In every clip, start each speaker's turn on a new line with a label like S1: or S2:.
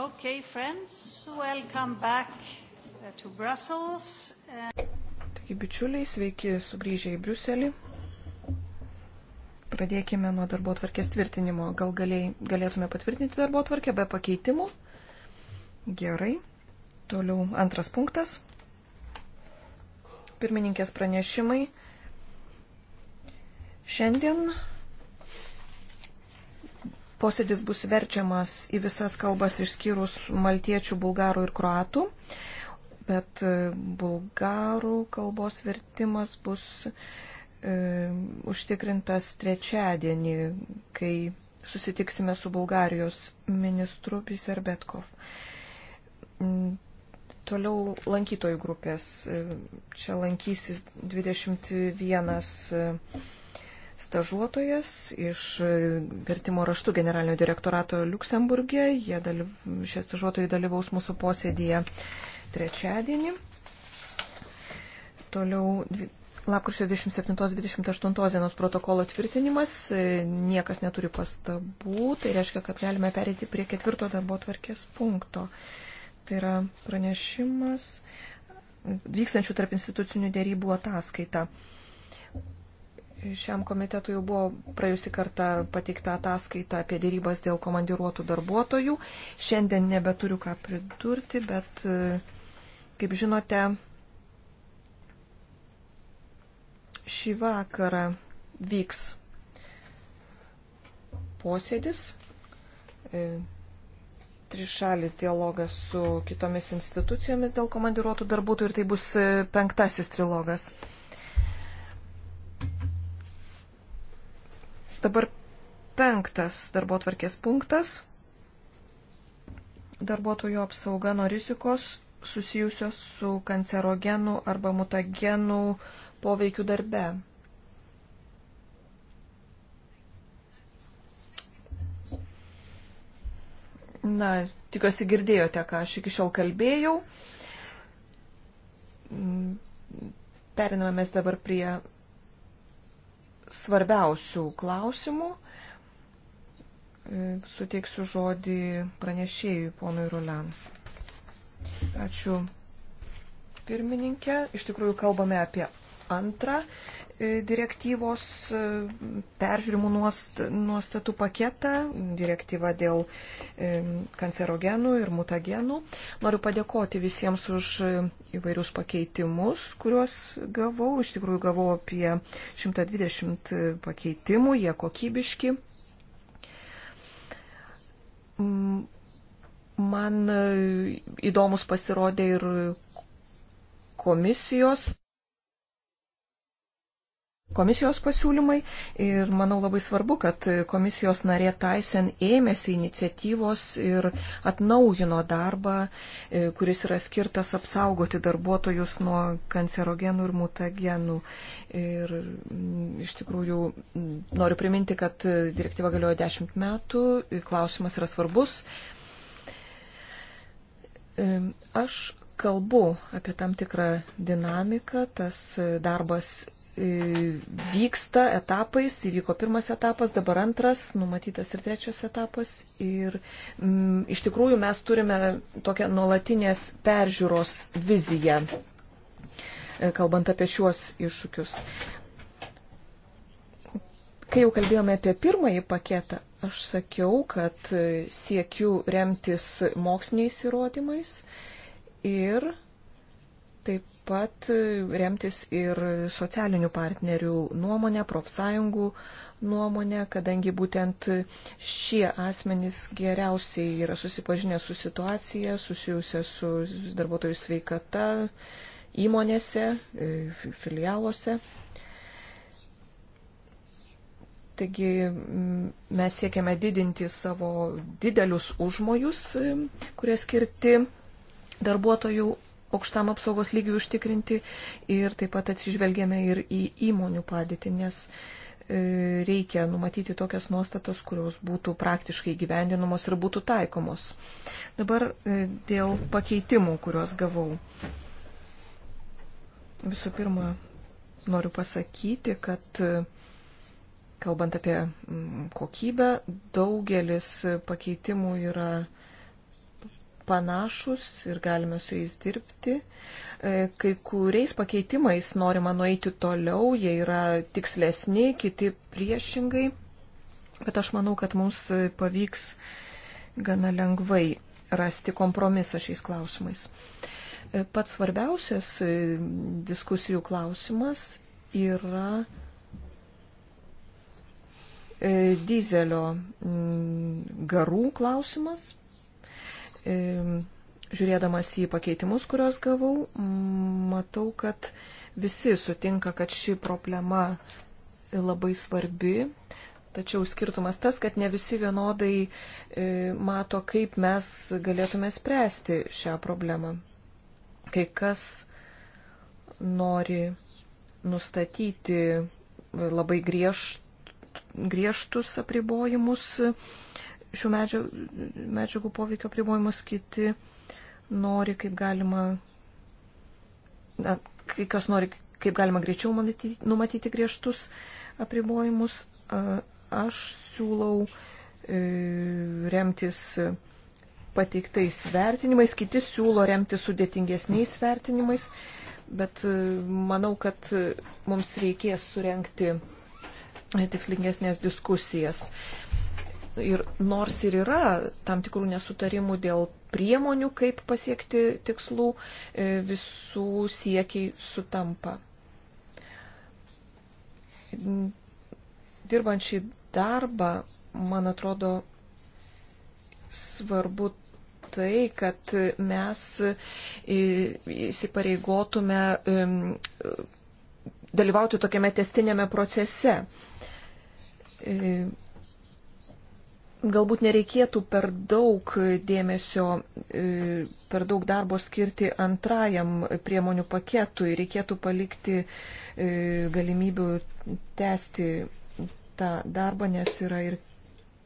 S1: Okay, friends, welcome back uh, to Brussels.
S2: Taigi, bičiuliai, sveiki sugrįžę į Briuselį. Pradėkime nuo darbo tvarkės tvirtinimo. Gal galėj, galėtume patvirtinti darbo tvarkę be pakeitimų? Gerai. Toliau antras punktas. Pirmininkės pranešimai. Šiandien Posėdis bus verčiamas į visas kalbas išskyrus maltiečių, bulgarų ir kroatų, bet e, bulgarų kalbos vertimas bus e, užtikrintas trečiadienį, kai susitiksime su Bulgarijos ministru Piserbetkov. Mm, toliau lankytojų grupės. E, čia lankysis 21 stažuotojas iš e, vertimo raštų generalinio direktorato Luksemburgė. Dalyv... Šie stažuotojai dalyvaus mūsų posėdėje trečiadienį. Toliau lapkričio 27-28 dienos protokolo tvirtinimas. E, niekas neturi pastabų. Tai reiškia, kad galime perėti prie ketvirto darbo tvarkės punkto. Tai yra pranešimas vykstančių tarp institucinių dėrybų ataskaita. Šiam komitetui jau buvo praėjusi kartą pateikta ataskaita apie dėrybas dėl komandiruotų darbuotojų. Šiandien nebeturiu ką pridurti, bet, e, kaip žinote, šį vakarą vyks posėdis, e, trišalis dialogas su kitomis institucijomis dėl komandiruotų darbuotojų ir tai bus e, penktasis trilogas. Dabar penktas darbo tvarkės punktas. Darbuotojų apsauga nuo rizikos susijusios su kancerogenų arba mutagenų poveikiu darbe. Na, tikiuosi girdėjote, ką aš iki šiol kalbėjau. Mm, Periname mes dabar prie svarbiausių klausimų. Suteiksiu žodį pranešėjui ponui Ruliam. Ačiū pirmininkė. Iš tikrųjų kalbame apie antrą direktyvos e, peržiūrimų nuostatų paketą, direktyvą dėl e, kancerogenų ir mutagenų. Noriu padėkoti visiems už įvairius pakeitimus, kuriuos gavau. Iš tikrųjų gavau apie 120 pakeitimų, jie kokybiški. Man e, įdomus pasirodė ir komisijos komisijos pasiūlymai ir manau labai svarbu, kad komisijos narė Taisen ėmėsi iniciatyvos ir atnaujino darbą, e, kuris yra skirtas apsaugoti darbuotojus nuo kancerogenų ir mutagenų. Ir mm, iš tikrųjų mm, noriu priminti, kad direktyva galioja 10 metų, klausimas yra svarbus. E, aš kalbu apie tam tikrą dinamiką, tas darbas E, vyksta etapais, įvyko pirmas etapas, dabar antras, numatytas ir trečias etapas. Ir m, mm, iš tikrųjų mes turime tokią nuolatinės peržiūros viziją, e, kalbant apie šiuos iššūkius. Kai jau kalbėjome apie pirmąjį paketą, aš sakiau, kad e, siekiu remtis moksliniais įrodymais ir taip pat e, remtis ir socialinių partnerių nuomonę, profsąjungų nuomonę, kadangi būtent šie asmenys geriausiai yra susipažinę su situacija, susijusia su darbuotojų sveikata įmonėse, e, filialuose. Taigi mes siekiame didinti savo didelius užmojus, kurie skirti darbuotojų aukštam apsaugos lygiui užtikrinti ir taip pat atsižvelgėme ir į įmonių padėtį, nes e, reikia numatyti tokias nuostatas, kurios būtų praktiškai gyvendinamos ir būtų taikomos. Dabar e, dėl pakeitimų, kuriuos gavau. Visų pirma, noriu pasakyti, kad e, kalbant apie kokybę, daugelis pakeitimų yra panašus ir galime su jais dirbti. E, kai kuriais pakeitimais norima nueiti toliau, jie yra tikslesni, kiti priešingai. Bet aš manau, kad mums pavyks gana lengvai rasti kompromisą šiais klausimais. E, pats svarbiausias e, diskusijų klausimas yra dizelio garų klausimas žiūrėdamas į pakeitimus, kuriuos gavau, matau, kad visi sutinka, kad ši problema labai svarbi. Tačiau skirtumas tas, kad ne visi vienodai e, mato, kaip mes galėtume spręsti šią problemą. Kai kas nori nustatyti labai griežtus apribojimus šių medžiagų, medžiagų poveikio pribojimus, kiti nori kaip galima, na, kai kas nori kaip galima greičiau numatyti, numatyti griežtus apribojimus. Aš siūlau e, remtis pateiktais vertinimais, kiti siūlo remtis sudėtingesniais vertinimais, bet e, manau, kad mums reikės surenkti tikslingesnės diskusijas ir nors ir yra tam tikrų nesutarimų dėl priemonių, kaip pasiekti tikslų, e, visų siekiai sutampa. Dirbant šį darbą, man atrodo, svarbu tai, kad mes e, įsipareigotume dalyvauti tokiame testinėme procese e, galbūt nereikėtų per daug dėmesio, e, per daug darbo skirti antrajam priemonių paketui, reikėtų palikti e, galimybių tęsti tą darbą, nes yra ir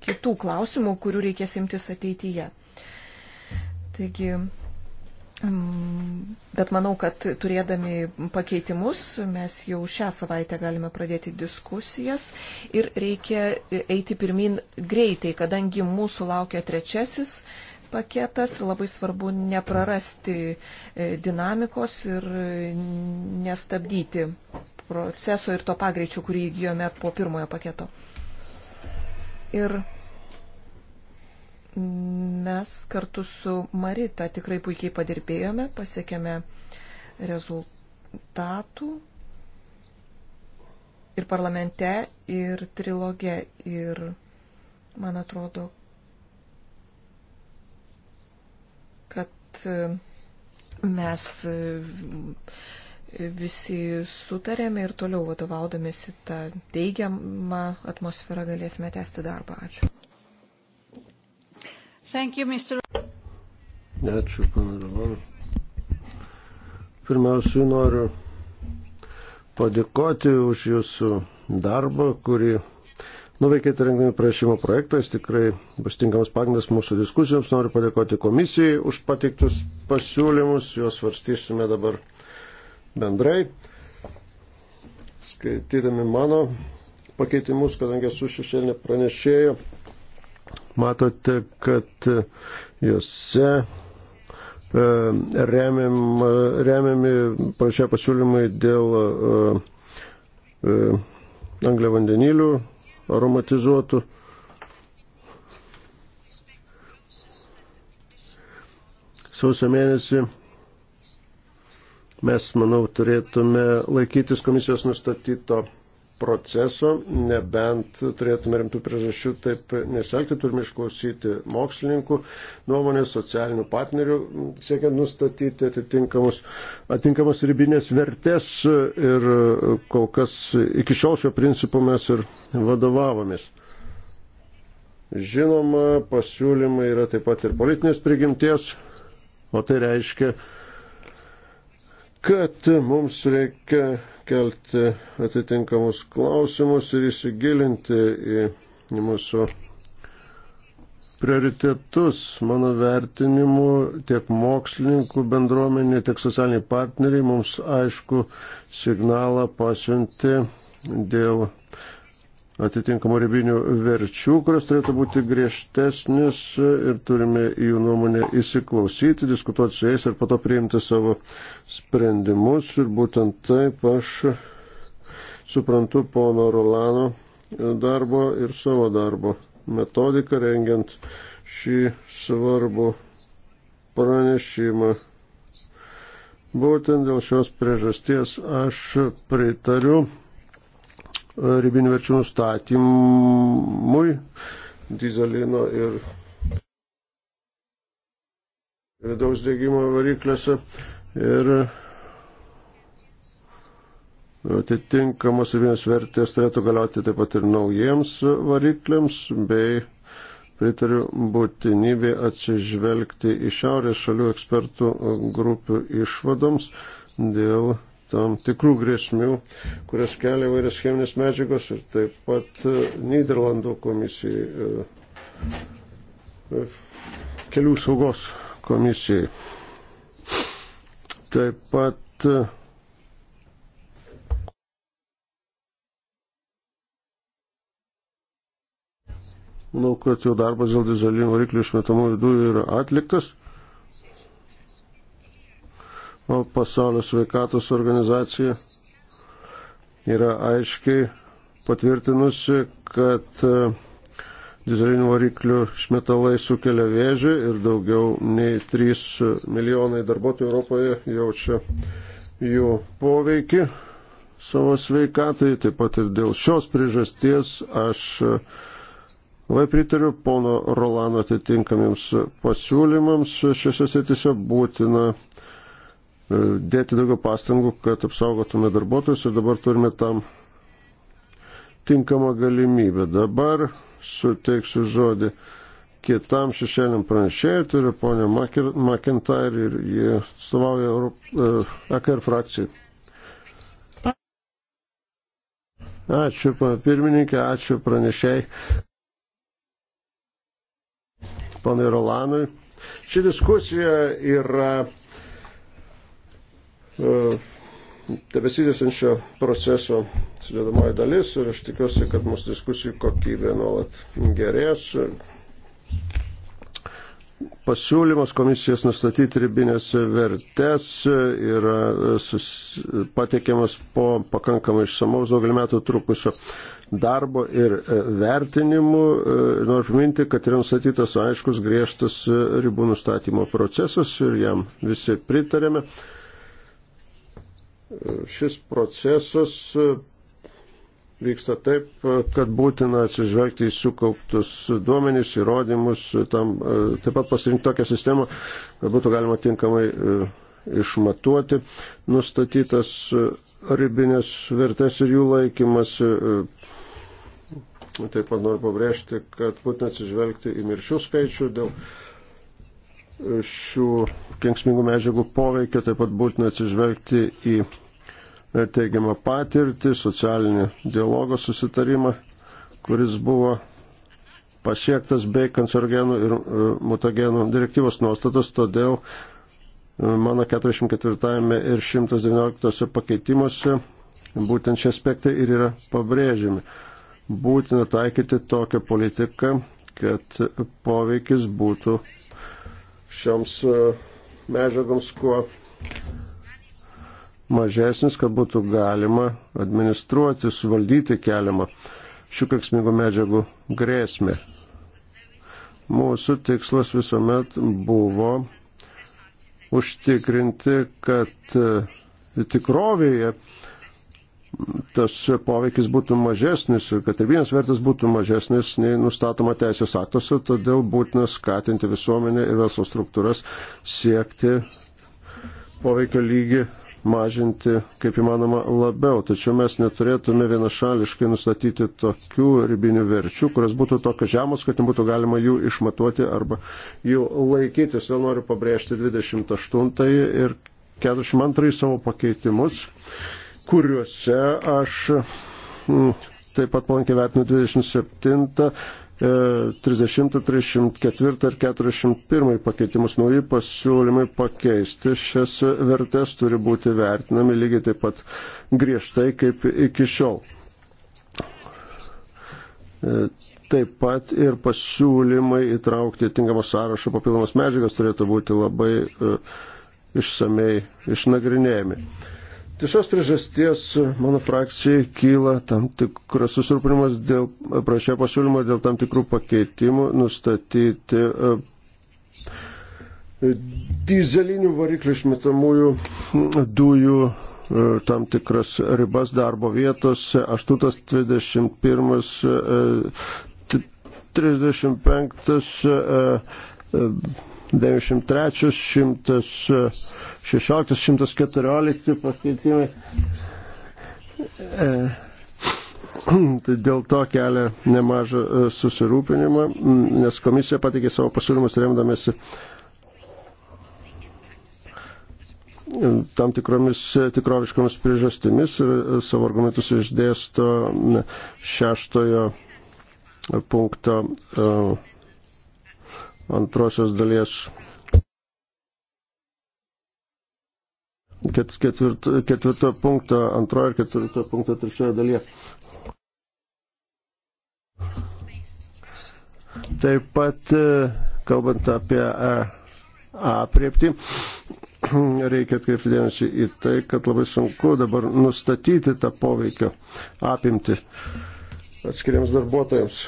S2: kitų klausimų, kurių reikės imtis ateityje. Taigi Mm, bet manau, kad turėdami pakeitimus mes jau šią savaitę galime pradėti diskusijas ir reikia eiti pirmin greitai, kadangi mūsų laukia trečiasis paketas ir labai svarbu neprarasti e, dinamikos ir e, nestabdyti proceso ir to pagreičio, kurį įgyjome po pirmojo paketo. Ir mes kartu su Marita tikrai puikiai padirbėjome, pasiekėme rezultatų ir parlamente, ir trilogė. Ir man atrodo, kad e, mes e, visi sutarėme ir toliau vadovaudomėsi tą teigiamą atmosferą galėsime tęsti darbą. Ačiū.
S1: Thank you, Mr.
S3: Ačiū, pana Rolona. Pirmiausia, noriu padėkoti už jūsų darbą, kurį nuveikėte rengdami prašymo projektą. Jis tikrai bus tinkamas pagrindas mūsų diskusijoms. Noriu padėkoti komisijai už pateiktus pasiūlymus. Juos svarstysime dabar bendrai. Skaitydami mano pakeitimus, kadangi esu šešėlinė pranešėjo matote, kad juose e, remiam, remiami panašiai pasiūlymai dėl e, e, anglio vandenilių aromatizuotų. Sausio mėnesį mes, manau, turėtume laikytis komisijos nustatyto proceso, nebent turėtume rimtų priežasčių taip nesielgti, turime išklausyti mokslininkų nuomonės, socialinių partnerių, siekiant nustatyti atitinkamus, atitinkamas ribinės vertės ir kol kas iki šiol šio principu mes ir vadovavomės. Žinoma, pasiūlymai yra taip pat ir politinės prigimties, o tai reiškia, kad mums reikia kelti atitinkamus klausimus ir įsigilinti į, į mūsų prioritetus, mano vertinimu, tiek mokslininkų bendruomenė, tiek socialiniai partneriai mums aišku signalą pasiunti dėl atitinkamų ribinių verčių, kurios turėtų būti griežtesnis ir turime jų nuomonę įsiklausyti, diskutuoti su jais ir po to priimti savo sprendimus. Ir būtent taip aš suprantu pono Rolano darbo ir savo darbo metodiką rengiant šį svarbų pranešimą. Būtent dėl šios priežasties aš pritariu ribinių verčių nustatymui dizelino ir vidaus dėgymo varikliuose ir atitinkamos ribinės vertės turėtų galioti taip pat ir naujiems varikliams bei pritariu būtinybė atsižvelgti į šiaurės šalių ekspertų grupių išvadoms dėl tam tikrų grėsmių, kurias kelia vairias cheminės medžiagos ir taip pat e, Niderlandų komisijai, e, e, kelių saugos komisijai. Taip pat Manau, kad jau darbas dėl dizelinių variklių išmetamų dujų yra atliktas. Pasaulio sveikatos organizacija yra aiškiai patvirtinusi, kad e, dizelinių variklių išmetalai sukelia vėžį ir daugiau nei 3 milijonai darbuotojų Europoje jaučia jų poveikį savo sveikatai. Taip pat ir dėl šios priežasties aš e, labai pritariu pono Rolano atitinkamiems pasiūlymams. Šiose sėtise būtina uh, E, dėti daugiau pastangų, kad apsaugotume darbuotojus ir dabar turime tam tinkamą galimybę. Dabar suteiksiu žodį kitam šešėliam pranešėjui, tai yra ponė McIntyre ir jie atstovauja Europ... E, AKR frakcijai. Ačiū, pana pirmininkė, ačiū pranešėjai. Panai Rolanui. Ši diskusija yra E, tebesitęsiančio proceso sudėdamoji dalis ir aš tikiuosi, kad mūsų diskusijų kokybė nuolat gerės. Pasiūlymas komisijos nustatyti ribinės vertės yra sus... pateikiamas po pakankamai išsamaus daugelį metų trukusio darbo ir vertinimų. E, noriu priminti, kad yra nustatytas aiškus griežtas ribų nustatymo procesas ir jam visi pritarėme. Šis procesas e, vyksta taip, e, kad būtina atsižvelgti į sukauptus duomenys, įrodymus, e, tam, taip pat pasirinkti tokią sistemą, kad būtų galima tinkamai išmatuoti nustatytas ribinės vertės ir jų laikymas. Taip pat noriu pabrėžti, kad būtina atsižvelgti į mirčių skaičių dėl šių kenksmingų medžiagų poveikio, taip pat būtina atsižvelgti į E, teigiamą patirtį, socialinį dialogo susitarimą, kuris buvo pasiektas bei kancerogenų ir e, mutagenų direktyvos nuostatas, todėl e, mano 44 ir 119 pakeitimuose būtent šie aspektai ir yra pabrėžiami. Būtina taikyti tokią politiką, kad poveikis būtų šioms medžiagoms kuo mažesnis, kad būtų galima administruoti, suvaldyti keliamą šių keksmingų medžiagų grėsmę. Mūsų tikslas visuomet buvo užtikrinti, kad e, tikrovėje tas poveikis būtų mažesnis ir kad ribinės vertės būtų mažesnis nei nustatoma teisės aktuose, todėl būtina skatinti visuomenę ir verslo struktūras siekti poveikio lygį mažinti kaip įmanoma labiau. Tačiau mes neturėtume vienašališkai nustatyti tokių ribinių verčių, kurios būtų tokios žemos, kad nebūtų galima jų išmatuoti arba jų laikytis. Vėl noriu pabrėžti 28 ir 42 savo pakeitimus, kuriuose aš mm, taip pat palankiai vertinu 27 30, e, 34 ir 41 pakeitimus nauji pasiūlymai pakeisti. Šias vertės turi būti vertinami lygiai taip pat griežtai kaip iki šiol. E, taip pat ir pasiūlymai įtraukti tinkamą sąrašą papildomas medžiagas turėtų būti labai e, išsamei išnagrinėjami. Uh, Dėl tai šios priežasties mano frakcijai kyla tam tikras susirūpinimas dėl prašė pasiūlymo dėl tam tikrų pakeitimų nustatyti e, dizelinių variklių išmetamųjų dujų e, tam tikras ribas darbo vietos 821 35 93, 116, 114 pakeitimai. E, tai dėl to kelia nemažą e, susirūpinimą, nes komisija patikė savo pasiūlymus remdamėsi e, tam tikromis tikroviškomis priežastimis ir savo argumentus išdėsto šeštojo punkto uh, antrosios dalies. Ketvirto, ketvirto punkto, antrojo ir ketvirto punkto trečiojo dalyje. Taip pat, e, kalbant apie e, apriepti, reikia atkreipti dėmesį į tai, kad labai sunku dabar nustatyti tą poveikio apimti atskiriams darbuotojams.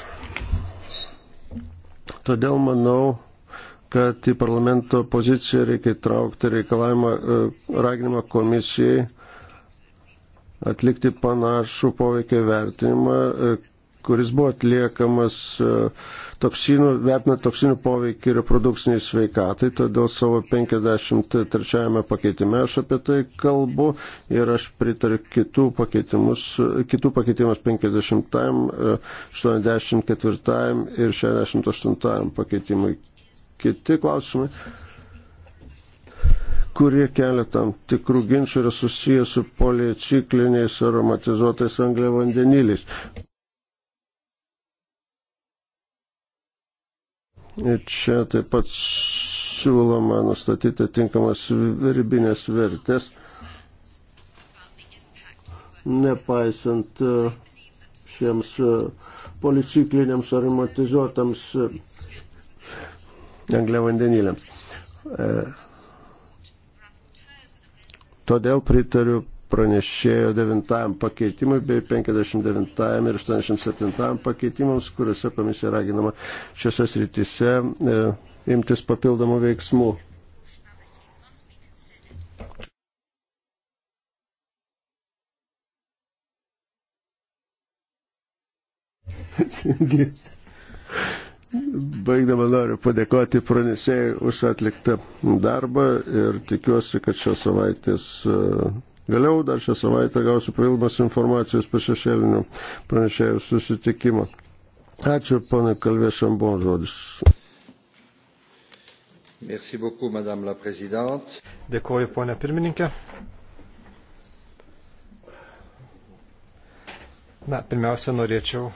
S3: Todėl manau, kad į parlamento poziciją reikia traukti reikalavimą, e, raginimą komisijai atlikti panašų poveikio vertinimą, e, kuris buvo atliekamas e, toksinų, vertinant toksinų poveikį reprodukciniai sveikatai, todėl savo 53 pakeitime aš apie tai kalbu ir aš pritariu kitų, kitų pakeitimus 50, 84 ir 68 pakeitimui. Kiti klausimai kurie kelia tam tikrų ginčių yra susijęs su policikliniais aromatizuotais angliavandeniliais. Čia taip pat siūloma nustatyti tinkamas ribinės vertės, nepaisant e, šiems e, policikliniams ar amortizuotams e, angliavandeniliams. Todėl pritariu pranešėjo 9 pakeitimui bei 59 ir 87 pakeitimams, kuriuose komisija raginama šiose srityse e, imtis papildomų veiksmų. Baigdama noriu padėkoti pranešėjai už atliktą darbą ir tikiuosi, kad šios savaitės e, Vėliau dar šią savaitę gausiu papildomas informacijos po šešėlinių pranešėjų susitikimą. Ačiū, pana Kalvėšam, buvo žodis.
S4: Merci beaucoup, madame la présidente. Dėkuoju, ponia pirmininkė. Na, pirmiausia, norėčiau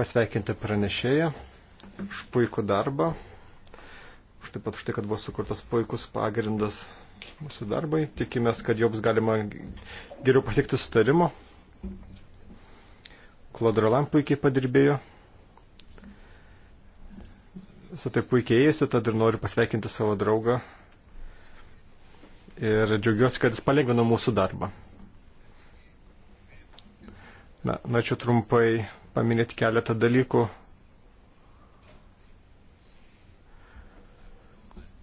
S4: pasveikinti pranešėją už puikų darbą taip pat už tai, kad buvo sukurtas puikus pagrindas mūsų darbai. Tikimės, kad joms galima geriau pasiekti sustarimo. Klodrolam puikiai padirbėjo. Visą tai puikiai ėjasi, tad ir noriu pasveikinti savo draugą. Ir džiaugiuosi, kad jis palengvino mūsų darbą. Na, norėčiau trumpai paminėti keletą dalykų,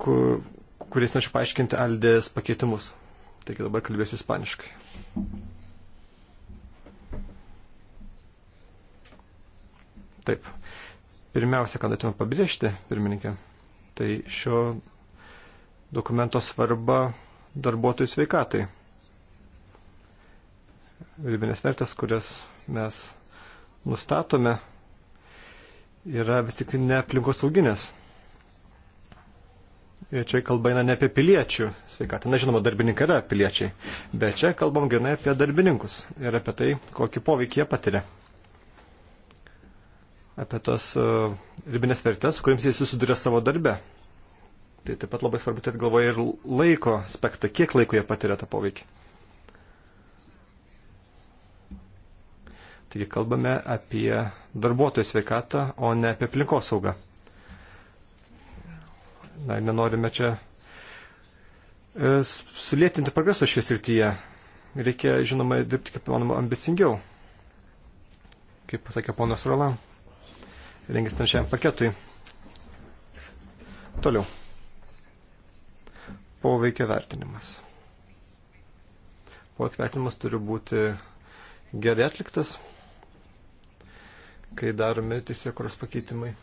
S4: kur, kuriais norėčiau paaiškinti Aldės pakeitimus. Taigi dabar kalbėsiu ispaniškai. Taip. Pirmiausia, ką norėtume pabrėžti, pirmininkė, tai šio dokumento svarba darbuotojų sveikatai. Ribinės vertės, kurias mes nustatome, yra vis tik ne aplinkos sauginės čia kalba eina ne apie piliečių sveikatą. Na, žinoma, darbininkai yra piliečiai, bet čia kalbam grinai apie darbininkus ir apie tai, kokį poveikį jie patiria. Apie tos uh, e, ribinės vertės, su kuriams jie susiduria savo darbe. Tai taip pat labai svarbu turėti galvoje ir laiko aspektą, kiek laiko jie patiria tą poveikį. Taigi kalbame apie darbuotojų sveikatą, o ne apie aplinkosaugą. saugą na, nenorime čia e, sulėtinti progreso šioje srityje. Reikia, žinoma, dirbti kaip manoma ambicingiau, kaip pasakė ponas Rola, rengis ten šiam paketui. Toliau. Poveikio vertinimas. Poveikio vertinimas turi būti gerai atliktas, kai daromi teisėkuros pakeitimai.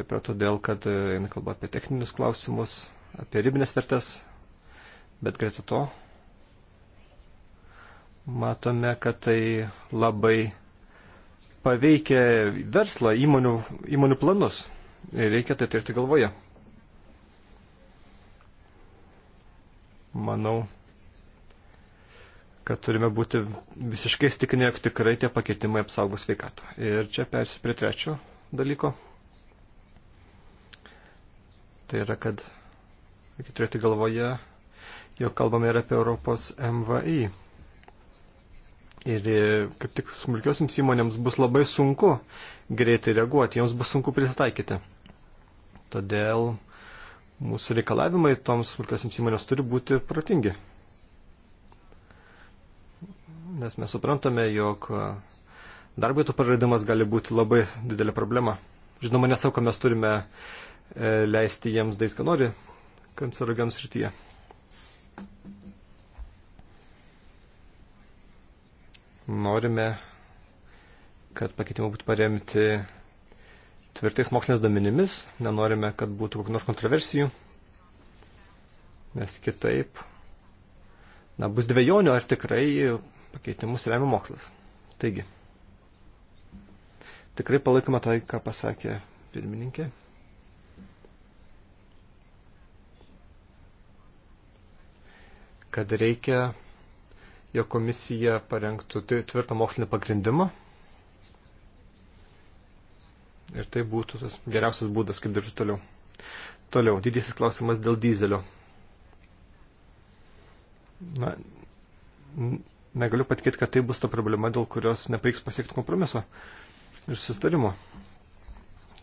S4: Taip yra todėl, kad e, eina kalba apie techninius klausimus, apie ribinės vertės, bet greta to matome, kad tai labai paveikia verslą, įmonių, įmonių planus. Ir reikia tai turėti galvoje. Manau, kad turime būti visiškai stikinę, jog tikrai tie pakeitimai apsaugos sveikatą. Ir čia persiu prie trečio dalyko. Tai yra, kad reikia turėti galvoje, jog kalbame ir apie Europos MVI. Ir e, kaip tik smulkiosiams įmonėms bus labai sunku greitai reaguoti, joms bus sunku prisitaikyti. Todėl mūsų reikalavimai toms smulkiosiams įmonėms turi būti protingi. Nes mes suprantame, jog e, darbo vietų praradimas gali būti labai didelė problema. Žinoma, nesakau, kad mes turime E, leisti jiems daryti, ką nori kancerogenų srityje. Norime, kad pakeitimai būtų paremti tvirtais mokslinės duomenimis, nenorime, kad būtų kokių nors kontroversijų, nes kitaip na, bus dviejonių, ar tikrai pakeitimus remia mokslas. Taigi, tikrai palaikome tai, ką pasakė pirmininkė. kad reikia, jo komisija parengtų tvirtą mokslinį pagrindimą. Ir tai būtų tas geriausias būdas, kaip dirbti toliau. Toliau, didysis klausimas dėl dizelio. Na, negaliu patikėti, kad tai bus ta problema, dėl kurios nepaiks pasiekti kompromiso ir sustarimo.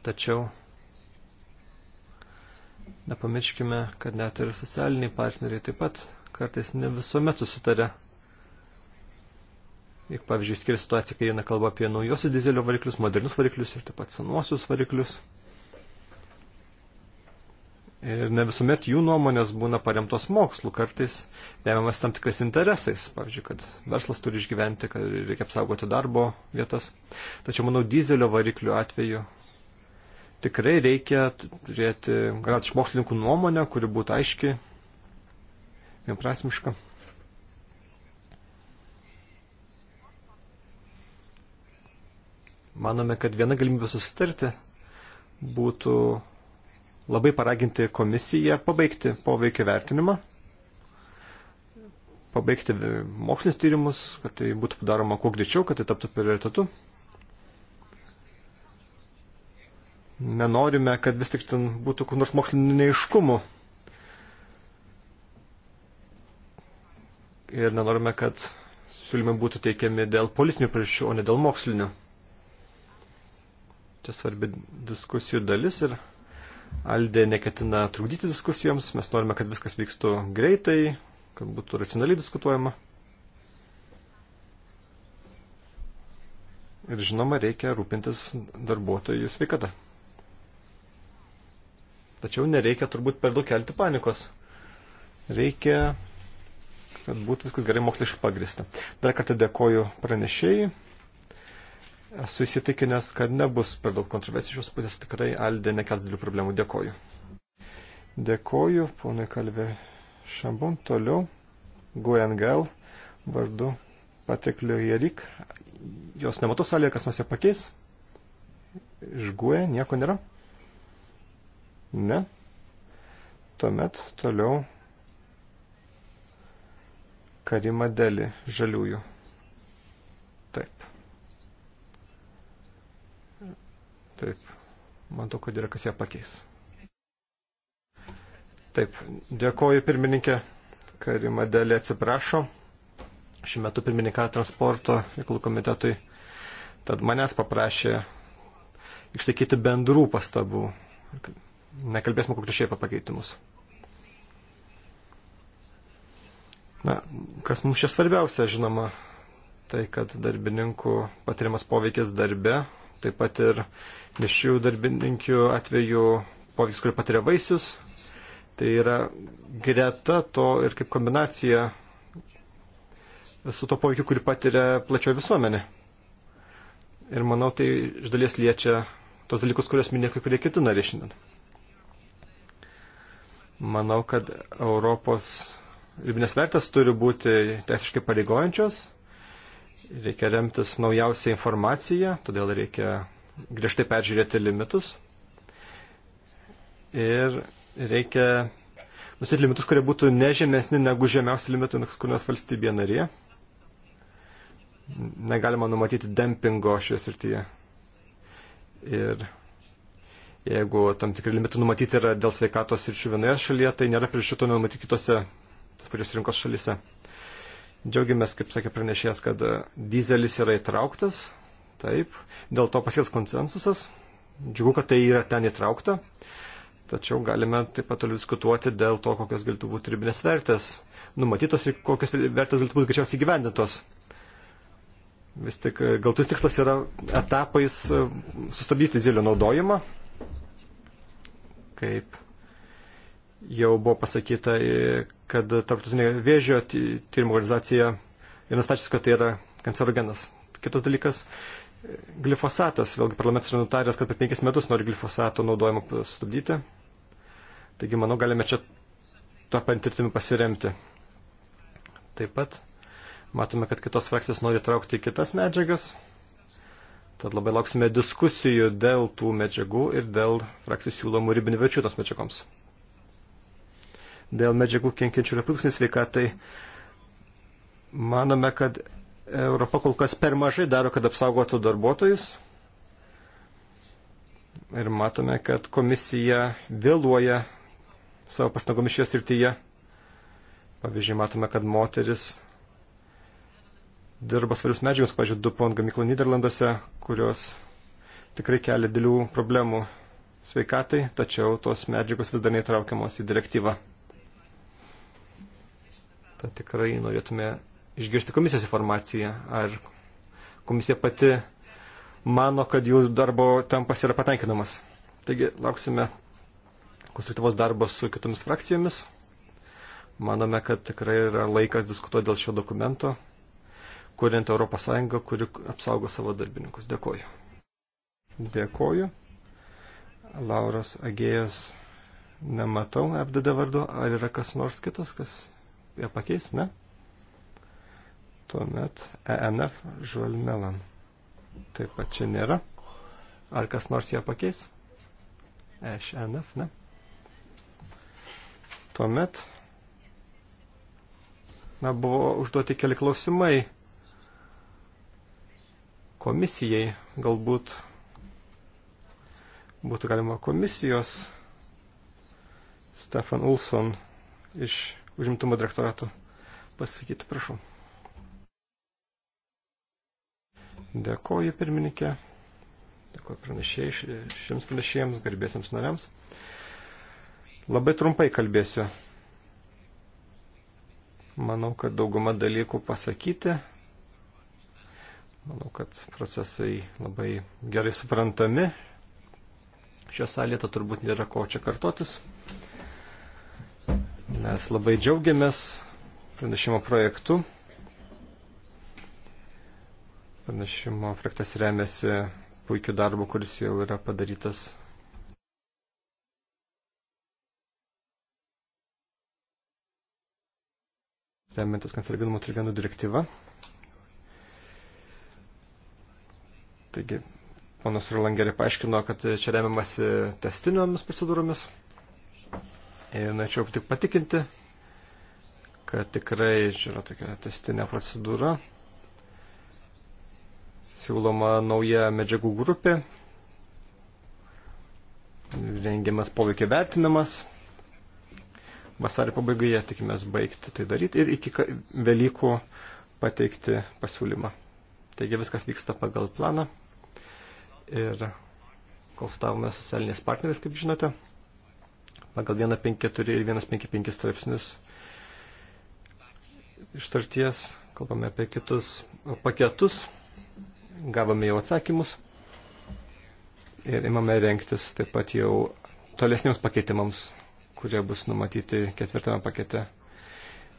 S4: Tačiau nepamirškime, kad net ir socialiniai partneriai taip pat kartais ne visuomet susitarė. Ir pavyzdžiui, skiria situacija, kai eina kalba apie naujosius dizelio variklius, modernius variklius ir taip pat senuosius variklius. Ir ne visuomet jų nuomonės būna paremtos mokslu, kartais remiamas tam tikrais interesais. Pavyzdžiui, kad verslas turi išgyventi, kad reikia apsaugoti darbo vietas. Tačiau, manau, dizelio variklių atveju tikrai reikia turėti, gal iš mokslininkų nuomonę, kuri būtų aiški vienprasmiška. Manome, kad viena galimybė susitarti būtų labai paraginti komisiją pabaigti poveikio vertinimą, pabaigti mokslinis tyrimus, kad tai būtų padaroma kuo greičiau, kad tai taptų prioritetu. Nenorime, kad vis tik ten būtų kur nors mokslininių neiškumų ir nenorime, kad siūlymai būtų teikiami dėl politinių priežasčių, o ne dėl mokslinių. Čia svarbi diskusijų dalis ir Aldė neketina trukdyti diskusijoms, mes norime, kad viskas vykstų greitai, kad būtų racionaliai diskutuojama. Ir žinoma, reikia rūpintis darbuotojų sveikata. Tačiau nereikia turbūt per daug kelti panikos. Reikia kad būtų viskas gerai moksliškai pagrista. Dar kartą dėkoju pranešėjai. Esu įsitikinęs, kad nebus per daug kontroversijų šios pusės, tikrai Aldė nekels didelių problemų. Dėkoju. Dėkoju, ponai Kalvė Šambon, toliau GUNGL vardu Patekliu Jerik. Jos nematau salėje, kas nors ją pakeis. Iš GUE nieko nėra. Ne. Tuomet toliau Karima Deli, žaliųjų. Taip. Taip. Matau, kad yra kas ją pakeis. Taip. Dėkoju pirmininkė. Karima Deli atsiprašo. Šiuo metu pirmininką transporto reikalų komitetui. Tad manęs paprašė išsakyti bendrų pastabų. Nekalbėsime konkrečiai apie pakeitimus. Na, kas mums čia svarbiausia, žinoma, tai kad darbininkų patiriamas poveikis darbe, taip pat ir mišių darbininkių atveju poveikis, kurį patiria vaisius, tai yra greta to ir kaip kombinacija su to poveikiu, kurį patiria plačioji visuomenė. Ir manau, tai iš dalies liečia tos dalykus, kuriuos minėjo kai kurie kiti nariai šiandien. Manau, kad Europos ribinės vertės turi būti teisiškai pareigojančios, reikia remtis naujausią informaciją, todėl reikia griežtai peržiūrėti limitus ir reikia nustatyti limitus, kurie būtų nežemesni negu žemiausi limitai kurios valstybėje narėje. Negalima numatyti dempingo šioje srityje. Ir jeigu tam tikri limitai numatyti yra dėl sveikatos ir šių vienoje šalyje, tai nėra priežasčių to nenumatyti kitose tos pačios rinkos šalise. Džiaugiamės, kaip sakė pranešėjas, kad dizelis yra įtrauktas, taip, dėl to pasieks konsensusas, džiugu, kad tai yra ten įtraukta, tačiau galime taip pat toliau diskutuoti dėl to, kokios galėtų būti ribinės vertės, numatytos ir kokios vertės galėtų būti greičiausiai gyvendintos. Vis tik e, galtus tikslas yra etapais e, sustabdyti dizelio naudojimą, kaip jau buvo pasakyta, e, kad tarptautinė vėžio tyrimo organizacija yra nustačiusi, kad tai yra kancerogenas. Kitas dalykas e, - glifosatas. Vėlgi parlamentas yra nutaręs, kad per penkis metus nori glifosato naudojimą stabdyti. Taigi, manau, galime čia tą patirtimį pasiremti. Taip pat matome, kad kitos frakcijos nori traukti kitas medžiagas. Tad labai lauksime diskusijų dėl tų medžiagų ir dėl frakcijų siūlomų ribinių verčių tos medžiagoms dėl medžiagų kenkiančių reprodukcinį sveikatai. Manome, kad Europa kol kas per mažai daro, kad apsaugotų darbuotojus. Ir matome, kad komisija vėluoja savo pastangomis šioje srityje. Pavyzdžiui, matome, kad moteris dirba svarius medžiagus, pažiūrėjau, DuPont gamyklų Niderlanduose, kurios tikrai kelia dėlių problemų sveikatai, tačiau tos medžiagos vis dar neįtraukiamos į direktyvą. Tad tikrai norėtume išgirsti komisijos informaciją. Ar komisija pati mano, kad jų darbo tempas yra patenkinamas. Taigi lauksime konstruktyvos darbo su kitomis frakcijomis. Manome, kad tikrai yra laikas diskutuoti dėl šio dokumento, kuriant ES, kuri apsaugo savo darbininkus. Dėkoju. Dėkoju. Lauras Agėjas nematau FDD vardu. Ar yra kas nors kitas, kas ją pakeis, ne? Tuomet ENF žuolmelan. Taip pat čia nėra. Ar kas nors ją pakeis? ENF, ne? Tuomet, na, buvo užduoti keli klausimai komisijai. Galbūt būtų galima komisijos Stefan Ulson iš užimtumo direktorato pasakyti. Prašau. Dėkoju pirmininkė, dėkoju pranešėjai, šiems pranešėjams, garbėsiams nariams. Labai trumpai kalbėsiu. Manau, kad dauguma dalykų pasakyti. Manau, kad procesai labai gerai suprantami. Šios salėje turbūt nėra ko čia kartotis. Mes labai džiaugiamės pranešimo projektu. Pranešimo projektas remiasi puikiu darbu, kuris jau yra padarytas. Remiantis kancerbinumo trigenų direktyva. Taigi, panas Rolangerė paaiškino, kad čia remiamasi testiniomis procedūromis. Ir norėčiau tik patikinti, kad tikrai yra tokia testinė procedūra. Siūloma nauja medžiagų grupė, rengiamas poveikio vertinimas. Vasario pabaigoje tikimės baigti tai daryti ir iki Velykų pateikti pasiūlymą. Taigi viskas vyksta pagal planą ir konsultavome socialiniais partneriais, kaip žinote pagal 154 ir 155 straipsnius iš starties, kalbame apie kitus paketus, gavome jau atsakymus ir imame renktis taip pat jau tolesniems pakeitimams, kurie bus numatyti ketvirtame pakete.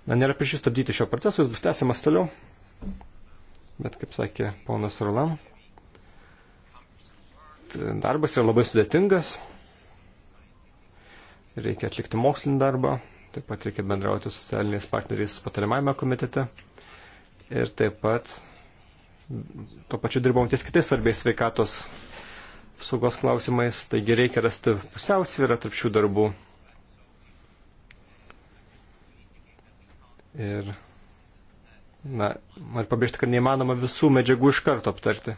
S4: Na, nėra prieš jūs stabdyti šio proceso, jis bus tęsiamas toliau, bet kaip sakė ponas Roland, darbas yra labai sudėtingas reikia atlikti mokslinį darbą, taip pat reikia bendrauti socialiniais partneriais patariamajame komitete ir taip pat tuo pačiu dirbom ties kitais svarbiais sveikatos saugos klausimais, taigi reikia rasti pusiausvyrą tarp šių darbų. Ir, na, noriu pabrėžti, kad neįmanoma visų medžiagų iš karto aptarti.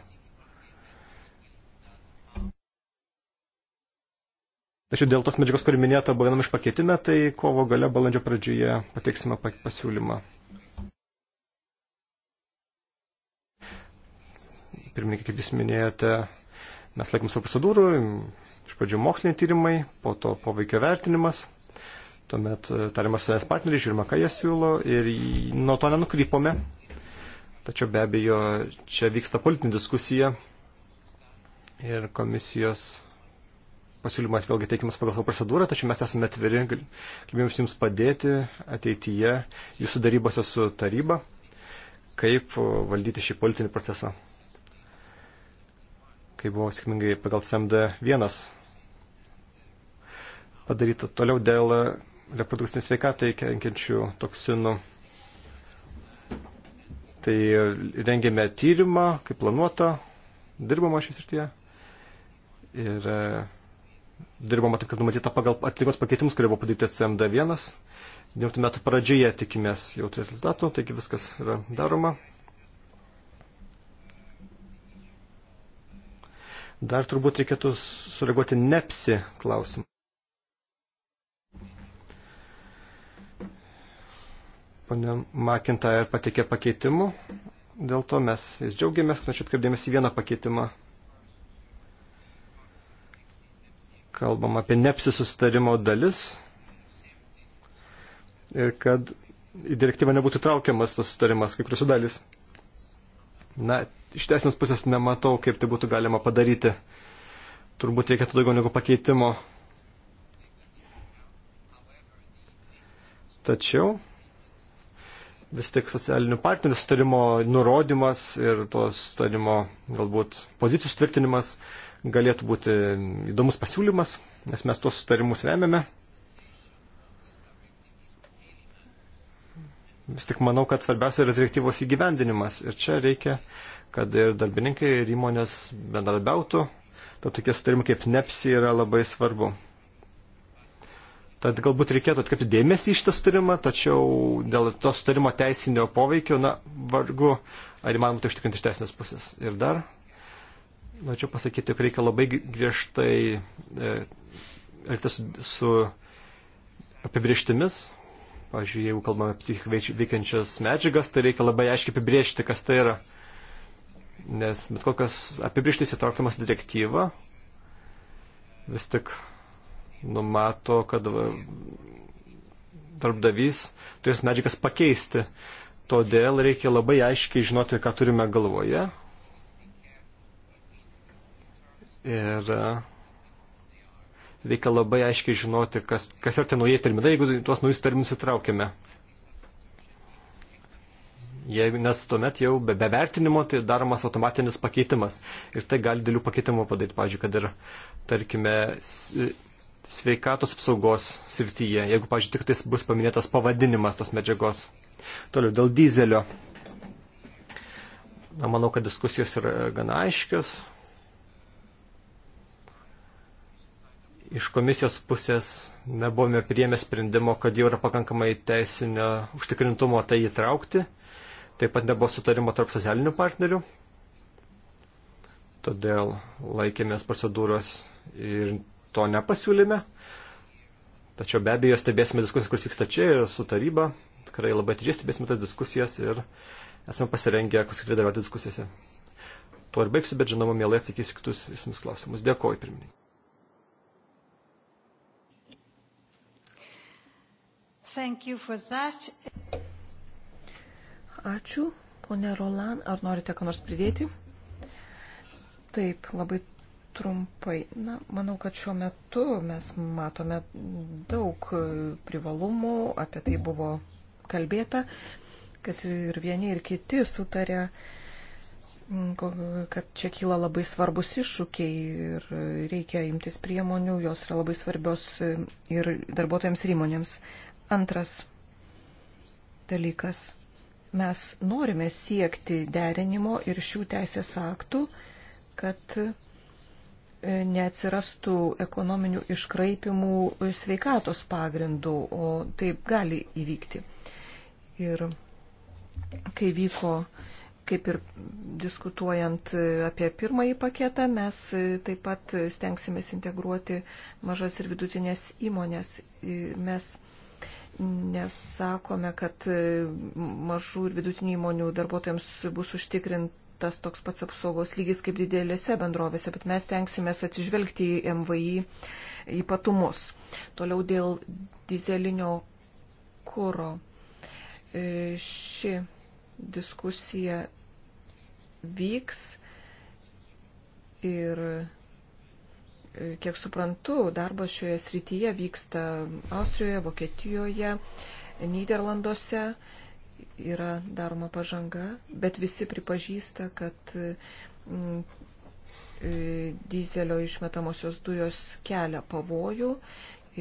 S4: Tačiau dėl tos medžiagos, kuri minėta buvo vienam iš pakeitime, tai kovo gale, balandžio pradžioje pateiksime pasiūlymą. Pirmininkai, kaip jūs minėjote, mes laikom savo procedūrų, iš pradžių moksliniai tyrimai, po to poveikio vertinimas, tuomet e, tariamas su es partneriai, žiūrima, ką jie siūlo ir nuo to nenukrypome. Tačiau be abejo, čia vyksta politinė diskusija ir komisijos pasiūlymas vėlgi teikimas pagal savo procedūrą, tačiau mes esame atviri, galimybėms jums padėti ateityje jūsų darybose su taryba, kaip valdyti šį politinį procesą. Kaip buvo sėkmingai pagal CMD1 padaryta toliau dėl reprodukcinį sveikatai kenkiančių toksinų. Tai rengėme tyrimą, kaip planuota, dirbama šis ir tie. Ir dirbama taip, kaip numatyta pagal atlikos pakeitimus, kurie buvo padaryti CMD1. 19 metų pradžioje tikimės jau turėti rezultatų, taigi viskas yra daroma. Dar turbūt reikėtų sureaguoti nepsi klausimą. Pane Makinta ir patikė pakeitimų, dėl to mes jis džiaugiamės, kad nu čia atkreipdėmės į vieną pakeitimą kalbam apie nepsi susitarimo dalis ir kad į direktyvą nebūtų traukiamas tas susitarimas kai kuriuose dalis. Na, iš teisinės pusės nematau, kaip tai būtų galima padaryti. Turbūt reikėtų daugiau negu pakeitimo. Tačiau vis tik socialinių partnerių sutarimo nurodymas ir to sutarimo galbūt pozicijų tvirtinimas galėtų būti įdomus pasiūlymas, nes mes tuos sutarimus remiame. Vis tik manau, kad svarbiausia yra direktyvos įgyvendinimas ir čia reikia, kad ir darbininkai, ir įmonės bendradarbiautų, tad tokie sutarimai kaip nepsi yra labai svarbu. Tad galbūt reikėtų atkreipti dėmesį į šitą sutarimą, tačiau dėl to sutarimo teisinio poveikio, na, vargu, ar įmanoma tai užtikrinti iš teisinės pusės. Ir dar norėčiau pasakyti, jog reikia labai griežtai e, elgtis su, su apibrieštimis. Pavyzdžiui, jeigu kalbame apie psichikai veikiančias medžiagas, tai reikia labai aiškiai apibriežti, kas tai yra. Nes bet kokios apibrieštys įtraukiamas direktyva vis tik numato, kad darbdavys turės medžiagas pakeisti. Todėl reikia labai aiškiai žinoti, ką turime galvoje Ir e, reikia labai aiškiai žinoti, kas, kas yra tie naujai terminai, jeigu tuos naujus terminus įtraukiame. Jeigu, nes tuomet jau be, be vertinimo tai daromas automatinis pakeitimas. Ir tai gali dėlių pakeitimų padaryti, pavyzdžiui, kad ir, tarkime, sveikatos apsaugos srityje, jeigu, pavyzdžiui, tik tais bus paminėtas pavadinimas tos medžiagos. Toliau, dėl dizelio. Na, manau, kad diskusijos yra gana aiškios. iš komisijos pusės nebuvome priėmę sprendimo, kad jau yra pakankamai teisinio užtikrintumo tai įtraukti. Taip pat nebuvo sutarimo tarp socialinių partnerių. Todėl laikėmės procedūros ir to nepasiūlėme. Tačiau be abejo stebėsime diskusijas, kuris vyksta čia ir su taryba. Tikrai labai atidžiai stebėsime tas diskusijas ir esame pasirengę konstruktyviai dalyvauti diskusijose. Tuo ir baigsiu, bet žinoma, mielai atsakysiu kitus įsimus klausimus. Dėkuoju, pirmininkai.
S2: Ačiū. Pone Roland, ar norite ką nors pridėti? Taip, labai trumpai. Na, manau, kad šiuo metu mes matome daug privalumų, apie tai buvo kalbėta, kad ir vieni, ir kiti sutarė, mm, kad čia kyla labai svarbus iššūkiai ir reikia imtis priemonių, jos yra labai svarbios ir darbuotojams ir įmonėms. Antras dalykas. Mes norime siekti derinimo ir šių teisės aktų, kad e, neatsirastų ekonominių iškraipimų sveikatos pagrindų, o taip gali įvykti. Ir kai vyko, kaip ir diskutuojant apie pirmąjį paketą, mes taip pat stengsimės integruoti mažas ir vidutinės įmonės. E, mes nesakome, kad e, mažų ir vidutinių įmonių darbuotojams bus užtikrintas toks pats apsaugos lygis kaip didelėse bendrovėse, bet mes tenksimės atsižvelgti į MVI ypatumus. Toliau dėl dizelinio kūro. E, ši diskusija vyks ir kiek suprantu, darbas šioje srityje vyksta Austrijoje, Vokietijoje, Niderlanduose, yra daroma pažanga, bet visi pripažįsta, kad mm, e, dizelio išmetamosios dujos kelia pavojų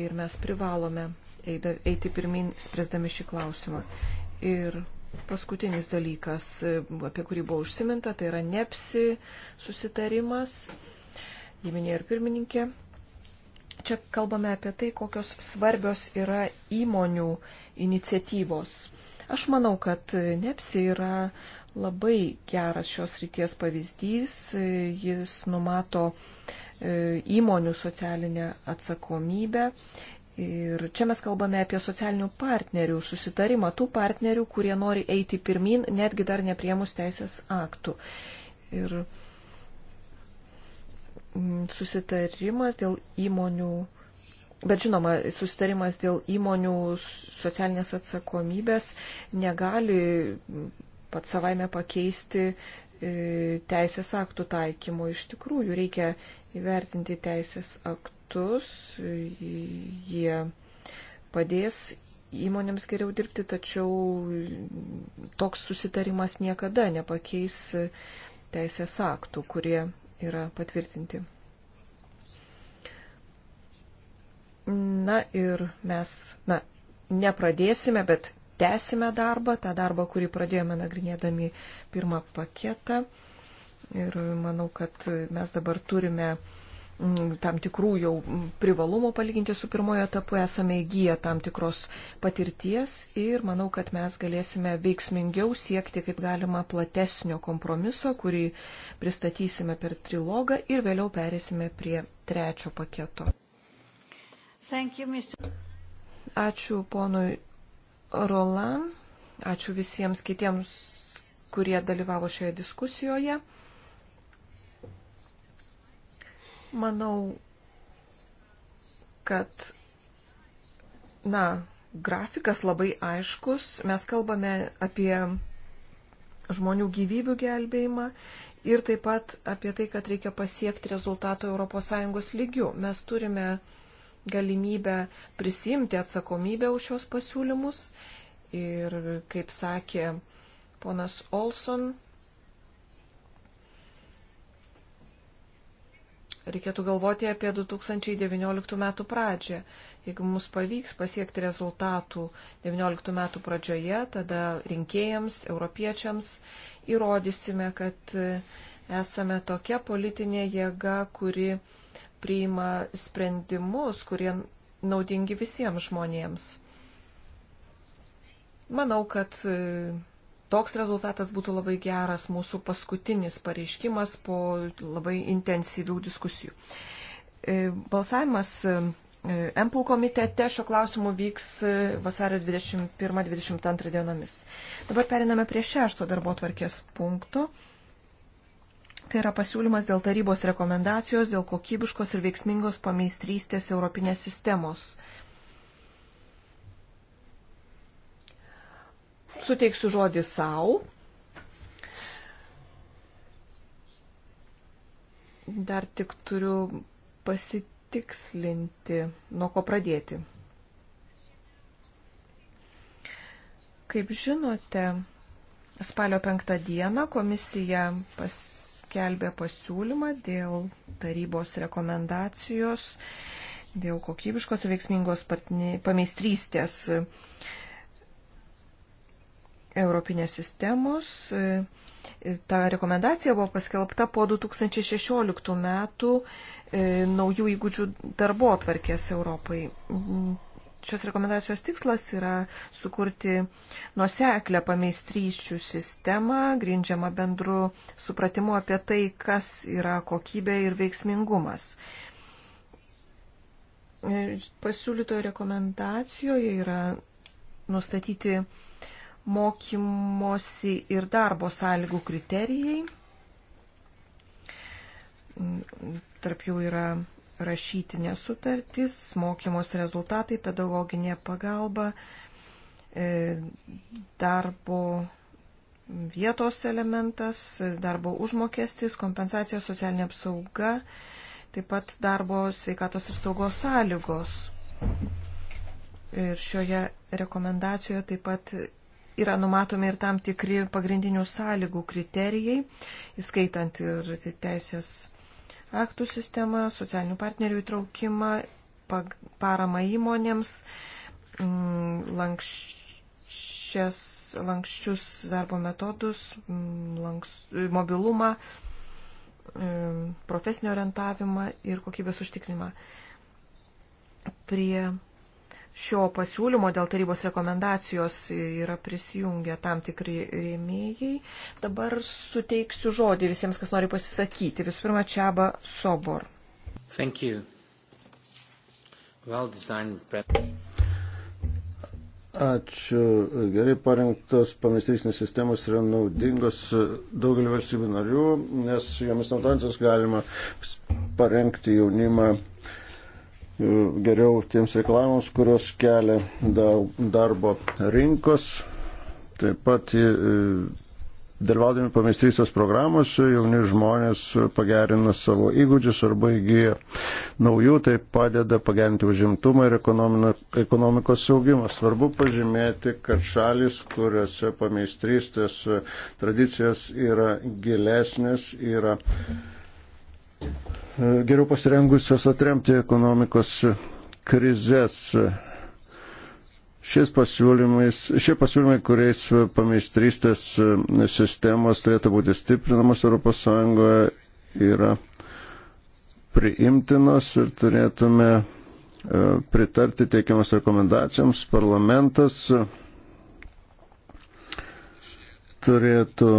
S2: ir mes privalome eiti pirmin, spręsdami šį klausimą. Ir paskutinis dalykas, e, apie kurį buvo užsiminta, tai yra NEPSI susitarimas jį minėjo ir pirmininkė. Čia kalbame apie tai, kokios svarbios yra įmonių iniciatyvos. Aš manau, kad Nepsi yra labai geras šios ryties pavyzdys. Jis numato e, įmonių socialinę atsakomybę Ir čia mes kalbame apie socialinių partnerių susitarimą, tų partnerių, kurie nori eiti pirmin, netgi dar nepriemus teisės aktų. Ir Mm, susitarimas dėl įmonių, bet žinoma, susitarimas dėl įmonių socialinės atsakomybės negali pat savaime pakeisti e, teisės aktų taikymo. Iš tikrųjų, reikia įvertinti teisės aktus, e, jie padės įmonėms geriau dirbti, tačiau toks susitarimas niekada nepakeis teisės aktų, kurie yra patvirtinti. Na ir mes, na, nepradėsime, bet tęsime darbą, tą darbą, kurį pradėjome nagrinėdami pirmą paketą. Ir manau, kad mes dabar turime tam tikrų jau privalumų palyginti su pirmojo etapu, esame įgyję tam tikros patirties ir manau, kad mes galėsime veiksmingiau siekti kaip galima platesnio kompromiso, kurį pristatysime per trilogą ir vėliau perėsime prie trečio paketo.
S1: Thank you, Mr.
S2: Ačiū ponui Roland, ačiū visiems kitiems, kurie dalyvavo šioje diskusijoje. Manau, kad, na, grafikas labai aiškus. Mes kalbame apie žmonių gyvybių gelbėjimą ir taip pat apie tai, kad reikia pasiekti rezultato ES lygių. Mes turime galimybę prisimti atsakomybę už šios pasiūlymus ir, kaip sakė ponas Olson, reikėtų galvoti apie 2019 metų pradžią. Jeigu mums pavyks pasiekti rezultatų 2019 metų pradžioje, tada rinkėjams, europiečiams įrodysime, kad e, esame tokia politinė jėga, kuri priima sprendimus, kurie naudingi visiems žmonėms. Manau, kad e, Toks rezultatas būtų labai geras mūsų paskutinis pareiškimas po labai intensyvių diskusijų. E, balsavimas e, MPL komitete šio klausimu vyks e, vasario 21-22 dienomis. Dabar periname prie šešto darbo tvarkės punkto. Tai yra pasiūlymas dėl tarybos rekomendacijos dėl kokybiškos ir veiksmingos pameistrystės Europinės sistemos. suteiksiu žodį savo. Dar tik turiu pasitikslinti, nuo ko pradėti. Kaip žinote, spalio penktą dieną komisija paskelbė pasiūlymą dėl tarybos rekomendacijos dėl kokybiškos ir veiksmingos pameistrystės Europinės sistemos. E, ta rekomendacija buvo paskelbta po 2016 metų e, naujų įgūdžių darbo atvarkės Europai. Mm, šios rekomendacijos tikslas yra sukurti nuseklę pameistrysčių sistemą, grindžiamą bendru supratimu apie tai, kas yra kokybė ir veiksmingumas. E, pasiūlytoje rekomendacijoje yra nustatyti mokymosi ir darbo sąlygų kriterijai. Tarp jų yra rašytinės sutartys, mokymos rezultatai, pedagoginė pagalba, e, darbo vietos elementas, darbo užmokestis, kompensacija, socialinė apsauga, taip pat darbo sveikatos ir saugos sąlygos. Ir šioje rekomendacijoje taip pat yra numatomi ir tam tikri pagrindinių sąlygų kriterijai, įskaitant ir teisės aktų sistemą, socialinių partnerių įtraukimą, paramą įmonėms, mm, lankščias, lankščius darbo metodus, mm, lanks, mobilumą, mm, profesinį orientavimą ir kokybės užtikrinimą. Prie šio pasiūlymo dėl tarybos rekomendacijos yra prisijungę tam tikri rėmėjai. Dabar suteiksiu žodį visiems, kas nori pasisakyti. Visų pirma, Čiaba Sobor.
S4: Well
S3: Ačiū. Gerai parinktos pameistrysnės sistemos yra naudingos daugelį valstybių narių, nes jomis naudojantis galima parengti jaunimą geriau tiems reikalavimams, kurios kelia darbo rinkos. Taip pat e, dalyvaudami pameistrystės programos jauni žmonės pagerina savo įgūdžius arba įgyja naujų, tai padeda pagerinti užimtumą ir ekonomikos saugimą. Svarbu pažymėti, kad šalis, kuriuose pameistrystės tradicijos yra gilesnės, yra. Mm geriau pasirengusios atremti ekonomikos krizės. Šie pasiūlymai, kuriais pameistrystės sistemos turėtų būti stiprinamos ES, yra priimtinos ir turėtume e, pritarti teikiamas rekomendacijoms. Parlamentas turėtų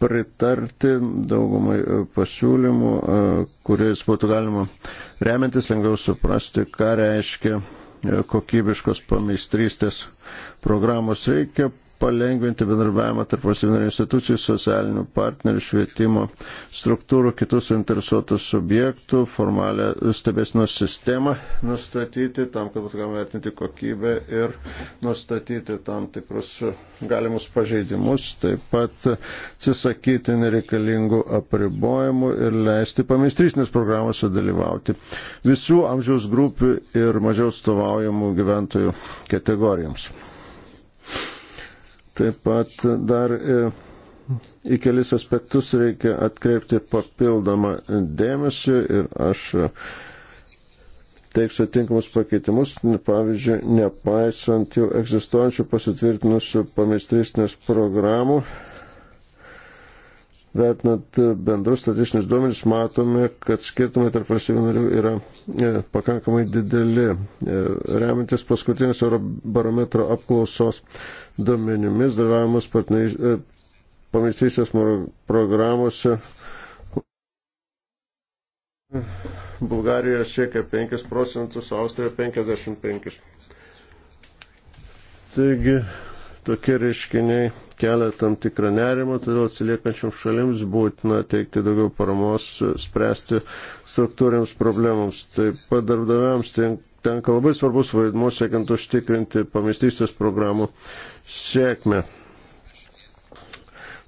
S3: pritarti daugumai e, pasiūlymų, e, kuriais būtų galima remiantis lengviau suprasti, ką reiškia e, kokybiškos pameistrystės programos. Reikia palengvinti bendarbiavimą tarp valstybinio institucijų, socialinių partnerių, švietimo struktūrų, kitų suinteresuotų subjektų, formalę stebėsinos sistemą nustatyti, tam, kad būtų galima vertinti kokybę ir nustatyti tam tikrus galimus pažeidimus, taip pat atsisakyti nereikalingų apribojimų ir leisti pameistrysnės programose dalyvauti visų amžiaus grupių ir mažiau stovaujamų gyventojų kategorijoms. Taip pat dar e, į kelis aspektus reikia atkreipti papildomą dėmesį ir aš e, teiksiu tinkamus pakeitimus, pavyzdžiui, nepaisant jau egzistuojančių pasitvirtinusių pameistrysnės programų, vertinant bendrus statistinius duomenys, matome, kad skirtumai tarp valstybių narių yra e, pakankamai dideli. E, remintis paskutinės Eurobarometro apklausos duomenimis dalyvavimas pameistrystės programuose Bulgarija siekia 5 procentus, Austrija 55. Taigi tokie reiškiniai kelia tam tikrą nerimą, todėl atsiliekančiam šalims būtina teikti daugiau paramos, spręsti struktūriams problemams. Taip pat darbdaviams tenka labai svarbus vaidmuo siekiant užtikrinti pameistrystės programų sėkmę.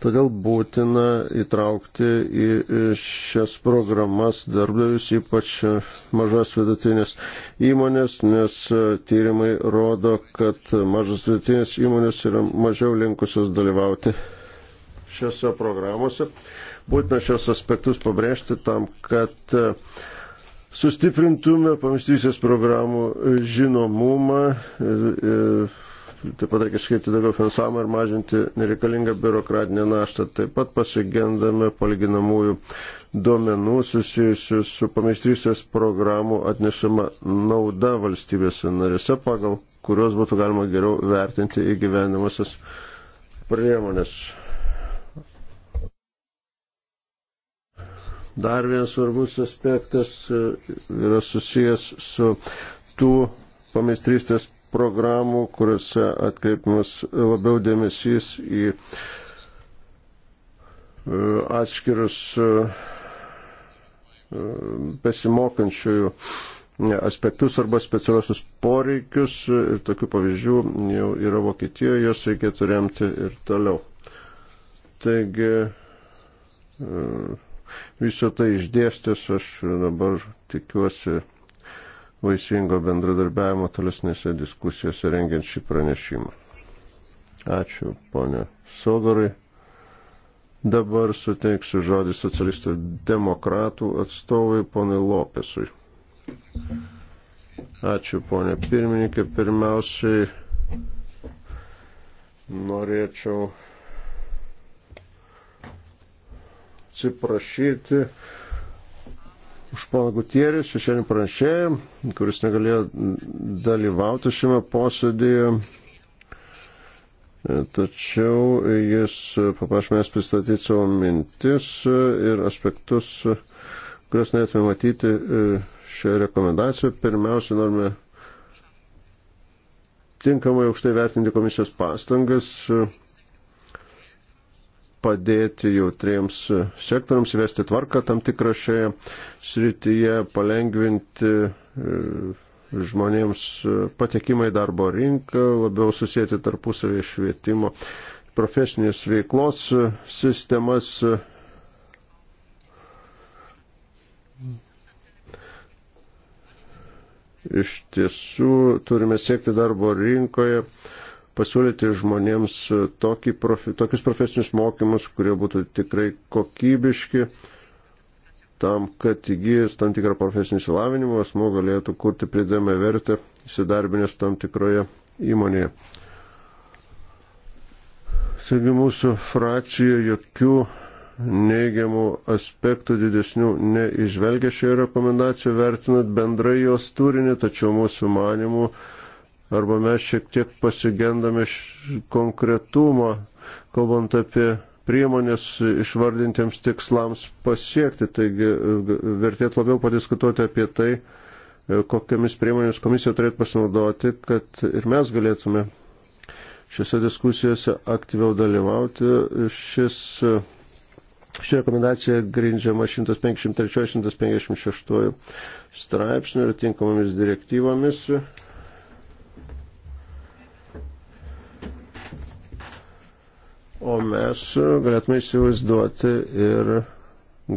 S3: Todėl būtina įtraukti į šias programas darbdavius, ypač mažas vidutinės įmonės, nes tyrimai rodo, kad mažas vidutinės įmonės yra mažiau linkusios dalyvauti šiose programuose. Būtina šios aspektus pabrėžti tam, kad sustiprintume pamestysės programų žinomumą. Ir, e, ir, e, taip pat reikia skirti daugiau finansavimo ir mažinti nereikalingą biurokratinę naštą. Taip pat pasigendame palyginamųjų duomenų susijusių su pameistrystės programų atnešama nauda valstybėse narėse, pagal kuriuos būtų galima geriau vertinti įgyvenimasis priemonės. Dar vienas svarbus aspektas e, yra susijęs su tų pameistrystės programų, kuriuose atkreipimas labiau dėmesys į e, atskirus e, besimokančiųjų e, aspektus arba specialiosius poreikius ir tokių pavyzdžių jau yra Vokietijoje, jos reikėtų remti ir toliau. Taigi viso tai išdėstęs aš dabar tikiuosi vaisingo bendradarbiavimo tolesnėse diskusijose rengiant šį pranešimą. Ačiū, ponė Sogorai. Dabar suteiksiu žodį socialistų demokratų atstovui, ponai Lopesui. Ačiū, ponė pirmininkė. Pirmiausiai norėčiau atsiprašyti už poną Gutierį, šešėlį pranešėją, kuris negalėjo dalyvauti šiame posėdėje. E, tačiau jis e, paprašė manęs pristatyti savo mintis e, ir aspektus, kuriuos norėtume matyti šioje rekomendacijoje. Pirmiausia, norime tinkamai aukštai vertinti komisijos pastangas padėti jautriems sektoriams įvesti tvarką tam tikrą šioje srityje, palengvinti e, žmonėms e, patekimą į darbo rinką, labiau susijęti tarpusavį švietimo, profesinės veiklos e, sistemas. Iš tiesų turime siekti darbo rinkoje pasiūlyti žmonėms e, tokį, profi, tokius profesinius mokymus, kurie būtų tikrai kokybiški, tam, kad įgyjęs tam tikrą profesinį įsilavinimą asmo galėtų kurti pridėmę vertę įsidarbinęs tam tikroje įmonėje. Taigi mūsų frakcija jokių neigiamų aspektų didesnių neižvelgia šioje rekomendacijoje vertinant bendrai jos turinį, tačiau mūsų manimų arba mes šiek tiek pasigendame konkretumo, kalbant apie priemonės išvardintiems tikslams pasiekti. Taigi vertėtų labiau padiskutuoti apie tai, e, kokiamis priemonėmis komisija turėtų pasinaudoti, kad ir mes galėtume šiuose diskusijose aktyviau dalyvauti. Šis, ši rekomendacija grindžiama 153-156 straipsnių ir tinkamomis direktyvomis. O mes galėtume įsivaizduoti ir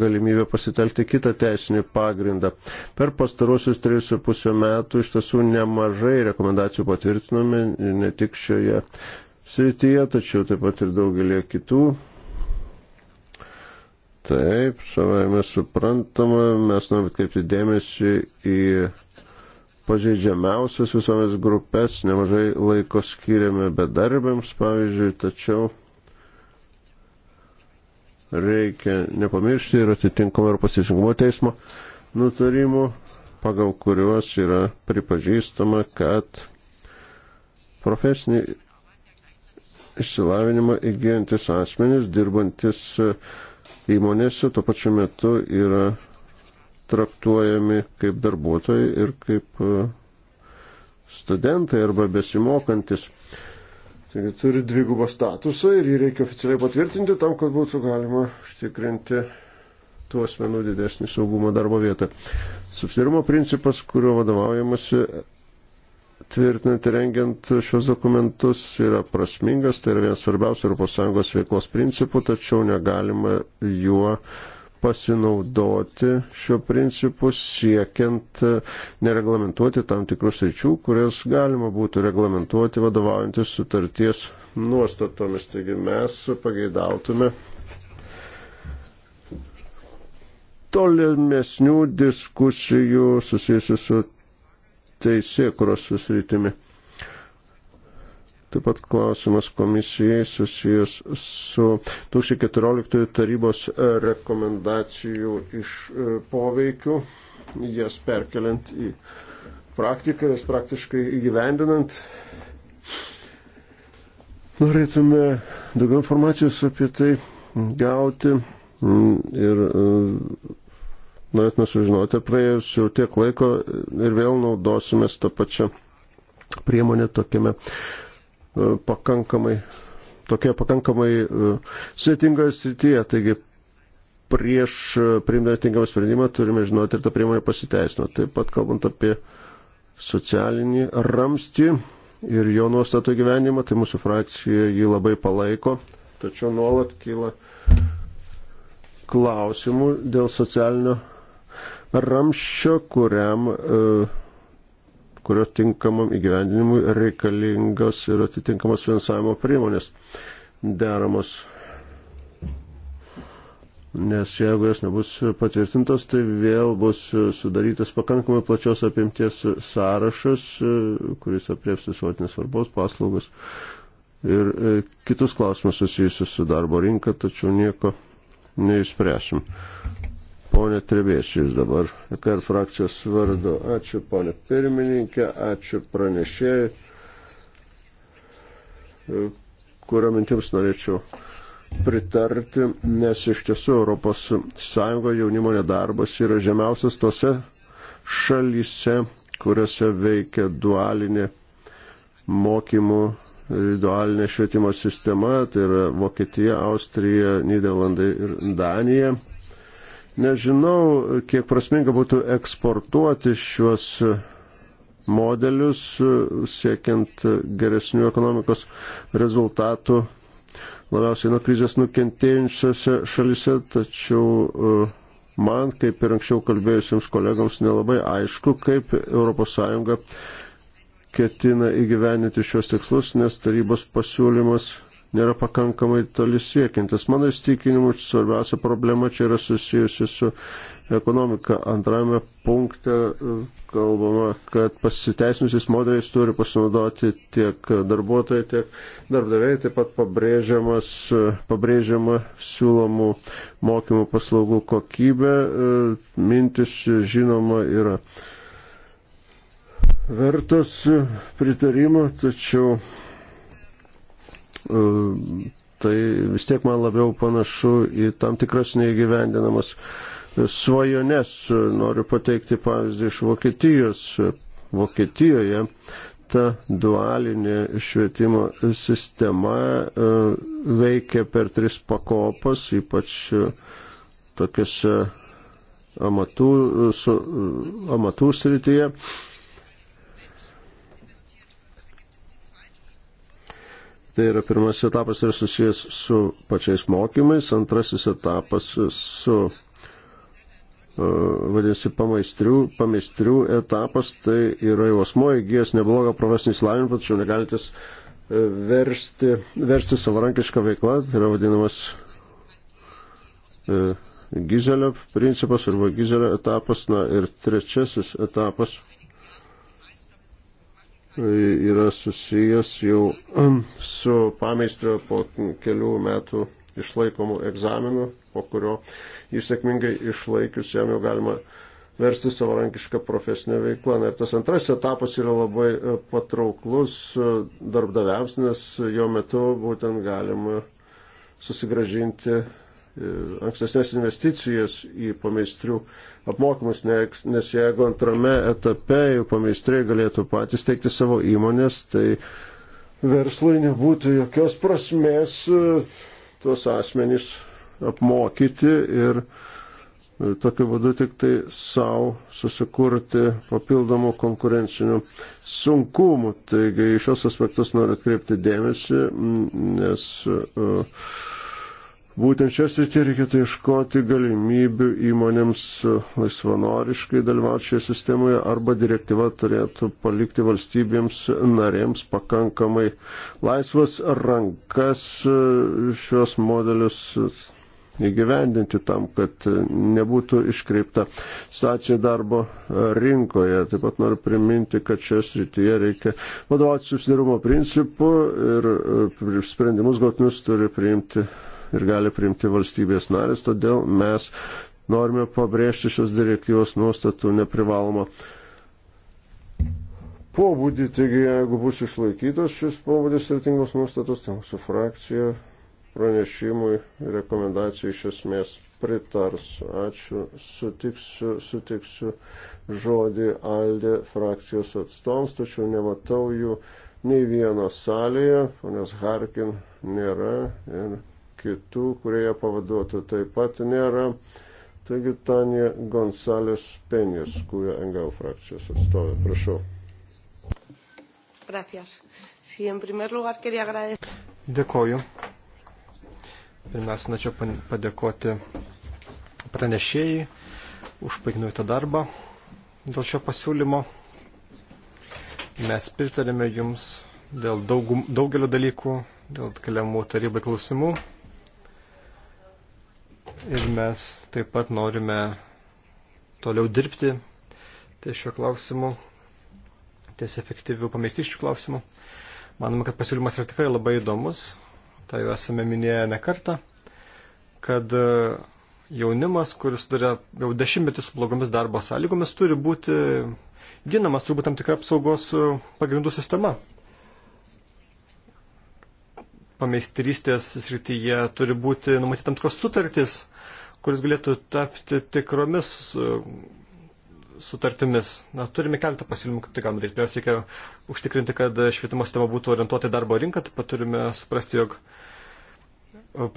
S3: galimybę pasitelkti kitą teisinį pagrindą. Per pastarosius 3,5 metų iš tiesų nemažai rekomendacijų patvirtinome, ne tik šioje srityje, tačiau taip pat ir daugelį kitų. Taip, savai mes suprantama, mes norime atkreipti dėmesį į pažeidžiamiausias visomis grupės, nemažai laiko skiriame bedarbiams, pavyzdžiui, tačiau reikia nepamiršti ir atitinkamo ir pasisingumo teismo nutarimų, pagal kuriuos yra pripažįstama, kad profesinį išsilavinimą įgyjantis asmenys, dirbantis įmonėse, tuo pačiu metu yra traktuojami kaip darbuotojai ir kaip studentai arba besimokantis. Taigi turi dvigubą statusą ir jį reikia oficialiai patvirtinti tam, kad būtų galima užtikrinti tų asmenų didesnį saugumą darbo vietą. Subsidirimo principas, kuriuo vadovaujamasi tvirtinant ir rengiant šios dokumentus, yra prasmingas, tai yra vienas svarbiausių ES veiklos principų, tačiau negalima juo uh, pasinaudoti šiuo principu siekiant e, nereglamentuoti tam tikrus ryčių, kurias galima būtų reglamentuoti vadovaujantis sutarties nuostatomis. Taigi mes pageidautume tolimesnių diskusijų susijusių su teisėkuros susritimi. Taip pat klausimas komisijai susijęs su 2014 tarybos rekomendacijų iš e, poveikių, jas perkeliant į praktiką, jas praktiškai įgyvendinant. Norėtume daugiau informacijos apie tai gauti mm, ir e, norėtume sužinoti, praėjus jau tiek laiko ir vėl naudosime tą pačią priemonę tokiame E, pakankamai, tokia pakankamai e, sudėtingoje srityje. Taigi prieš e, priimdami tinkamą sprendimą turime žinoti ir tą priemonę pasiteisino. Taip pat kalbant apie socialinį ramstį ir jo nuostato gyvenimą, tai mūsų frakcija jį labai palaiko, tačiau nuolat kyla klausimų dėl socialinio ramščio, kuriam uh, kurio tinkamam įgyvendinimui reikalingos ir atitinkamos finansavimo priemonės deramos. Nes jeigu jos nebus patvirtintos, tai vėl bus sudarytas pakankamai plačios apimties sąrašas, kuris aprieps visuotinės svarbos paslaugas ir e, kitus klausimus susijusius su darbo rinka, tačiau nieko neišspręsim ponė Trebėšius dabar, kad frakcijos vardu. Ačiū ponė pirmininkė, ačiū pranešėjai, kurio mintims norėčiau pritarti, nes iš tiesų Europos Sąjungo jaunimo nedarbas yra žemiausias tose šalyse, kuriuose veikia dualinė mokymų dualinė švietimo sistema, tai yra Vokietija, Austrija, Niderlandai ir Danija. Nežinau, kiek prasminga būtų eksportuoti šiuos modelius siekiant geresnių ekonomikos rezultatų labiausiai nuo krizės nukentėjusiose šalise, tačiau e, man, kaip ir anksčiau kalbėjusiems kolegams, nelabai aišku, kaip ES ketina įgyveninti šios tikslus, nes tarybos pasiūlymas nėra pakankamai toli siekintis. Mano įstikinimu, svarbiausia problema čia yra susijusi su ekonomika. Antrame punkte e, kalbama, kad pasiteisinusiais modeliais turi pasinaudoti tiek darbuotojai, tiek darbdaviai, taip pat e, pabrėžiama siūlomų mokymų paslaugų kokybė. E, mintis, žinoma, yra vertas pritarimo, tačiau E, tai vis tiek man labiau panašu į tam tikras neįgyvendinamas svajones. Noriu pateikti pavyzdį iš Vokietijos. Vokietijoje ta dualinė švietimo sistema e, veikia per tris pakopas, ypač e, tokiuose amatų, su, amatų srityje. Tai yra pirmasis etapas yra susijęs su pačiais mokymais, antrasis etapas su, e, vadinasi, pameistrių, pameistrių etapas, tai yra jau asmo įgyjęs neblogą profesinį įsilavinimą, tačiau negalintis e, versti, versti savarankišką veiklą, tai yra vadinamas e, gizelio principas arba gizelio etapas, na ir trečiasis etapas Tai yra susijęs jau su pameistrio po kelių metų išlaikomų egzaminų, po kurio jis sėkmingai išlaikius jam jau galima versti savarankišką profesinę veiklą. Na ir tas antrasis etapas yra labai e, patrauklus e, darbdaviams, nes jo metu būtent galima susigražinti e, ankstesnės investicijas į pameistrių apmokymus, nes jeigu antrame etape jau pameistriai galėtų patys teikti savo įmonės, tai verslui nebūtų jokios prasmės e, tuos asmenys apmokyti ir e, tokiu būdu tik tai savo susikurti papildomų konkurencinių sunkumų. Taigi į šios aspektus noriu atkreipti dėmesį, nes uh, Būtent šios rytį reikėtų iškoti galimybių įmonėms e, laisvanoriškai dalyvauti šioje sistemoje arba direktyva turėtų palikti valstybėms narėms pakankamai laisvas rankas e, šios modelius įgyvendinti tam, kad nebūtų iškreipta stacija darbo rinkoje. Taip pat noriu priminti, kad šioje srityje reikia vadovauti susidarumo principu ir e, sprendimus gautinius turi priimti ir gali priimti valstybės narės, todėl mes norime pabrėžti šios direktyvos nuostatų neprivalomą pobūdį, taigi jeigu bus išlaikytas šis pobūdis ir tingos nuostatos, tai mūsų frakcija pranešimui rekomendacijai iš esmės pritars. Ačiū, sutiksiu, sutiksiu žodį Aldė frakcijos atstovams, tačiau nematau jų nei vieno salėje, ponios Harkin nėra ir kitų, kurie ją pavaduotų, taip pat nėra. Taigi Tanja Gonsalės Penės, kurio NGL frakcijos atstovė. Prašau.
S2: Gracias. Sí, en primer lugar quería agradecer.
S4: Dėkoju. Pirmiausia, norėčiau padėkoti pranešėjai už paignuotą darbą dėl šio pasiūlymo. Mes pritarėme jums dėl daugum, daugelio dalykų, dėl keliamų tarybai klausimų ir mes taip pat norime toliau dirbti ties šio klausimu, ties efektyvių pameistiščių klausimų. Manome, kad pasiūlymas yra tikrai labai įdomus, tą tai jau esame minėję ne kartą, kad e, jaunimas, kuris sudarė jau dešimtmetį su blogomis darbo sąlygomis, turi būti ginamas, turbūt tam tikra apsaugos e, pagrindų sistema. Pameistrystės srityje turi būti numatyti tam tikros sutartys, kuris galėtų tapti tikromis sutartimis. Na, turime keletą pasiūlymų, kaip tai galima daryti. Pirmiausia, reikia užtikrinti, kad švietimo sistema būtų orientuota į darbo rinką, taip pat turime suprasti, jog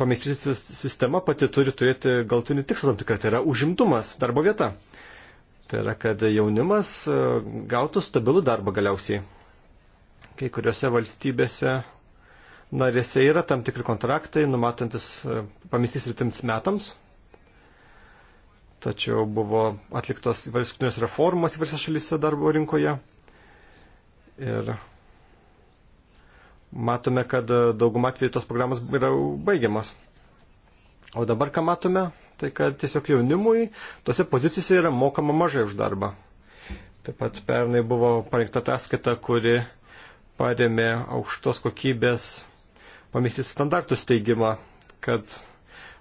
S4: pameistrystės sistema pati turi turėti galtinį tikslą tam tikrą, tai yra užimtumas, darbo vieta. Tai yra, kad jaunimas e, gautų stabilų darbą galiausiai. Kai kuriuose valstybėse narėse yra tam tikri kontraktai, numatantis e, pameistrystės rytims metams, tačiau buvo atliktos įvairios kultūrinės reformos įvairiose šalyse darbo rinkoje. Ir matome, kad daugumą atveju tos programos yra baigiamas. O dabar ką matome, tai kad tiesiog jaunimui tose pozicijose yra mokama mažai už darbą. Taip pat pernai buvo parinkta ataskaita, kuri paremė aukštos kokybės pamėstys standartų steigimą, kad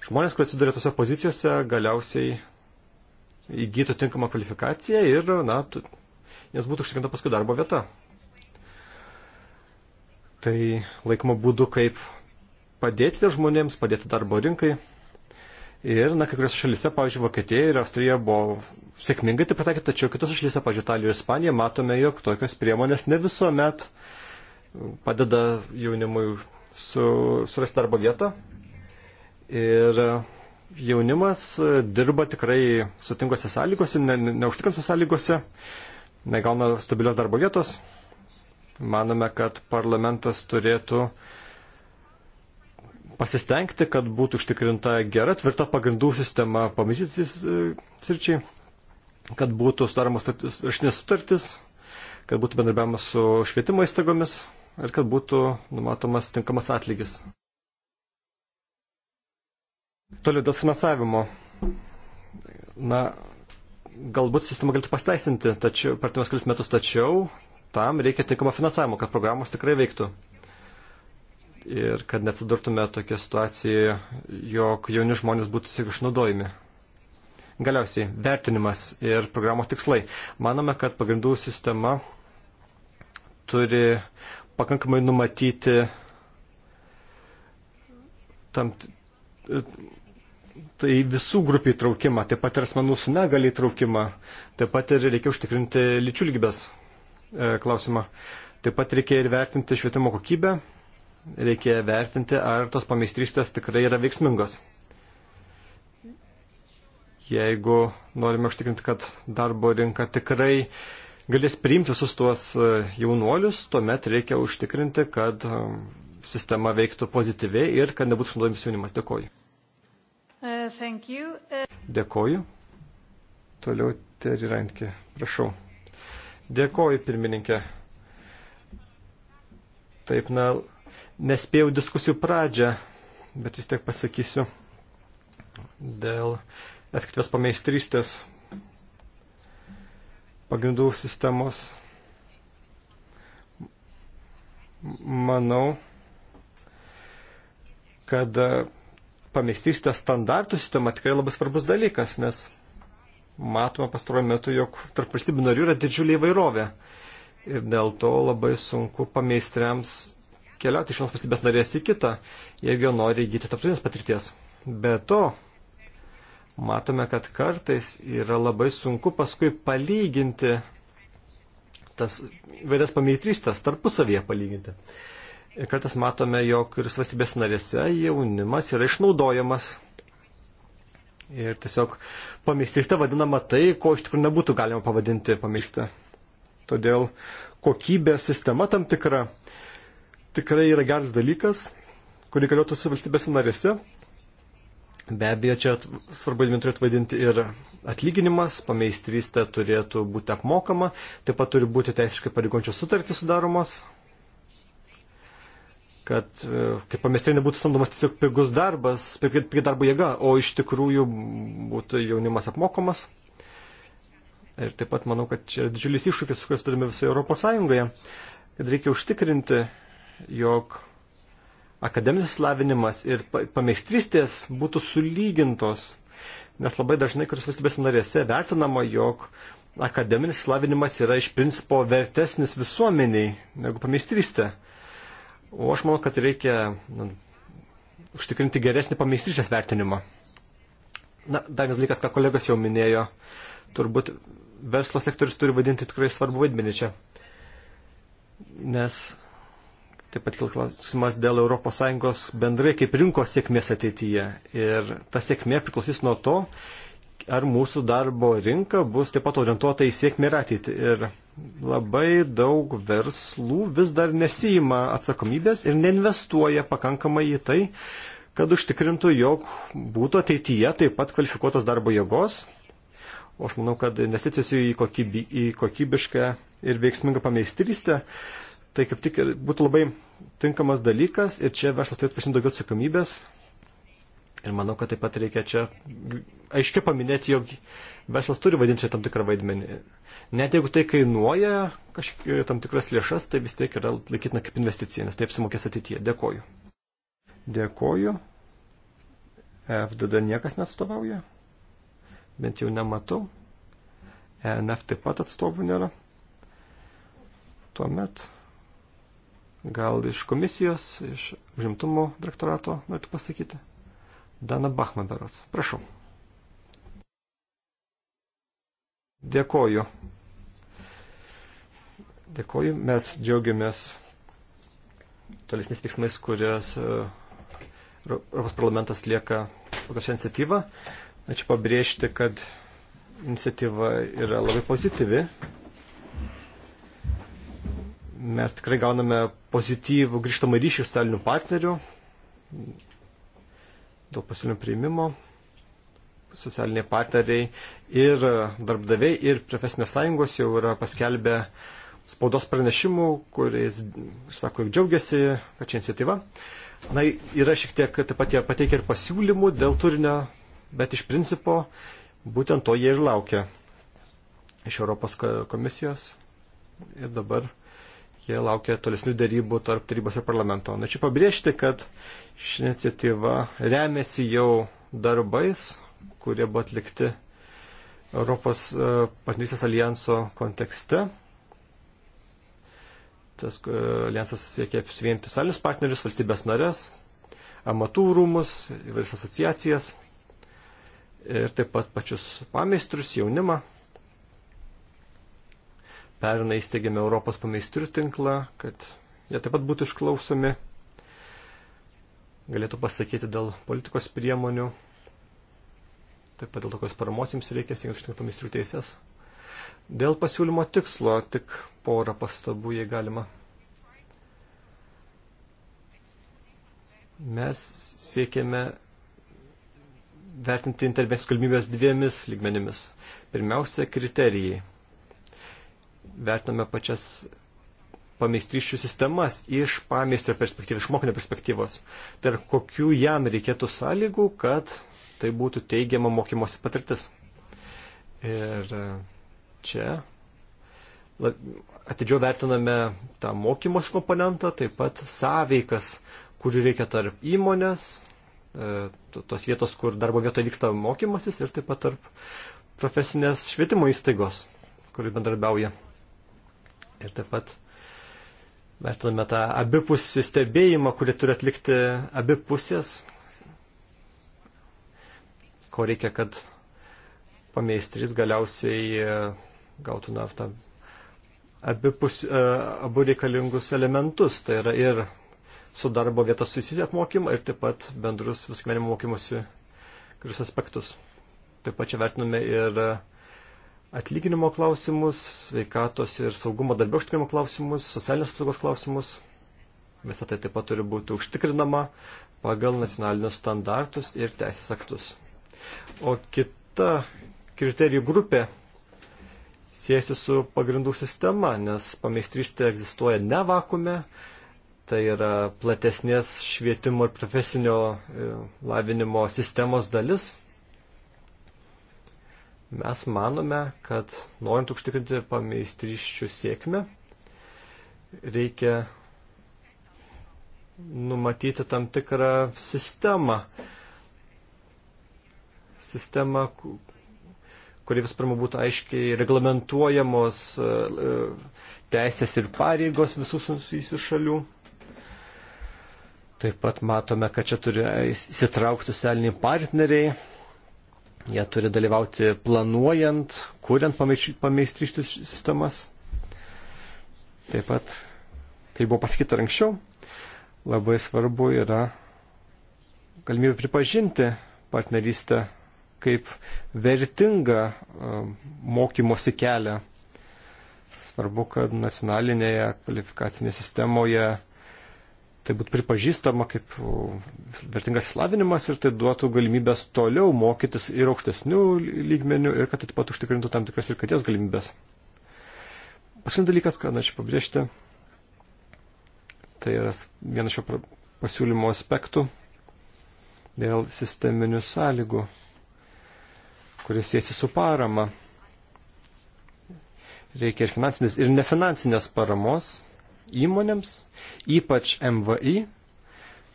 S4: žmonės, kurie atsiduria tose pozicijose, galiausiai įgytų tinkamą kvalifikaciją ir, na, tu, nes būtų užtikrinta paskui darbo vieta. Tai laikoma būdu, kaip padėti žmonėms, padėti darbo rinkai. Ir, na, kai kuriuose šalyse, pavyzdžiui, Vokietija ir Austrija buvo sėkmingai tai pritaikyta, tačiau kitose šalyse, pavyzdžiui, Italija ir Ispanija, matome, jog tokios priemonės ne visuomet padeda jaunimui su, surasti darbo vietą. Ir jaunimas e, dirba tikrai sutinkose sąlygose, ne, neužtikrinose sąlygose, negauna stabilios darbo vietos. Manome, kad parlamentas turėtų pasistengti, kad būtų užtikrinta gera, tvirta pagrindų sistema pamatytis sirčiai, e, kad būtų sudaromos rašinės sutartis, kad būtų bendarbiavimas su švietimo įstaigomis ir kad būtų numatomas tinkamas atlygis. Toliau dėl finansavimo. Na, galbūt sistema galėtų pasteisinti tačiau, per tuos kelis metus, tačiau tam reikia tinkamo finansavimo, kad programos tikrai veiktų. Ir kad neatsidurtume tokia situacija, jog jauni žmonės būtų tiesiog išnaudojami. Galiausiai, vertinimas ir programos tikslai. Manome, kad pagrindų sistema turi pakankamai numatyti tam tai visų grupių įtraukimą, taip pat ir asmenų su negali įtraukimą, taip pat ir reikia užtikrinti lyčių lygybės e, klausimą. Taip pat reikia ir vertinti švietimo kokybę, reikia vertinti, ar tos pameistrystės tikrai yra veiksmingos. Jeigu norime užtikrinti, kad darbo rinka tikrai galės priimti visus tuos e, jaunuolius, tuomet reikia užtikrinti, kad e, sistema veiktų pozityviai ir kad nebūtų išnaudojimas jaunimas. Dėkoju.
S1: Uh, uh,
S4: Dėkoju. Toliau Terry Rankė. Prašau. Dėkoju, pirmininkė. Taip, na, nespėjau diskusijų pradžią, bet vis tiek pasakysiu dėl efektyvios pameistrystės pagrindų sistemos. Manau, kad pameistrystės standartų sistema tikrai labai svarbus dalykas, nes matome pastaruoju metu, jog tarp valstybių narių yra didžiulė įvairovė. Ir dėl to labai sunku pameistriams keliauti iš vienos valstybės narės į kitą, jeigu jo nori įgyti tarptautinės patirties. Be to, matome, kad kartais yra labai sunku paskui palyginti tas įvairias pameitrystės tarpusavyje palyginti. Ir kartais matome, jog ir valstybės narėse jaunimas yra išnaudojamas. Ir tiesiog pameistrystė vadinama tai, ko iš tikrųjų nebūtų galima pavadinti pameistrystė. Todėl kokybės sistema tam tikra tikrai yra geras dalykas, kurį galiotųsi valstybės narėse. Be abejo, čia svarbu turėtų vadinti ir atlyginimas, pameistrystė turėtų būti apmokama, taip pat turi būti teisiškai pareigončios sutartys sudaromos kad e, kaip pamestė nebūtų samdomas tiesiog pigus darbas, pigi darbo jėga, o iš tikrųjų būtų jaunimas apmokomas. Ir taip pat manau, kad čia yra didžiulis iššūkis, su kuriuo turime visoje Europos Sąjungoje, kad reikia užtikrinti, jog akademinis slavinimas ir pameistrystės būtų sulygintos, nes labai dažnai kuris valstybės narėse vertinama, jog akademinis slavinimas yra iš principo vertesnis visuomeniai negu pameistrystė. O aš manau, kad reikia na, užtikrinti geresnį pameistrystės vertinimą. Na, dar vienas dalykas, ką kolegos jau minėjo, turbūt verslo sektorius turi vadinti tikrai svarbu vaidmenį čia. Nes taip pat kil klausimas dėl ES bendrai kaip rinkos sėkmės ateityje. Ir ta sėkmė priklausys nuo to, ar mūsų darbo rinka bus taip pat orientuota į sėkmę ir ateitį. Ir labai daug verslų vis dar nesijima atsakomybės ir neinvestuoja pakankamai į tai, kad užtikrintų, jog būtų ateityje taip pat kvalifikuotas darbo jėgos. O aš manau, kad investicijos į, kokybį, į kokybišką ir veiksmingą pameistrystę, tai kaip tik būtų labai tinkamas dalykas ir čia verslas turėtų prisimti daugiau atsakomybės. Ir manau, kad taip pat reikia čia aiškiai paminėti, jog verslas turi vaidinti tam tikrą vaidmenį. Net jeigu tai kainuoja kažkiek tam tikras lėšas, tai vis tiek yra laikytina kaip investicija, nes tai apsimokės ateityje. Dėkoju. Dėkoju. FDD niekas neatstovauja. Bent jau nematau. ENF taip pat atstovų nėra. Tuomet gal iš komisijos, iš užimtumo direktorato norėtų pasakyti. Dana Bachman berots. Prašau. Dėkoju. Dėkoju, mes džiaugiamės tolesnis veiksmais, kurias e, Europos parlamentas lieka pagal šią iniciatyvą. Ačiū pabrėžti, kad iniciatyva yra labai pozityvi. Mes tikrai gauname pozityvų grįžtamą ryšį iš salinių partnerių dėl pasiūlymų priimimo socialiniai partneriai ir darbdaviai ir profesinės sąjungos jau yra paskelbę spaudos pranešimų, kuriais, sako, džiaugiasi, kad čia iniciatyva. Na, yra šiek tiek taip pat jie pateikia ir pasiūlymų dėl turinio, bet iš principo būtent to jie ir laukia iš Europos komisijos. Ir dabar jie laukia tolesnių dėrybų tarp tarybos ir parlamento. Na, čia pabrėžti, kad ši iniciatyva remiasi jau darbais, kurie buvo atlikti Europos e, partnerystės alijanso kontekste. Tas e, alijansas siekia suvienyti salinius partnerius, valstybės narės, amatų rūmus, įvairias asociacijas ir taip pat pačius pameistrus, jaunimą. Pernai įsteigėme Europos pameistrių tinklą, kad jie taip pat būtų išklausomi, galėtų pasakyti dėl politikos priemonių taip pat dėl tokios paramos jums reikia, siekiant užtikrinti pameistrių teises. Dėl pasiūlymo tikslo tik porą pastabų, jei galima. Mes siekiame vertinti intervencijos galimybės dviemis lygmenimis. Pirmiausia, kriterijai. Vertiname pačias pameistryšių sistemas iš pameistrio perspektyvos, iš mokinio perspektyvos. Tai yra, kokių jam reikėtų sąlygų, kad tai būtų teigiama mokymosi patirtis. Ir e, čia atidžiau vertiname tą mokymosi komponentą, taip pat sąveikas, kurį reikia tarp įmonės, e, tos vietos, kur darbo vietoje vyksta mokymasis ir taip pat tarp profesinės švietimo įstaigos, kuri bendarbiauja. Ir taip pat vertiname tą abipusį stebėjimą, kurį turi atlikti abipusės ko reikia, kad pameistrys galiausiai e, gautų naftą. Abi pus, e, abu reikalingus elementus, tai yra ir su darbo vietos susiję apmokymą ir taip pat bendrus viskmenimo mokymosi gerus aspektus. Taip pat čia vertiname ir atlyginimo klausimus, sveikatos ir saugumo darbio užtikrinimo klausimus, socialinės apsaugos klausimus. Visą tai taip pat turi būti užtikrinama pagal nacionalinius standartus ir teisės aktus. O kita kriterijų grupė siejasi su pagrindų sistema, nes pameistrystė egzistuoja ne vakume, tai yra platesnės švietimo ir profesinio e, lavinimo sistemos dalis. Mes manome, kad norint užtikrinti pameistryščių sėkmę, reikia numatyti tam tikrą sistemą, sistemą, kuri vis pirma būtų aiškiai reglamentuojamos e, e, teisės ir pareigos visų susijusių šalių. Taip pat matome, kad čia turi įsitraukti socialiniai partneriai, jie turi dalyvauti planuojant, kuriant pameistrištis sistemas. Taip pat, kaip buvo pasakyta anksčiau, labai svarbu yra galimybė pripažinti partnerystę kaip vertingą e, mokymosi kelią. Svarbu, kad nacionalinėje kvalifikacinėje sistemoje tai būtų pripažįstama kaip e, vertingas slavinimas ir tai duotų galimybės toliau mokytis ir aukštesnių lygmenių ir kad tai taip pat užtikrintų tam tikras ir katės galimybės. Paskutinis dalykas, ką norėčiau pabrėžti, tai yra vienas šio pasiūlymo aspektų dėl sisteminių sąlygų kuris siesi su parama. Reikia ir finansinės, ir nefinansinės paramos įmonėms, ypač MVI,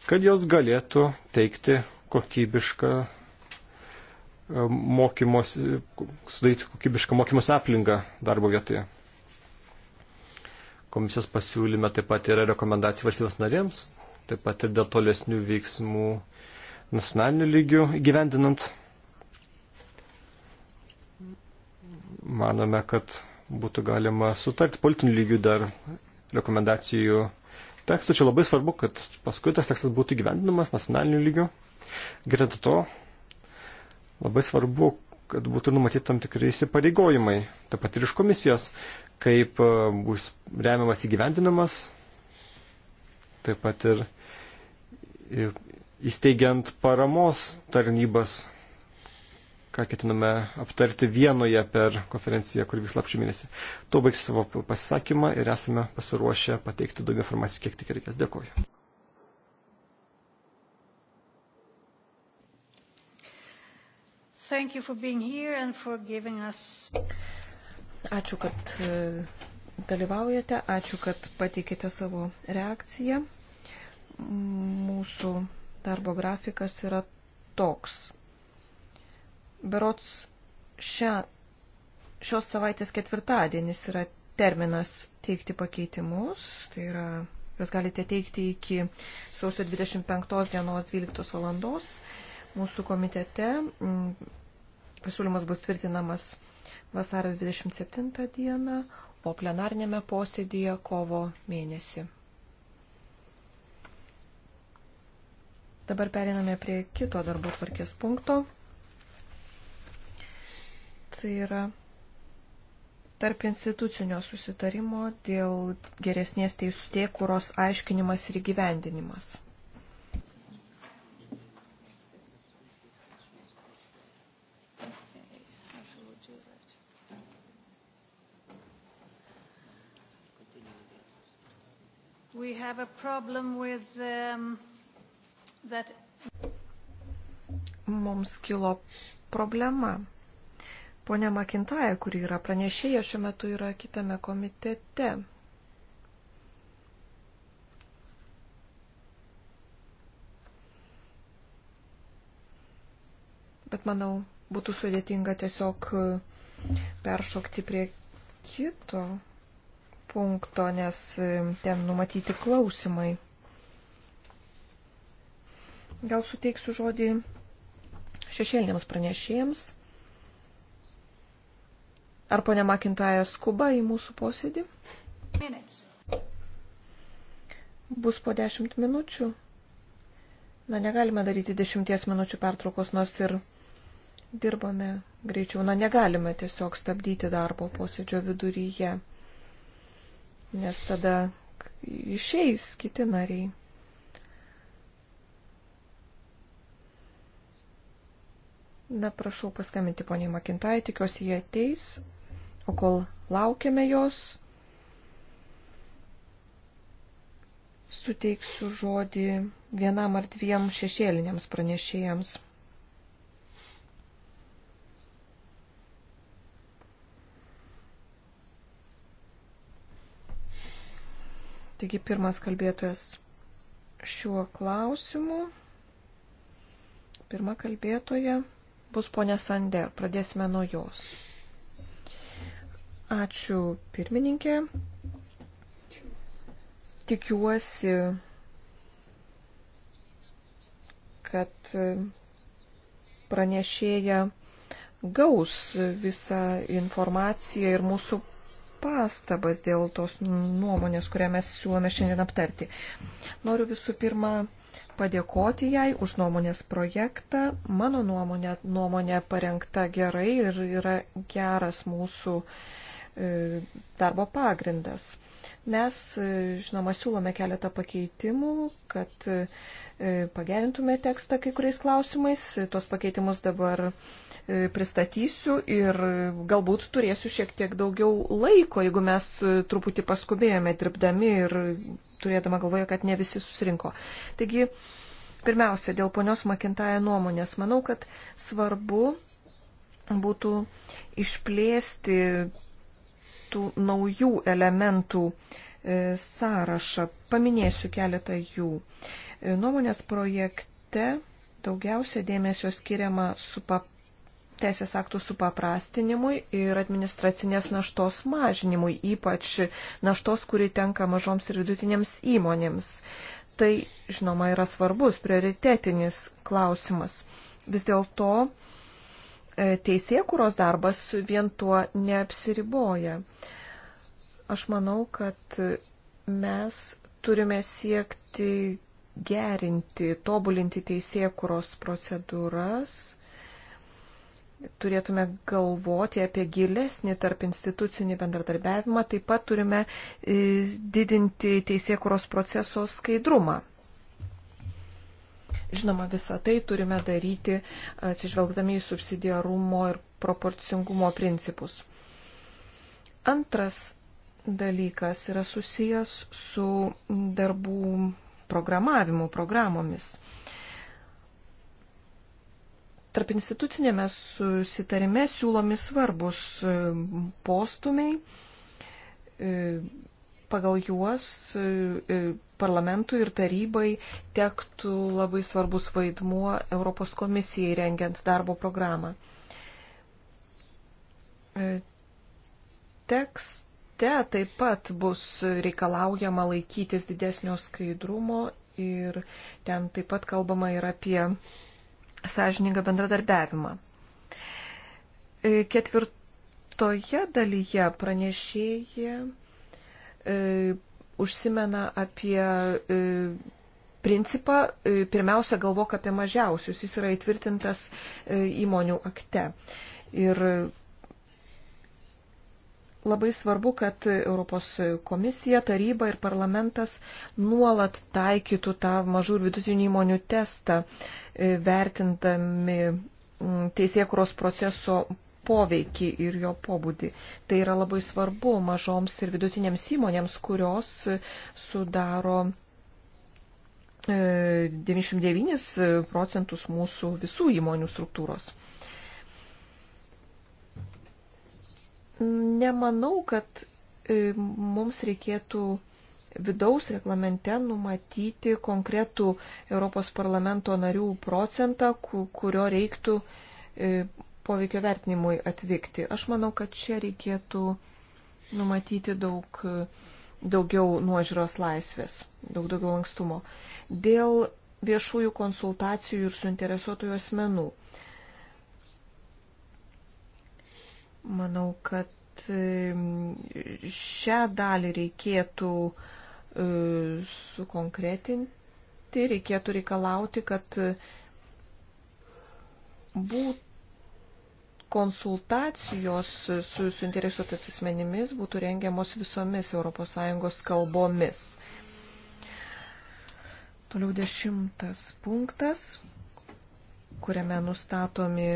S4: kad jos galėtų teikti kokybišką e, mokymos, sudaryti kokybišką mokymos aplinką darbo vietoje. Komisijos pasiūlyme taip pat yra rekomendacija valstybės narėms, taip pat ir dėl tolesnių veiksmų nacionalinių lygių gyvendinant manome, kad būtų galima sutarti politinių lygių dar rekomendacijų tekstų. Čia labai svarbu, kad paskui tas tekstas būtų gyvendinamas nacionaliniu lygiu. Greta to, labai svarbu, kad būtų numatyti tam tikrai įsipareigojimai, taip pat ir iš komisijos, kaip e, bus remiamas įgyvendinamas, taip pat ir įsteigiant paramos tarnybas ką ketiname aptarti vienoje per konferenciją, kur vyks lapšį mėnesį. Tuo baigsiu savo pasisakymą ir esame pasiruošę pateikti daugiau informacijos, kiek tik reikės. Dėkuoju.
S1: Thank you for being here and for giving us.
S2: Ačiū, kad e, dalyvaujate, ačiū, kad pateikėte savo reakciją. Mūsų darbo grafikas yra toks berots šią, šios savaitės ketvirtadienis yra terminas teikti pakeitimus, tai yra juos galite teikti iki sausio 25 dienos 12 valandos mūsų komitete. Mm, pasiūlymas bus tvirtinamas vasario 27 dieną, o plenarnėme posėdėje kovo mėnesį. Dabar periname prie kito darbo tvarkės punkto tai yra tarp institucinio susitarimo dėl geresnės teisėkuros aiškinimas ir gyvendinimas.
S1: We have a problem with um, that.
S2: Mums kilo problema Pone Makintaja, kuri yra pranešėja, šiuo metu yra kitame komitete. Bet manau, būtų sudėtinga tiesiog e, peršokti prie kito punkto, nes e, ten numatyti klausimai. Gal suteiksiu žodį šešėliniams pranešėjams. Ar ponia Makintaja skuba į mūsų posėdį? Minutes. Bus po dešimt minučių. Na, negalime daryti dešimties minučių pertraukos, nors ir dirbame greičiau. Na, negalime tiesiog stabdyti darbo posėdžio viduryje, nes tada išeis kiti nariai. Na, prašau paskambinti poniai Makintai, tikiuosi jie ateis. O kol laukiame jos, suteiksiu žodį vienam ar dviem šešėliniams pranešėjams. Taigi pirmas kalbėtojas šiuo klausimu. Pirma kalbėtoja bus ponia Sander. Pradėsime nuo jos. Ačiū pirmininkė. Tikiuosi, kad pranešėja gaus visą informaciją ir mūsų pastabas dėl tos nuomonės, kurią mes siūlome šiandien aptarti. Noriu visų pirma padėkoti jai už nuomonės projektą. Mano nuomonė, nuomonė parengta gerai ir yra geras mūsų uh, E, darbo pagrindas. Mes, e, žinoma, siūlome keletą pakeitimų, kad e, pagerintume tekstą kai kuriais klausimais. Tuos pakeitimus dabar pristatysiu ir galbūt turėsiu šiek tiek daugiau laiko, jeigu mes truputį paskubėjome dirbdami ir turėdama galvoje, kad ne visi susirinko. Taigi, pirmiausia, dėl ponios Makintaja nuomonės. Manau, kad svarbu būtų išplėsti tų naujų elementų e, sąrašą. Paminėsiu keletą jų. E, nuomonės projekte daugiausia dėmesio skiriama su pap teisės aktų supaprastinimui ir administracinės naštos mažinimui, ypač naštos, kuri tenka mažoms ir vidutinėms įmonėms. Tai, žinoma, yra svarbus, prioritetinis klausimas. Vis dėlto E, teisėkuros darbas vien tuo neapsiriboja. Aš manau, kad mes turime siekti gerinti, tobulinti teisėkuros procedūras. Turėtume galvoti apie gilesnį tarp institucinį bendradarbiavimą, taip pat turime e, didinti teisėkuros proceso skaidrumą. Žinoma, visą tai turime daryti atsižvelgdami į subsidiarumo ir proporcingumo principus. Antras dalykas yra susijęs su darbų programavimu, programomis. Tarp institucinėme susitarime siūlomi svarbus postumiai pagal juos e, e, parlamentui ir tarybai tektų labai svarbus vaidmuo Europos komisijai rengiant darbo programą. E, tekste taip pat bus reikalaujama laikytis didesnio skaidrumo ir ten taip pat kalbama ir apie sąžiningą bendradarbiavimą. Ketvirtoje dalyje pranešėja e, užsimena apie e, principą e, pirmiausia galvok apie mažiausius. Jis yra įtvirtintas e, įmonių akte. Ir labai svarbu, kad Europos komisija, taryba ir parlamentas nuolat taikytų tą mažų ir vidutinių įmonių testą, e, vertindami teisėkuros proceso poveikį ir jo pobūdį. Tai yra labai svarbu mažoms ir vidutinėms įmonėms, kurios sudaro 99 e, procentus mūsų visų įmonių struktūros. Nemanau, kad e, mums reikėtų vidaus reglamente numatyti konkretų Europos parlamento narių procentą, kurio reiktų e, poveikio vertinimui atvykti. Aš manau, kad čia reikėtų numatyti daug daugiau nuožiūros laisvės, daug daugiau lankstumo. Dėl viešųjų konsultacijų ir suinteresuotųjų asmenų. Manau, kad šią dalį reikėtų e, sukonkretinti, reikėtų reikalauti, kad būtų konsultacijos su suinteresuotais asmenimis būtų rengiamos visomis ES kalbomis. Toliau dešimtas punktas, kuriame nustatomi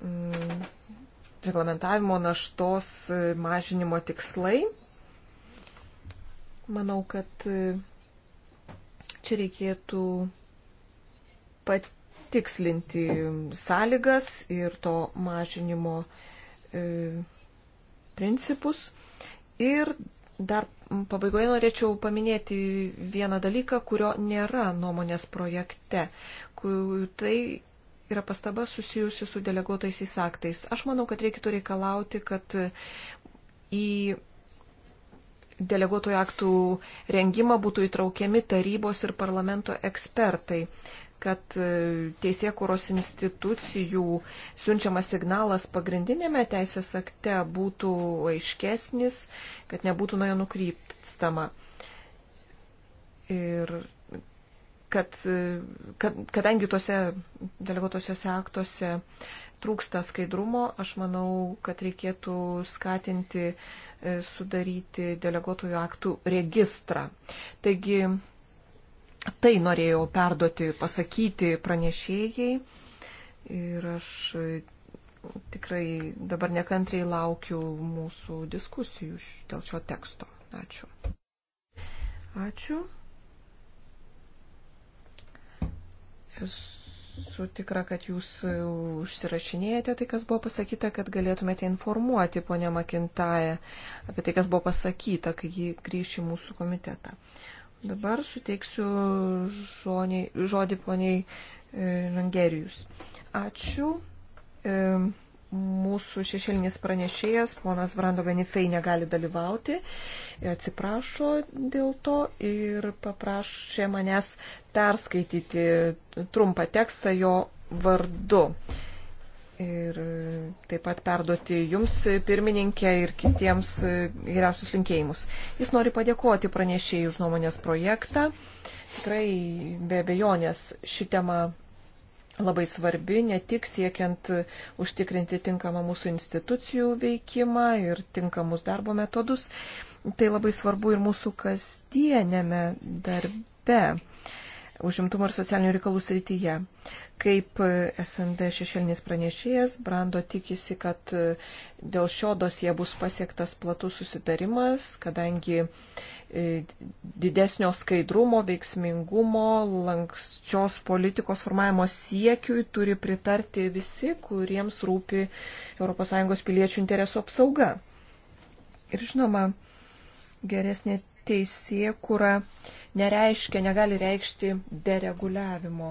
S2: mm, reglamentavimo naštos e, mažinimo tikslai. Manau, kad e, čia reikėtų pat patikslinti sąlygas ir to mažinimo e, principus. Ir dar pabaigoje norėčiau paminėti vieną dalyką, kurio nėra nuomonės projekte. Tai yra pastaba susijusi su deleguotaisiais aktais. Aš manau, kad reikėtų reikalauti, kad į deleguotojų aktų rengimą būtų įtraukiami tarybos ir parlamento ekspertai kad e, teisėkuros institucijų siunčiamas signalas pagrindinėme teisės akte būtų aiškesnis, kad nebūtų nuo jo nukryptstama. Ir kad, e, kad, kadangi tuose deleguotosiuose aktuose trūksta skaidrumo, aš manau, kad reikėtų skatinti e, sudaryti deleguotojų aktų registrą. Taigi, Tai norėjau perduoti, pasakyti pranešėjai. Ir aš e, tikrai dabar nekantriai laukiu mūsų diskusijų dėl šio teksto. Ačiū. Ačiū. Esu tikra, kad jūs užsirašinėjate tai, kas buvo pasakyta, kad galėtumėte informuoti ponę Makintają apie tai, kas buvo pasakyta, kai ji grįš į mūsų komitetą. Uh, Dabar suteiksiu žodį, žodį poniai Rangerijus. E, Ačiū. E, mūsų šešėlinis pranešėjas, ponas Brando Benifei, negali dalyvauti. Atsiprašo dėl to ir paprašė manęs perskaityti trumpą tekstą jo vardu ir e, taip pat perduoti jums e, pirmininkė ir kitiems e, geriausius linkėjimus. Jis nori padėkoti pranešėjai už nuomonės projektą. Tikrai be abejonės ši tema labai svarbi, ne tik siekiant užtikrinti tinkamą mūsų institucijų veikimą ir tinkamus darbo metodus, tai labai svarbu ir mūsų kasdienėme darbe užimtumo ir socialinių reikalų srityje. Kaip SND šešėlinis pranešėjas, Brando tikisi, kad e, dėl šio dosie bus pasiektas platus susitarimas, kadangi e, didesnio skaidrumo, veiksmingumo, lankščios politikos formavimo siekiui turi pritarti visi, kuriems rūpi ES piliečių interesų apsauga. Ir žinoma, geresnė teisė, kura nereiškia, negali reikšti dereguliavimo.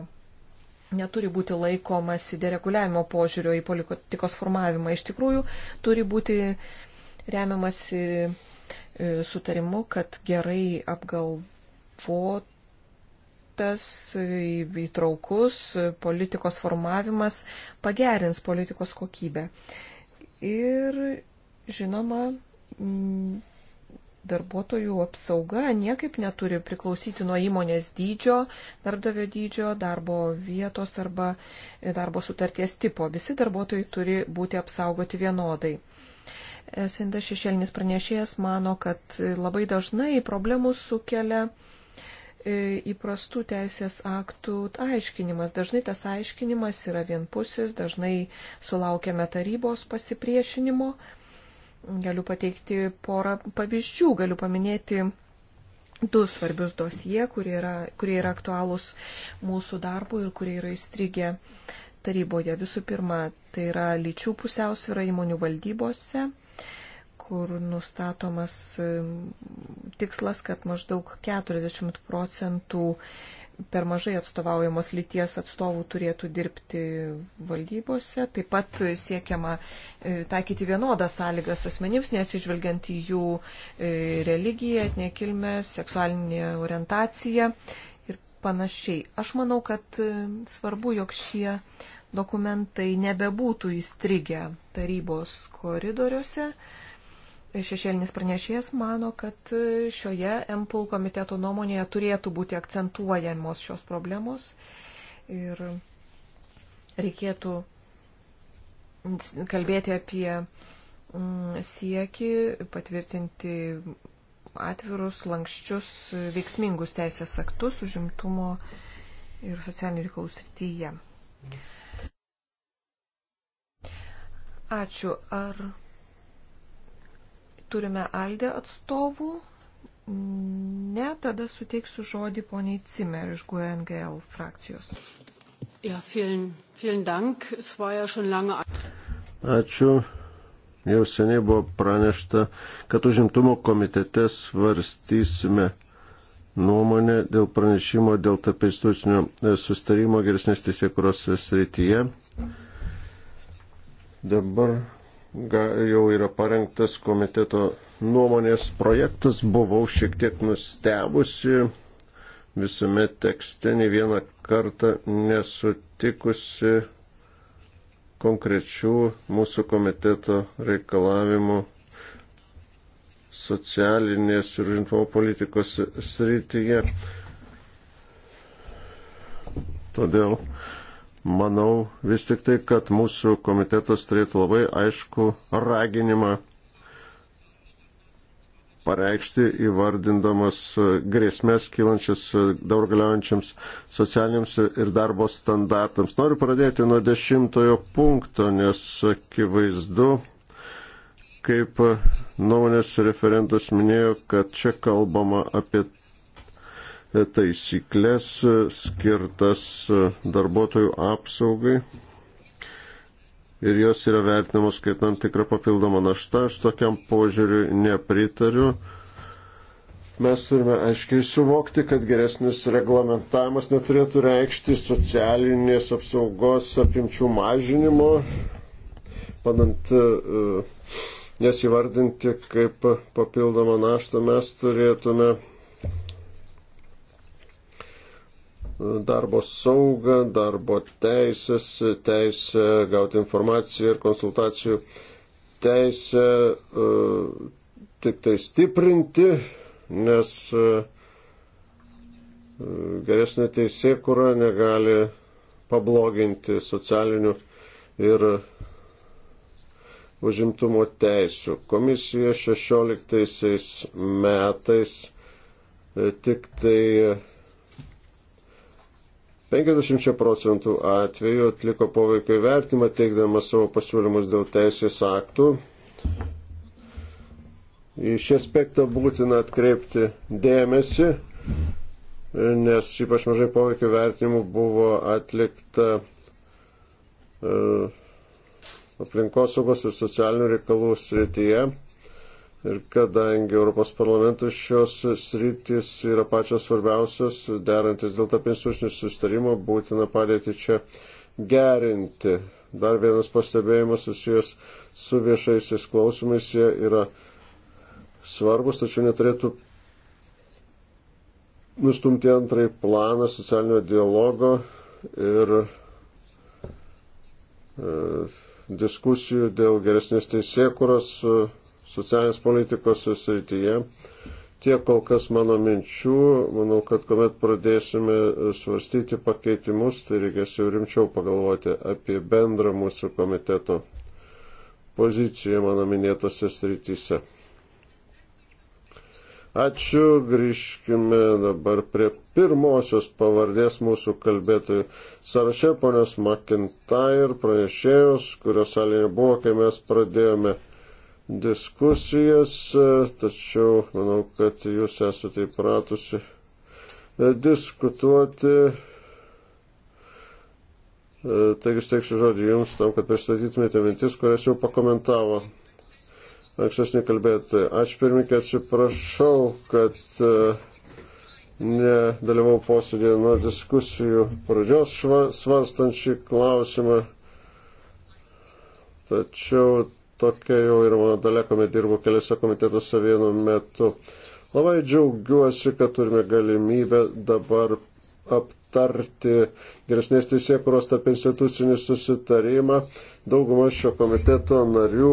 S2: Neturi būti laikomasi dereguliavimo požiūrio į politikos formavimą. Iš tikrųjų, turi būti remiamasi e, sutarimu, kad gerai apgalvotas e, įtraukus politikos formavimas pagerins politikos kokybę. Ir žinoma, Darbuotojų apsauga niekaip neturi priklausyti nuo įmonės dydžio, darbdavio dydžio, darbo vietos arba e, darbo sutarties tipo. Visi darbuotojai turi būti apsaugoti vienodai. Sinda šešėlinis pranešėjas mano, kad e, labai dažnai problemų sukelia e, įprastų teisės aktų aiškinimas. Dažnai tas aiškinimas yra vienpusis, dažnai sulaukiame tarybos pasipriešinimo Galiu pateikti porą pavyzdžių, galiu paminėti du svarbius dosie, kurie yra, kurie yra aktualūs mūsų darbų ir kurie yra įstrigę taryboje. Visų pirma, tai yra lyčių pusiausvyrą įmonių valdybose kur nustatomas tikslas, kad maždaug 40 procentų per mažai atstovaujamos lyties atstovų turėtų dirbti valdybose. Taip pat siekiama e, taikyti vienodas sąlygas asmenims, neatsižvelgiant į jų e, religiją, nekilmę, seksualinę orientaciją ir panašiai. Aš manau, kad e, svarbu, jog šie dokumentai nebebūtų įstrigę tarybos koridoriuose šešėlinis pranešėjas mano, kad šioje MPL komiteto nuomonėje turėtų būti akcentuojamos šios problemos ir reikėtų kalbėti apie mm, sieki patvirtinti atvirus, lankščius, veiksmingus teisės aktus užimtumo ir socialinių reikalų srityje. Ačiū. Ar Turime Aldė atstovų. Ne, tada suteiksiu žodį poniai Cimer iš GUNGL frakcijos. Ja, vielen, vielen Dank. Es war ja schon lange.
S3: Ačiū. Jau seniai buvo pranešta, kad užimtumo komitete svarstysime nuomonę dėl pranešimo dėl tarp institucinio e, sustarimo geresnės teisėkuros srityje. Dabar jau yra parengtas komiteto nuomonės projektas, buvau šiek tiek nustebusi visame tekste, nei vieną kartą nesutikusi konkrečių mūsų komiteto reikalavimų socialinės ir žintumo politikos srityje. Todėl manau vis tik tai, kad mūsų komitetas turėtų labai aišku raginimą pareikšti įvardindamas grėsmės kylančias daug galiojančiams socialiniams ir darbo standartams. Noriu pradėti nuo dešimtojo punkto, nes akivaizdu, kaip nuomonės referentas minėjo, kad čia kalbama apie taisyklės e, skirtas e, darbuotojų apsaugai. Ir jos yra vertinamos kaip tam tikra papildoma našta. Aš tokiam požiūriui nepritariu. Mes turime aiškiai suvokti, kad geresnis reglamentavimas neturėtų reikšti socialinės apsaugos apimčių mažinimo, padant e, jas įvardinti kaip papildomą naštą, mes turėtume darbo saugą, darbo teisės, teisę gauti informaciją ir konsultacijų teisę e, tik tai stiprinti, nes e, e, geresnė teisėkura negali pabloginti socialinių ir užimtumo teisų. Komisija 16 metais tik tai 50 procentų atvejų atliko poveikio įvertimą, teikdamas savo pasiūlymus dėl teisės aktų. Į šį aspektą būtina atkreipti dėmesį, nes ypač mažai poveikio vertimų buvo atlikta e, aplinkosaugos ir socialinių reikalų srityje. Ir kadangi Europos parlamentas šios sritis yra pačios svarbiausios, derantis dėl tapinsusinių sustarimo, būtina padėti čia gerinti. Dar vienas pastebėjimas susijęs su viešaisiais klausimais, jie yra svarbus, tačiau neturėtų nustumti antrąjį planą socialinio dialogo ir e, diskusijų dėl geresnės teisėkuros. E, socialinės politikos srityje. Tiek kol kas mano minčių, manau, kad kuomet pradėsime svarstyti pakeitimus, tai reikės jau rimčiau pagalvoti apie bendrą mūsų komiteto poziciją mano minėtose srityse. Ačiū, grįžkime dabar prie pirmosios pavardės mūsų kalbėtojų sąraše, ponios McIntyre, pranešėjos, kurios salėje buvo, kai mes pradėjome diskusijas, tačiau manau, kad jūs esate įpratusi e, diskutuoti. E, taigi, steiksiu žodį jums tam, kad pristatytumėte mintis, kurias jau pakomentavo ankstesnį kalbėti. Ačiū pirmininkė, atsiprašau, kad e, nedalyvau posėdėje nuo diskusijų pradžios svarstant šį klausimą. Tačiau tokia jau ir mano dalė, kuomet dirbu keliose komitetuose vienu metu. Labai džiaugiuosi, kad turime galimybę dabar aptarti geresnės teisėkuros tarp institucinį susitarimą. Dauguma šio komiteto narių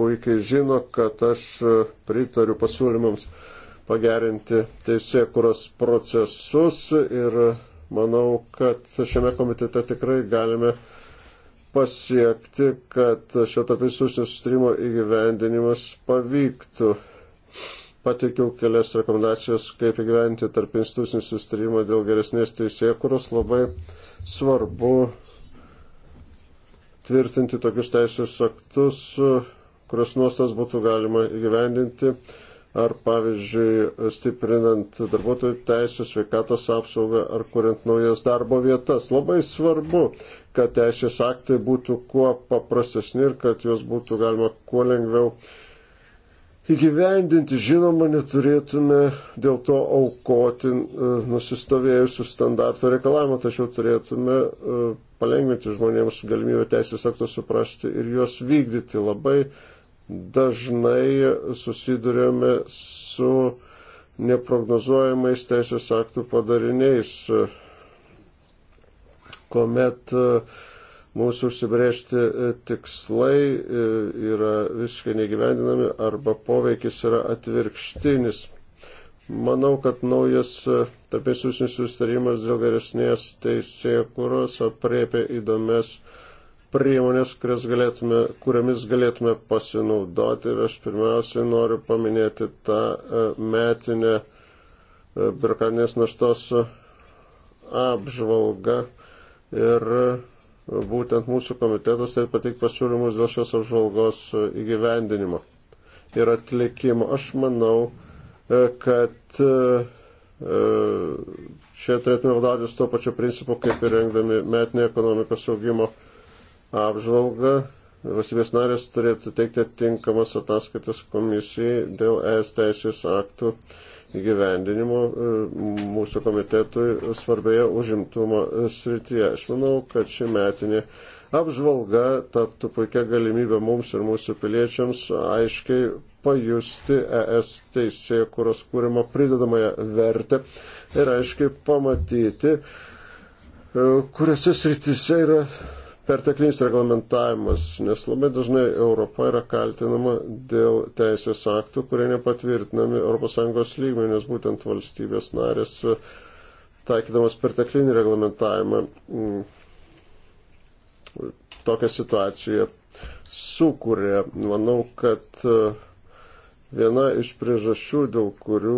S3: puikiai žino, kad aš pritariu pasiūlymams pagerinti teisėkuros procesus ir manau, kad šiame komitete tikrai galime uh, pasiekti, kad šio tapisūsnio sustarimo įgyvendinimas pavyktų. Pateikiau kelias rekomendacijas, kaip įgyventi tarp institucinį sustarimą dėl geresnės teisėkuros. Labai svarbu tvirtinti tokius teisės aktus, kurios nuostas būtų galima įgyvendinti ar pavyzdžiui stiprinant darbuotojų teisės, sveikatos apsaugą ar kuriant naujas darbo vietas. Labai svarbu kad teisės aktai būtų kuo paprastesni ir kad juos būtų galima kuo lengviau įgyvendinti. Žinoma, neturėtume dėl to aukoti e, nusistovėjusių standartų reikalavimų, tačiau turėtume e, palengvinti žmonėms galimybę teisės aktus suprasti ir juos vykdyti. Labai dažnai susidurėme su neprognozuojamais teisės aktų padariniais kuomet e, mūsų užsibriežti e, tikslai e, yra visiškai negyvendinami arba poveikis yra atvirkštinis. Manau, kad naujas tarpės užsienio sustarimas dėl geresnės teisėjų kuros apriepia įdomias priemonės, galėtume, kuriamis galėtume pasinaudoti. Ir aš pirmiausiai noriu paminėti tą metinę biurokratinės naštos apžvalgą ir būtent mūsų komitetas taip patik pasiūlymus dėl šios apžvalgos įgyvendinimo ir atlikimo. Aš manau, e, kad e, e, čia turėtume vadovautis tuo pačiu principu, kaip ir rengdami metinį ekonomikos augimo apžvalgą. Vasybės narės turėtų teikti tinkamas ataskaitas komisijai dėl ES teisės aktų gyvendinimu e, mūsų komitetui svarbioje užimtumo e, srityje. Aš manau, kad ši metinė apžvalga taptų puikia galimybė mums ir mūsų piliečiams aiškiai pajusti ES teisėje, kurios kūrimo pridedamąją vertę ir aiškiai pamatyti, e, kuriuose srityse yra perteklinis reglamentavimas, nes labai dažnai Europa yra kaltinama dėl teisės aktų, kurie nepatvirtinami ES lygmenių, nes būtent valstybės narės e, taikydamas perteklinį reglamentavimą mm, tokią situaciją sukūrė. Manau, kad e, Viena iš priežasčių, dėl kurių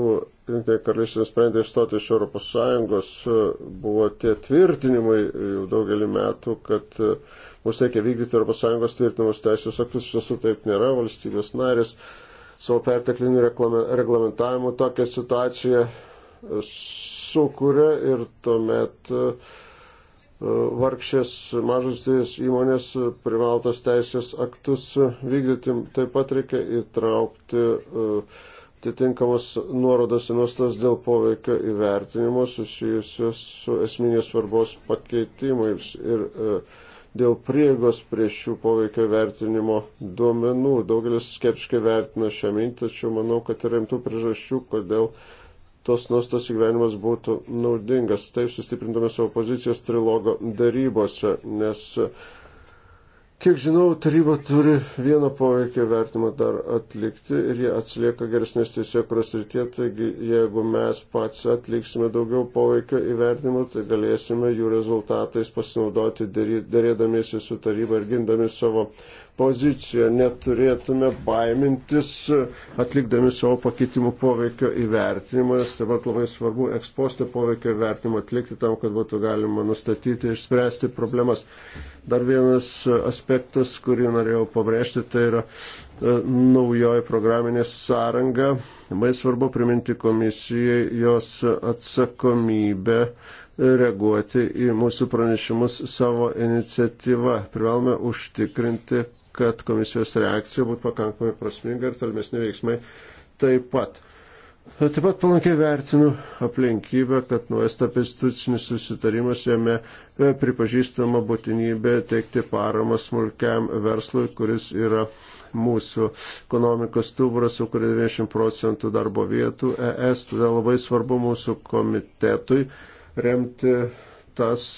S3: Junktinė karalystė nusprendė išstoti iš Europos Sąjungos, buvo tie tvirtinimai jau daugelį metų, kad mums reikia vykdyti Europos Sąjungos tvirtinamus teisės aktus, iš tiesų taip nėra, valstybės narės savo perteklinių reglamentavimų tokią situaciją sukuria ir tuomet uh, vargšės mažas įmonės privaltas teisės aktus vykdyti. Taip pat reikia įtraukti e, atitinkamas nuorodas į nuostas dėl poveikio įvertinimo susijusios su esminės svarbos pakeitimais ir e, dėl priegos prie šių poveikio vertinimo duomenų. Daugelis skeptiškai vertina šią mintį, tačiau manau, kad yra rimtų priežasčių, kodėl uh, tos nuostos įgyvenimas būtų naudingas. Taip sustiprintume savo pozicijas trilogo darybose, nes, kiek žinau, taryba turi vieną poveikio vertimą dar atlikti ir jie atsilieka geresnės teisėkuros rytie, taigi jeigu mes pats atliksime daugiau poveikio įvertimų, tai galėsime jų rezultatais pasinaudoti dėrėdamiesi su taryba ir gindami savo poziciją. Neturėtume baimintis, atlikdami savo pakeitimų poveikio įvertinimą, nes taip pat labai svarbu ekspostę poveikio įvertinimą atlikti tam, kad būtų galima nustatyti ir spręsti problemas. Dar vienas aspektas, kurį norėjau pabrėžti, tai yra e, naujoji programinė sąranga. Labai svarbu priminti komisijai jos atsakomybę reaguoti į mūsų pranešimus savo iniciatyvą. Privalome užtikrinti, kad komisijos reakcija būtų pakankamai prasminga ir tolimesni veiksmai taip pat. Taip pat palankiai vertinu aplinkybę, kad naujas tapistucinis susitarimas jame e, pripažįstama būtinybė teikti paramą smulkiam verslui, kuris yra mūsų ekonomikos stuburas, sukuria 90 procentų darbo vietų ES, todėl labai svarbu mūsų komitetui remti tas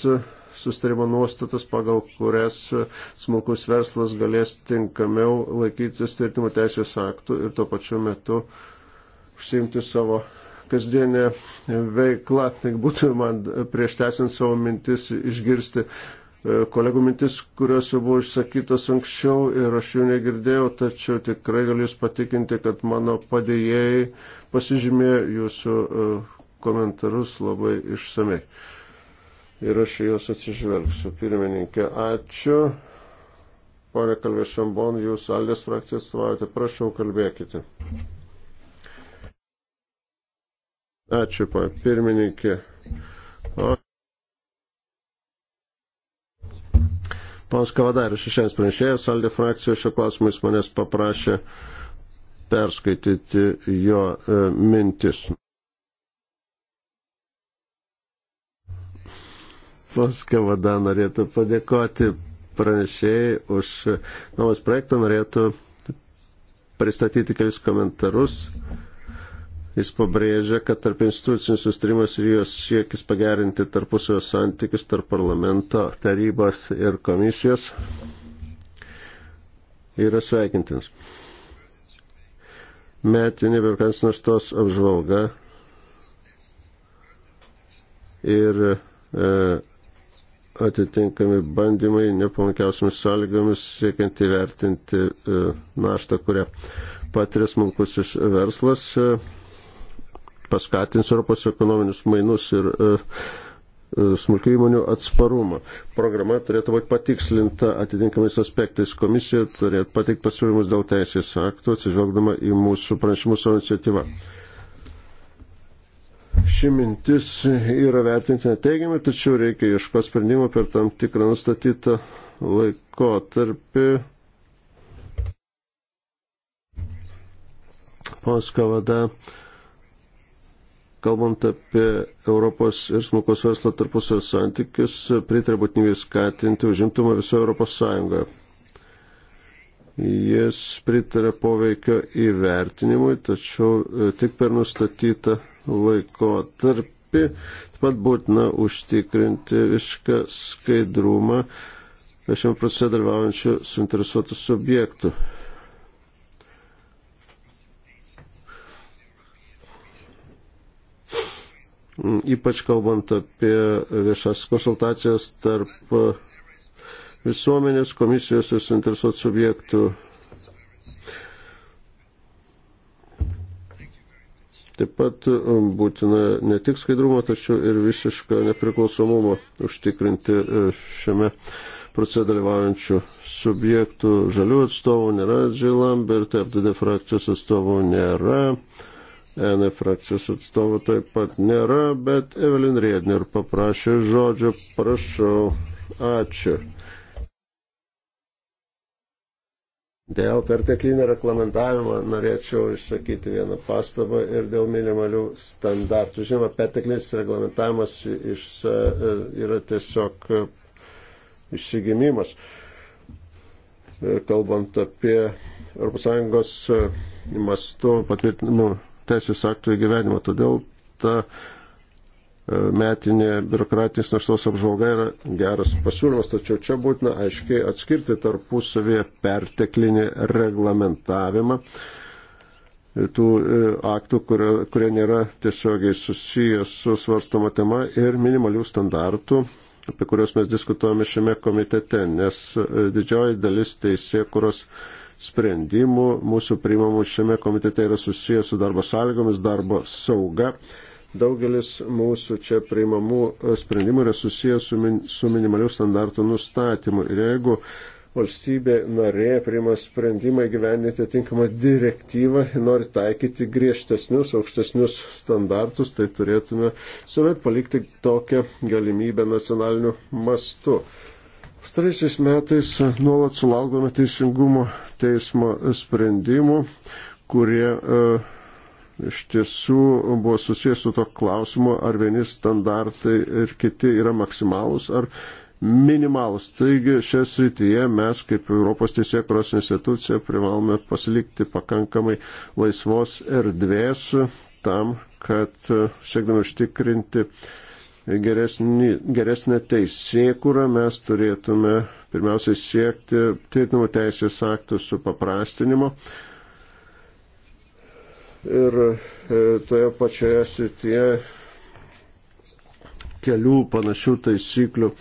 S3: sustarimo nuostatas, pagal kurias smulkus verslas galės tinkamiau laikytis tvirtimo teisės aktų ir tuo pačiu metu užsiimti savo kasdienę veiklą. Tai būtų man prieš tęsiant savo mintis išgirsti e, kolegų mintis, kurios jau buvo išsakytos anksčiau ir aš jų negirdėjau, tačiau tikrai galiu Jūs patikinti, kad mano padėjėjai pasižymėjo Jūsų e, komentarus labai išsamei ir aš juos atsižvelgsiu. Pirmininkė, ačiū. Pone Kalvėšambon, jūs Aldės frakciją atstovaujate. Prašau, kalbėkite. Ačiū, pane pirmininkė. O... Pans Kavadaris, šešiems pranešėjas, Aldė frakcijos šio klausimu jis manęs paprašė perskaityti jo e, mintis. Pons Kavada norėtų padėkoti pranešėjai už nuomos projektą, norėtų pristatyti kelis komentarus. Jis pabrėžia, kad tarp institucinis sustarimas ir jos siekis pagerinti tarpusio santykius tarp parlamento, tarybos ir komisijos yra sveikintins. Metinė Birkans naštos apžvalga ir e, atitinkami bandymai nepalankiausiamis sąlygomis siekiant įvertinti e, naštą, kurią patiria smulkusis verslas, e, paskatins Europos ekonominius mainus ir e, smulkių įmonių atsparumą. Programa turėtų būti patikslinta atitinkamais aspektais. Komisija turėtų pateikti pasiūlymus dėl teisės aktų, atsižvelgdama į mūsų pranešimus savo iniciatyvą. Mm ši mintis yra vertintina teigiamai, tačiau reikia ieškoti sprendimo per tam tikrą nustatytą laikotarpį. Pons Kavada, kalbant apie Europos ir smulkos verslo tarpusio santykius, pritarė būtinybė skatinti užimtumą visoje Europos Sąjungoje. Jis pritarė poveikio įvertinimui, tačiau e, tik per nustatytą laikotarpį. Taip pat būtina užtikrinti viską skaidrumą šiame procese dalyvaujančių suinteresuotų subjektų. Ypač kalbant apie viešas konsultacijas tarp visuomenės komisijos ir suinteresuotų subjektų Taip pat e, būtina ne tik skaidrumo, tačiau ir visišką nepriklausomumą užtikrinti e, šiame procese dalyvaujančių subjektų. Žalių atstovų nėra, Džai Lambert, FDD frakcijos atstovų nėra, N frakcijos atstovų taip pat nėra, bet Evelyn Riedner paprašė žodžio, prašau, ačiū. Dėl perteklinio reglamentavimo norėčiau išsakyti vieną pastabą ir dėl minimalių standartų. Žinoma, perteklinis reglamentavimas iš, e, yra tiesiog e, išsigimimas. E, kalbant apie ES mastų patvirtinimų teisės aktų įgyvenimą. Todėl ta E, metinė biurokratinės naštos apžvalga yra geras pasiūlymas, tačiau čia būtina aiškiai atskirti tarpusavėje perteklinį reglamentavimą tų e, aktų, kurie, kurie nėra tiesiogiai susijęs su svarstama tema ir minimalių standartų, apie kuriuos mes diskutuojame šiame komitete, nes e, didžioji dalis teisėkuros sprendimų mūsų priimamų šiame komitete yra susijęs su darbo sąlygomis, darbo sauga Daugelis mūsų čia priimamų sprendimų yra susijęs su, min, su minimalių standartų nustatymu. Ir jeigu valstybė narė priima sprendimą gyveninti tinkamą direktyvą ir nori taikyti griežtesnius, aukštesnius standartus, tai turėtume savet palikti tokią galimybę nacionaliniu mastu. Staraisiais metais nuolat sulaukdome teisingumo teismo sprendimų, kurie uh, iš tiesų buvo susijęs su to klausimu, ar vieni standartai ir kiti yra maksimalūs ar minimalūs. Taigi šią srityje mes kaip Europos teisėkuros institucija privalome pasilikti pakankamai laisvos erdvės tam, kad siekdami užtikrinti geresnį, geresnę teisėkurą mes turėtume pirmiausiai siekti tvirtinamų teisės aktų supaprastinimo. paprastinimo ir e, toje pačioje srityje kelių panašių taisyklių e,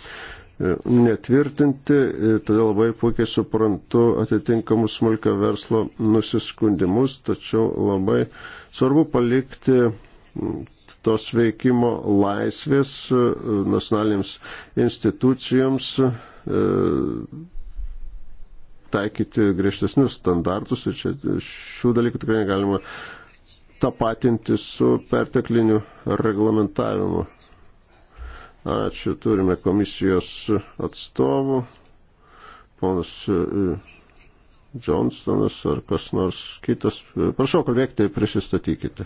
S3: netvirtinti, e, todėl labai puikiai suprantu atitinkamus smulkio verslo nusiskundimus, tačiau labai svarbu palikti tos veikimo laisvės nacionalinėms institucijoms taikyti griežtesnius standartus ir čia šių dalykų tikrai negalima tapatinti su pertekliniu reglamentavimu. Ačiū, turime komisijos atstovų, ponas e, Johnstonas ar kas nors kitas. Prašau, kalbėkite, prisistatykite.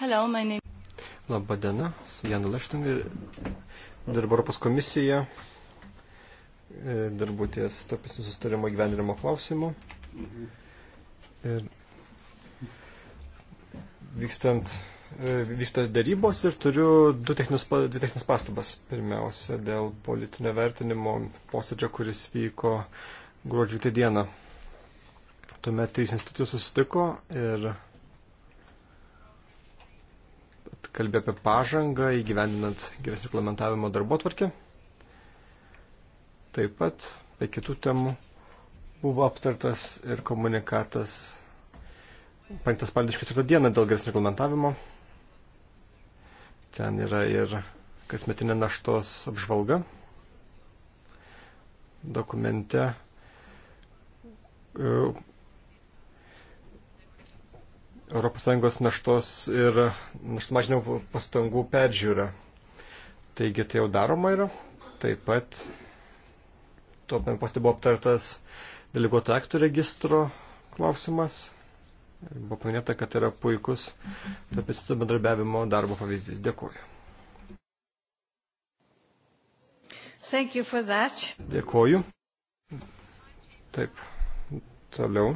S1: Hello, my name.
S4: Labą dieną, Janu Leštam ir dirbu Europos komisiją, e, dirbu ties tarpesnių sustarimo gyvenimo klausimų. Ir vykstant, e, vyksta darybos ir turiu du techninius, dvi techninės pastabas. Pirmiausia, dėl politinio vertinimo posėdžio, kuris vyko gruodžio tai dieną. Tuomet trys institucijos susitiko ir kalbėjo apie pažangą įgyvendinant geresnį reglamentavimo darbo tvarkį. Taip pat be kitų temų buvo aptartas ir komunikatas penktas spalio 24 dieną dėl geresnio reglamentavimo. Ten yra ir kasmetinė naštos apžvalga. Dokumente ES naštos ir naštų mažinimo pastangų peržiūra. Taigi tai jau daroma yra. Taip pat tuo poste buvo aptartas deleguotų aktų registro klausimas Buvo paminėta, kad yra puikus tarp institucijų bendradarbiavimo darbo pavyzdys. Dėkuoju. Dėkuoju. Taip. Toliau.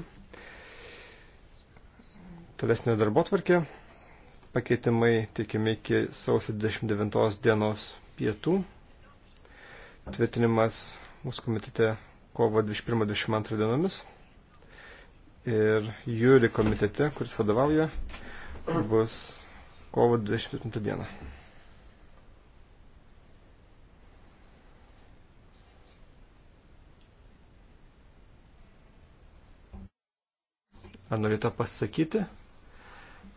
S4: Tolesnė darbo tvarkė. Pakeitimai tikimi iki sausio 29 dienos pietų. Tvirtinimas mūsų komitete kovo 21-22 dienomis ir jūri komitete, kuris vadovauja, bus kovo 27 dieną. Ar norėtų pasakyti?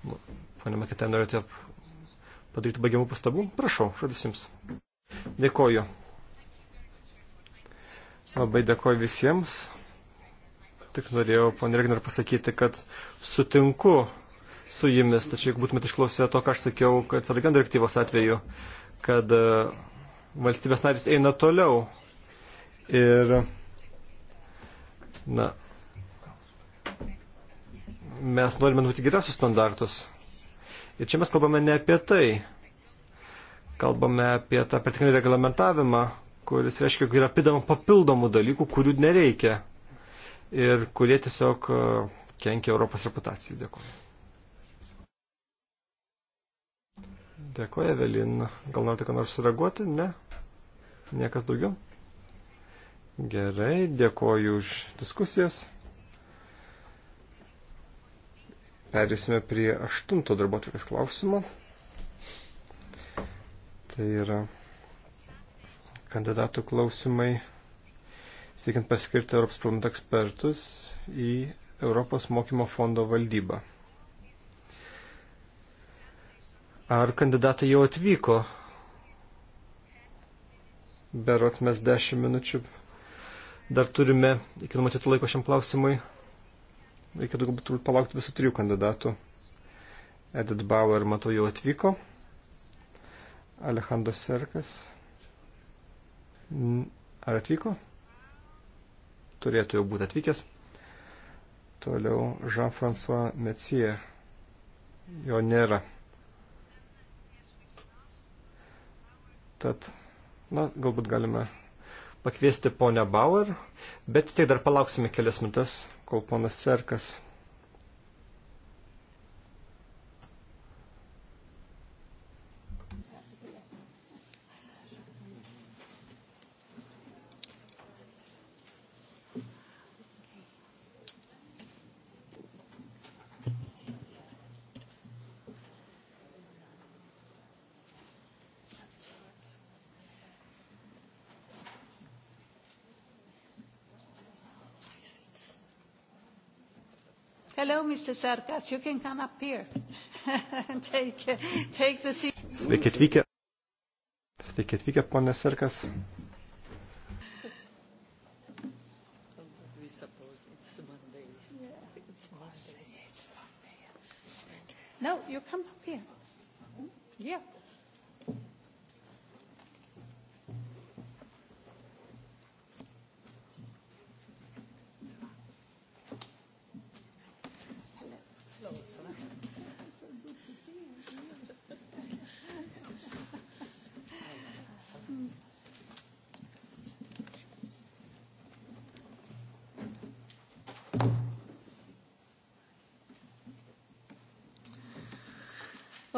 S4: Nu, Pane Maketė, norėtų padaryti baigiamų pastabų? Prašau, žodis jums. Dėkoju. Labai dėkoju visiems Tik norėjau, ponė Regner, pasakyti, kad sutinku su jumis, tačiau jeigu būtumėte išklausę to, ką aš sakiau, kad Sargan direktyvos atveju, kad e, valstybės narys eina toliau ir, na, mes norime būti geriausius standartus. Ir čia mes kalbame ne apie tai, kalbame apie tą pertikrinį reglamentavimą, kuris reiškia, kad yra pidama papildomų dalykų, kurių nereikia ir kurie tiesiog e, kenkia Europos reputacijai. Dėkuoju. Dėkuoju, Evelin. Gal norite ką nors sureaguoti? Ne? Niekas daugiau? Gerai, dėkuoju už diskusijas. Perėsime prie aštunto darbuotojas klausimo. Tai yra kandidatų klausimai siekiant paskirti Europos parlamento ekspertus į Europos mokymo fondo valdybą. Ar kandidatai jau atvyko? Berot mes 10 minučių dar turime iki numatytų laiko šiam klausimui. Reikėtų galbūt palaukti visų trijų kandidatų. Edith Bauer, matau, jau atvyko. Alejandro Serkas. Ar atvyko? turėtų jau būti atvykęs. Toliau Jean-François Metsier. Jo nėra. Tad, na, galbūt galime pakviesti ponę Bauer, bet tai dar palauksime kelias mintas, kol ponas Serkas
S1: Mr. Sarkas, you can come up here and take, take the seat. Sveiki atvykę.
S4: Sveiki atvykę, ponė Sarkas.
S1: No, you come up here. Yeah.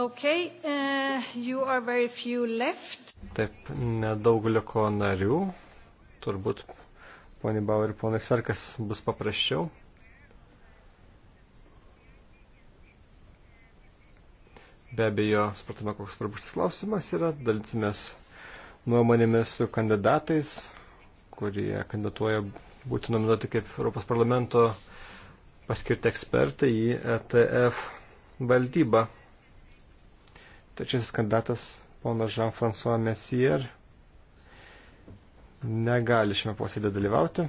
S1: Okay, uh, you are very few left.
S4: Taip, nedaug liko narių. Turbūt poni Bauer ir ponai Sarkas bus paprasčiau. Be abejo, supratome, koks svarbus šis klausimas yra, dalinsimės nuomonėmis su kandidatais, kurie kandidatuoja būti nominuoti kaip Europos parlamento paskirti ekspertai į ETF valdybą trečiasis kandidatas, ponas Jean-François Messier, negali šiame posėdė dalyvauti.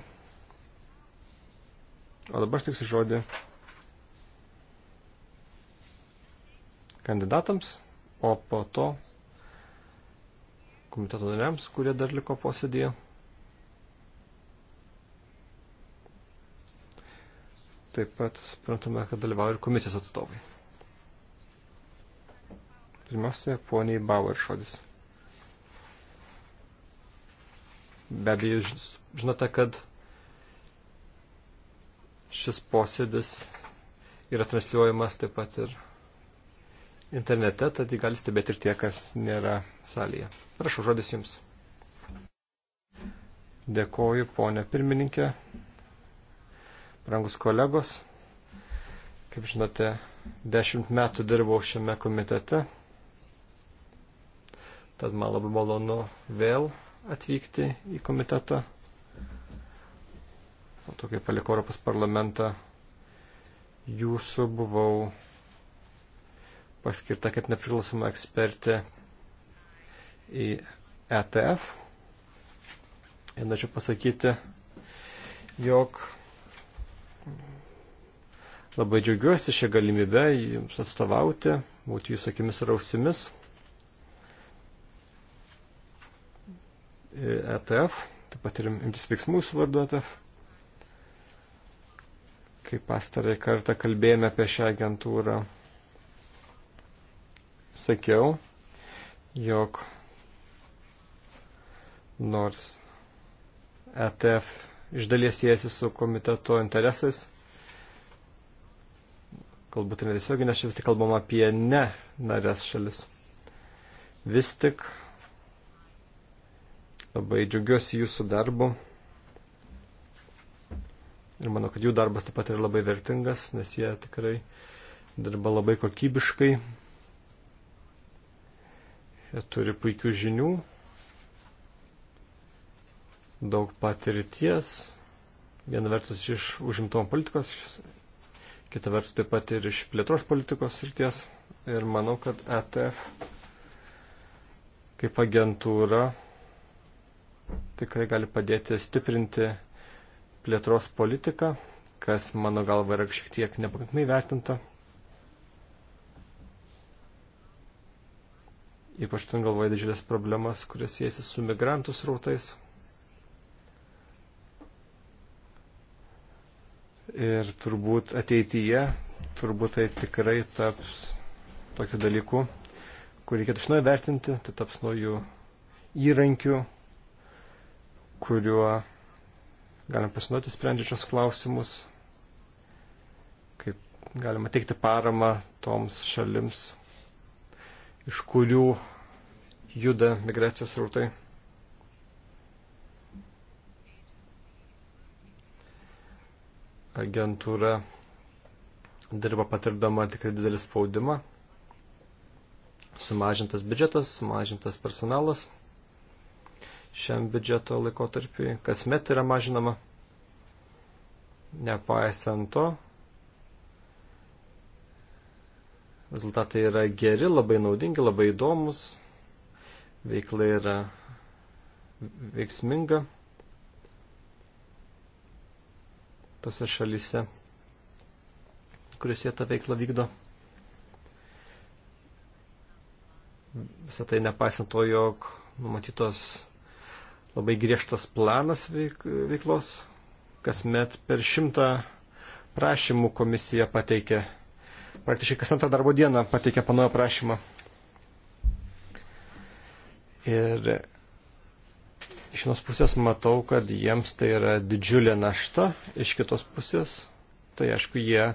S4: O dabar tik su žodį kandidatams, o po to komiteto nariams, kurie dar liko posėdėje. Taip pat suprantame, kad dalyvauja ir komisijos atstovai. Pirmiausia, poniai Bauer šodis. Be abejo, žinote, kad šis posėdis yra transliuojamas taip pat ir internete, tad jį gali stebėti ir tie, kas nėra salėje. Prašau, žodis jums. Dėkoju, ponė pirmininkė, brangus kolegos. Kaip žinote, dešimt metų dirbau šiame komitete. Tad man labai malonu vėl atvykti į komitetą. O tokia paliko Europos parlamentą. Jūsų buvau paskirta kaip nepriklausoma ekspertė į ETF. Ir norėčiau pasakyti, jog labai džiaugiuosi šią galimybę jums atstovauti, būti jūsų akimis ir ausimis. ETF, taip pat ir imtis veiksmų su vardu ETF. Kai pastarai kartą kalbėjome apie šią agentūrą, sakiau, jog nors ETF iš dalies siejasi su komiteto interesais. Galbūt ir netiesioginė, čia vis tik kalbama apie ne narės šalis. Vis tik Labai džiaugiuosi jūsų darbu. Ir manau, kad jų darbas taip pat yra labai vertingas, nes jie tikrai dirba labai kokybiškai. Jie turi puikių žinių, daug patirties, viena vertus iš užimtumo politikos, kita vertus taip pat ir iš plėtros politikos srities. Ir manau, kad ETF kaip agentūra tikrai gali padėti stiprinti plėtros politiką, kas mano galva yra šiek tiek nepakankamai vertinta. Ypač ten galvoja didžiulės problemas, kurias jėsi su migrantų srautais. Ir turbūt ateityje, turbūt tai tikrai taps tokiu dalyku, kurį reikėtų iš naujo vertinti, tai taps naujų įrankių kuriuo galim pasinaudoti sprendžiančios klausimus, kaip galima teikti paramą toms šalims, iš kurių juda migracijos rautai. Agentūra dirba patirdama tikrai didelį spaudimą. Sumažintas biudžetas, sumažintas personalas šiam biudžeto laikotarpiui kasmet yra mažinama. Nepaisant to, rezultatai yra geri, labai naudingi, labai įdomus, veikla yra veiksminga tose šalyse, kuriuose tą veiklą vykdo. Visą tai nepaisant to, jog numatytos labai griežtas planas veik, veiklos. Kasmet per šimtą prašymų komisija pateikia, praktiškai kas antrą darbo dieną pateikia panojo prašymą. Ir iš vienos pusės matau, kad jiems tai yra didžiulė našta, iš kitos pusės, tai aišku, jie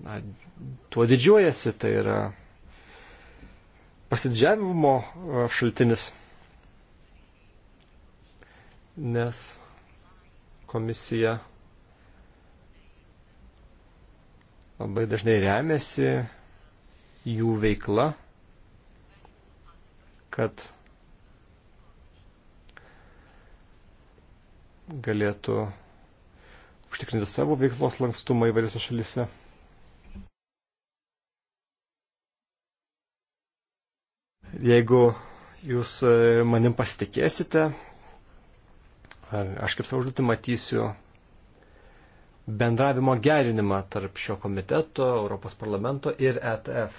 S4: na, tuo didžiuojasi, tai yra pasidžiavimo šaltinis nes komisija labai dažnai remiasi jų veikla, kad galėtų užtikrinti savo veiklos lankstumą įvairiose šalise. Jeigu jūs e, manim pasitikėsite, aš kaip savo užduotį matysiu bendravimo gerinimą tarp šio komiteto, Europos parlamento ir ETF.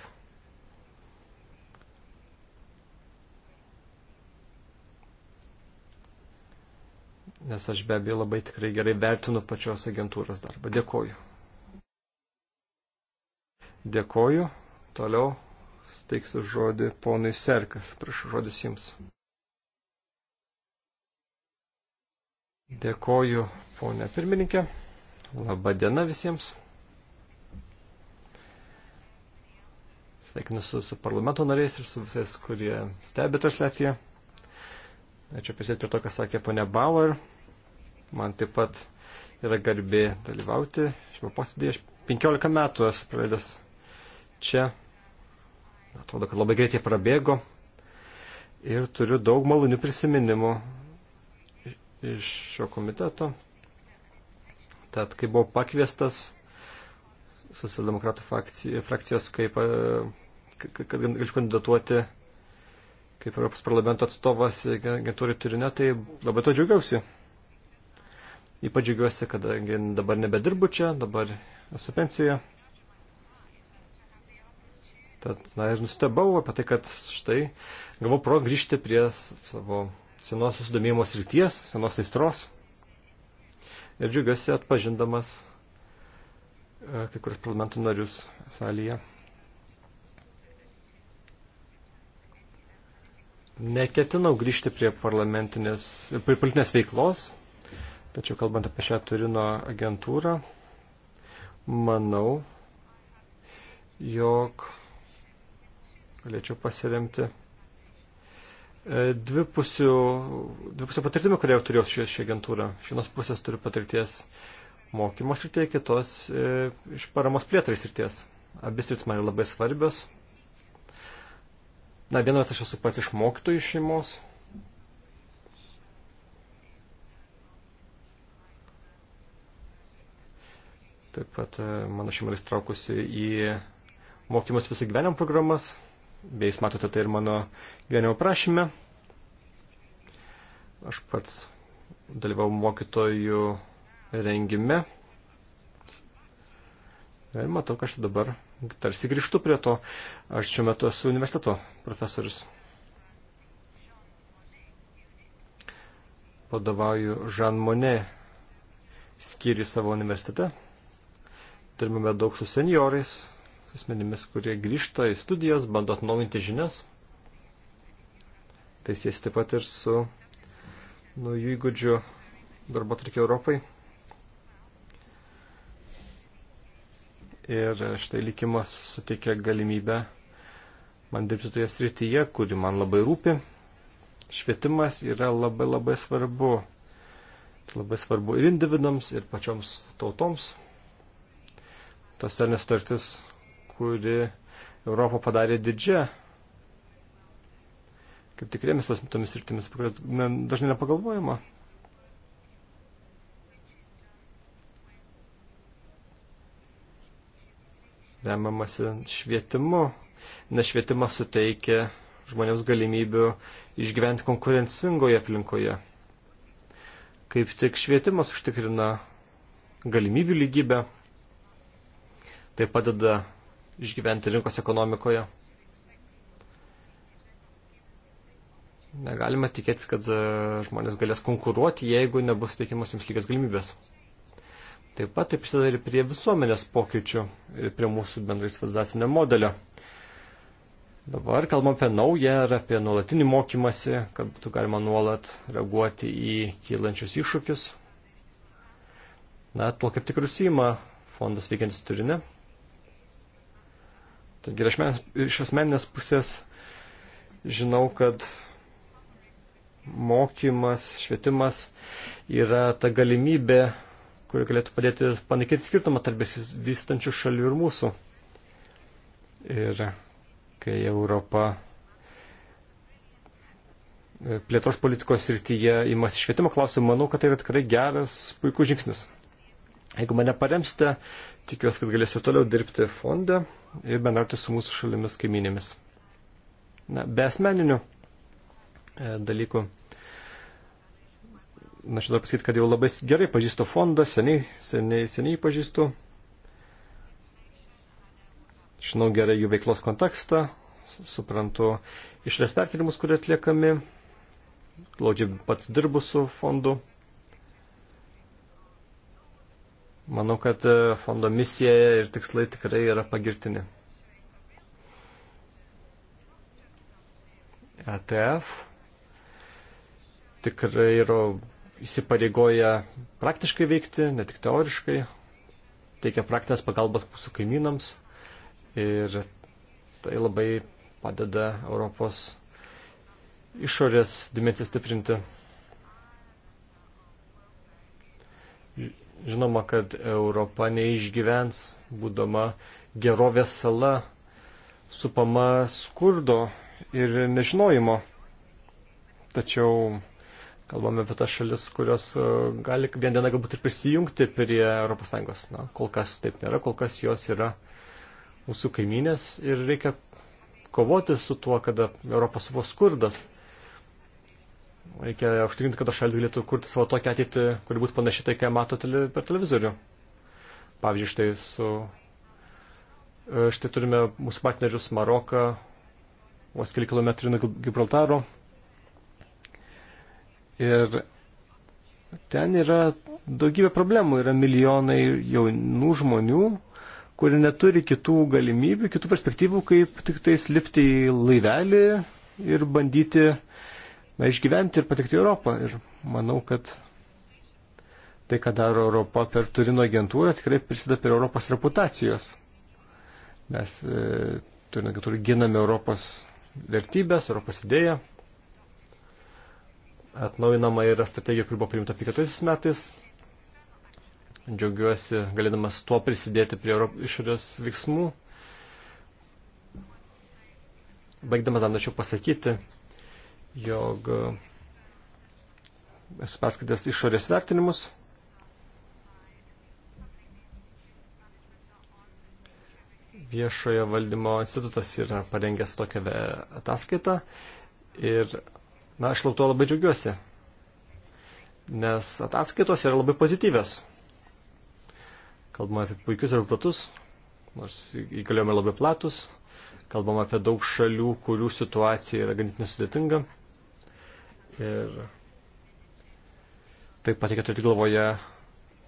S4: Nes aš be abejo labai tikrai gerai vertinu pačios agentūros darbą. Dėkoju. Dėkoju. Toliau steiksiu žodį ponui Serkas. Prašau žodis jums. Dėkoju, ponė pirmininkė. Labą dieną visiems. Sveikinu su, su parlamento nariais ir su visais, kurie stebi transliaciją. Ačiū prisėti prie to, ką sakė ponė Bauer. Man taip pat yra garbė dalyvauti šiame posėdėje. Aš 15 metų esu praleidęs čia. Atrodo, kad labai greitai prabėgo. Ir turiu daug malonių prisiminimų iš šio komiteto. Tad, kai buvau pakviestas socialdemokratų frakcijos, kaip, e, kad galiu kandidatuoti kaip Europos parlamento atstovas agentūrai turinė, tai labai to džiaugiausi. Ypač džiaugiuosi, kadangi dabar nebedirbu čia, dabar esu pensijoje. Tad, na ir nustebau apie tai, kad štai gavau pro grįžti prie savo senos susidomėjimo srities, senos aistros. Ir džiugiuosi atpažindamas e, kai kurios parlamentų narius salėje. Neketinau grįžti prie parlamentinės, prie politinės veiklos, tačiau kalbant apie šią Turino agentūrą, manau, jog galėčiau pasiremti E, dvipusių, dvipusių patirtimų, kurie jau turėjau šį, šį agentūrą. Iš vienos pusės turiu patirties mokymo srityje, kitos e, iš paramos plėtrai srities. Abis rytis man yra labai svarbios. Na, vienas aš esu pats iš mokytojų šeimos. Taip pat e, mano šeima yra įstraukusi į mokymus visą gyvenimą programas, bei jūs matote tai ir mano gyvenimo prašyme. Aš pats dalyvau mokytojų rengime. Ir matau, kad aš dabar tarsi grįžtu prie to. Aš šiuo metu esu universiteto profesorius. Vadovauju Žan Monė skyrių savo universitete. Turime daug su seniorais, asmenimis, kurie grįžta į studijas, bando atnaujinti žinias. Tai sės taip pat ir su naujų įgūdžių darbo tarkė Europai. Ir štai likimas suteikė galimybę man dirbti toje srityje, kuri man labai rūpi. Švietimas yra labai labai svarbu. Tai labai svarbu ir individams, ir pačioms tautoms. Tos senės tartis kuri Europą padarė didžią. Kaip tikrėmis tos tomis rytimis, kurias dažnai nepagalvojama. Remiamasi švietimu, nes švietimas suteikia žmonėms galimybių išgyventi konkurencingoje aplinkoje. Kaip tik švietimas užtikrina galimybių lygybę, tai padeda išgyventi rinkos ekonomikoje. Negalima tikėtis, kad e, žmonės galės konkuruoti, jeigu nebus teikiamas jums lygias galimybės. Taip pat taip prisideda ir prie visuomenės pokyčių ir prie mūsų bendrai civilizacinio modelio. Dabar kalbam apie naują ir apie nuolatinį mokymasi, kad būtų galima nuolat reaguoti į kylančius iššūkius. Na, tuo kaip tik rusima fondas veikiantis turinė. Taigi aš mes, iš asmeninės pusės žinau, kad mokymas, švietimas yra ta galimybė, kuri galėtų padėti panaikinti skirtumą tarp vystančių šalių ir mūsų. Ir kai Europa e, plėtros politikos srityje įmasi švietimo klausimų, manau, kad tai yra tikrai geras, puikus žingsnis. Jeigu mane paremsite, tikiuosi, kad galėsiu toliau dirbti fonde ir bendrauti su mūsų šalimis kaiminėmis. Na, be asmeninių e, dalykų. Na, aš noriu pasakyti, kad jau labai gerai pažįstu fondą, seniai, seniai, seniai pažįstu. Žinau gerai jų veiklos kontekstą, suprantu išrestartinimus, kurie atliekami, glaudžiai pats dirbu su fondu. Manau, kad e, fondo misija ir tikslai tikrai yra pagirtini. ETF tikrai yra įsipareigoja praktiškai veikti, ne tik teoriškai, teikia praktinės pagalbas mūsų kaimynams ir tai labai padeda Europos išorės dimenciją stiprinti. Žinoma, kad Europa neišgyvens, būdama gerovės sala, supama skurdo ir nežinojimo. Tačiau kalbame apie tas šalis, kurios e, gali vien dieną galbūt ir prisijungti prie ES. Na, kol kas taip nėra, kol kas jos yra mūsų kaiminės ir reikia kovoti su tuo, kada Europą supo skurdas. Reikia užtikrinti, kad šalis galėtų kurti savo tokią ateitį, kuri būtų panaši tai, ką mato tele, per televizorių. Pavyzdžiui, štai, su, e, štai turime mūsų partnerius Maroką, vos keli kilometrų nuo Gibraltaro. Ir ten yra daugybė problemų, yra milijonai jaunų žmonių, kurie neturi kitų galimybių, kitų perspektyvų, kaip tik tais lipti į laivelį ir bandyti na, išgyventi ir patekti į Europą. Ir manau, kad tai, ką daro Europa per Turino agentūrą, tikrai prisideda prie Europos reputacijos. Mes e, Turino agentūrą giname Europos vertybės, Europos idėją. Atnaujinama yra strategija, kuri buvo priimta 15 metais. Džiaugiuosi galėdamas tuo prisidėti prie Europos išorės veiksmų. Baigdama dar norėčiau pasakyti, jog e, esu paskaitęs išorės vertinimus. Viešojo valdymo institutas yra parengęs tokią ataskaitą ir, na, aš lauto labai džiaugiuosi, nes ataskaitos yra labai pozityvios. Kalbama apie puikius rezultatus, nors įgaliojimai labai platus, kalbama apie daug šalių, kurių situacija yra ganėtinai sudėtinga. Ir taip pat reikia turėti galvoje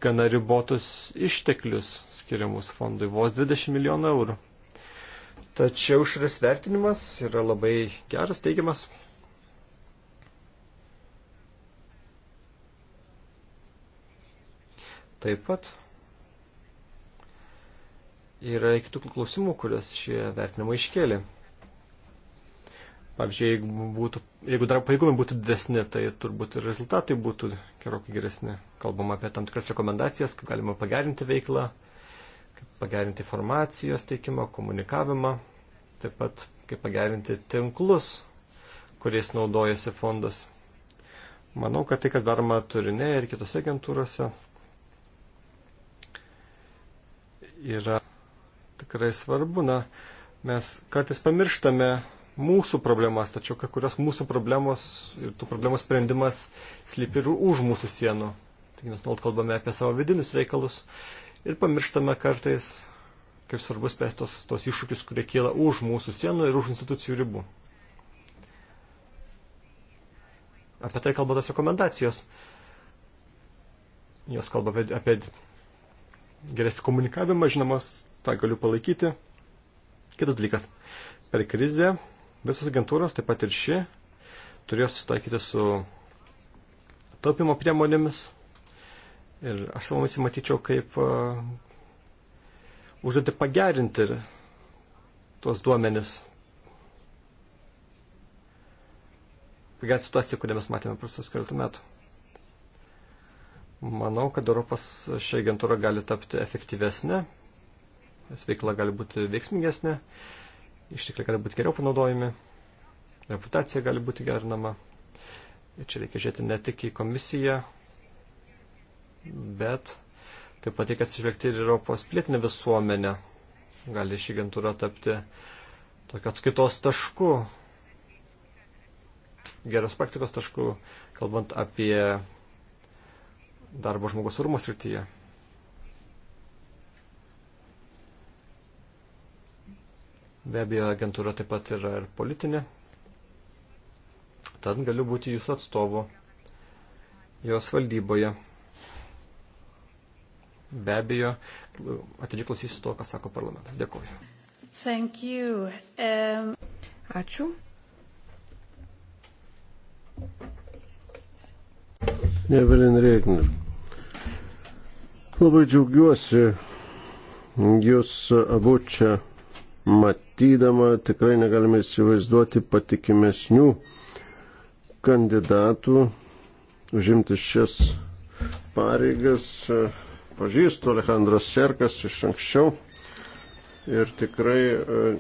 S4: gana ribotus išteklius skiriamus fondui, vos 20 milijonų eurų. Tačiau šis vertinimas yra labai geras, teigiamas. Taip pat yra kitų klausimų, kurias šie vertinimai iškėlė. Pavyzdžiui, jeigu, būtų, jeigu dar pajėgumai būtų didesni, tai turbūt ir rezultatai būtų gerokai geresni. Kalbam apie tam tikras rekomendacijas, kaip galima pagerinti veiklą, kaip pagerinti informacijos teikimą, komunikavimą, taip pat kaip pagerinti tinklus, kuriais naudojasi fondas. Manau, kad tai, kas daroma turinė ir kitose agentūrose, yra tikrai svarbu. Na, mes kartais pamirštame mūsų problemas, tačiau kai kurios mūsų problemos ir tų problemų sprendimas slypi ir už mūsų sienų. Taigi mes nuolat kalbame apie savo vidinius reikalus ir pamirštame kartais, kaip svarbu spręsti tos, tos iššūkius, kurie kyla už mūsų sienų ir už institucijų ribų. Apie tai kalba tas rekomendacijos. Jos kalba apie, apie geresnį komunikavimą, žinomas, tą galiu palaikyti. Kitas dalykas. Per krizę Visos agentūros, taip pat ir ši, turėjo susitaikyti su taupimo priemonėmis. Ir aš savo matyčiau, kaip uh, užduoti pagerinti tuos duomenis. Pagerinti situaciją, kurią mes matėme prasus keletų metų. Manau, kad Europos ši agentūra gali tapti efektyvesnė, jos veikla gali būti veiksmingesnė. Uh, ištekliai gali būti geriau panaudojami, reputacija gali būti gerinama. Ir čia reikia žiūrėti ne tik į komisiją, bet taip pat reikia atsižvelgti ir Europos plėtinę visuomenę. Gali ši agentūra tapti tokio atskaitos tašku, geros praktikos tašku, kalbant apie darbo žmogus orumo srityje. Be abejo, agentūra taip pat yra ir politinė. Tad galiu būti jūsų atstovu jos valdyboje. Be abejo, atidžiai klausysiu to, ką sako parlamentas. Dėkuoju.
S1: Thank you. Um... Ačiū.
S3: Nevelin Reikner. Labai džiaugiuosi, jūs abu čia matėte matydama tikrai negalime įsivaizduoti patikimesnių kandidatų užimti šias pareigas. Pažįstu Alejandro Serkas iš anksčiau ir tikrai e,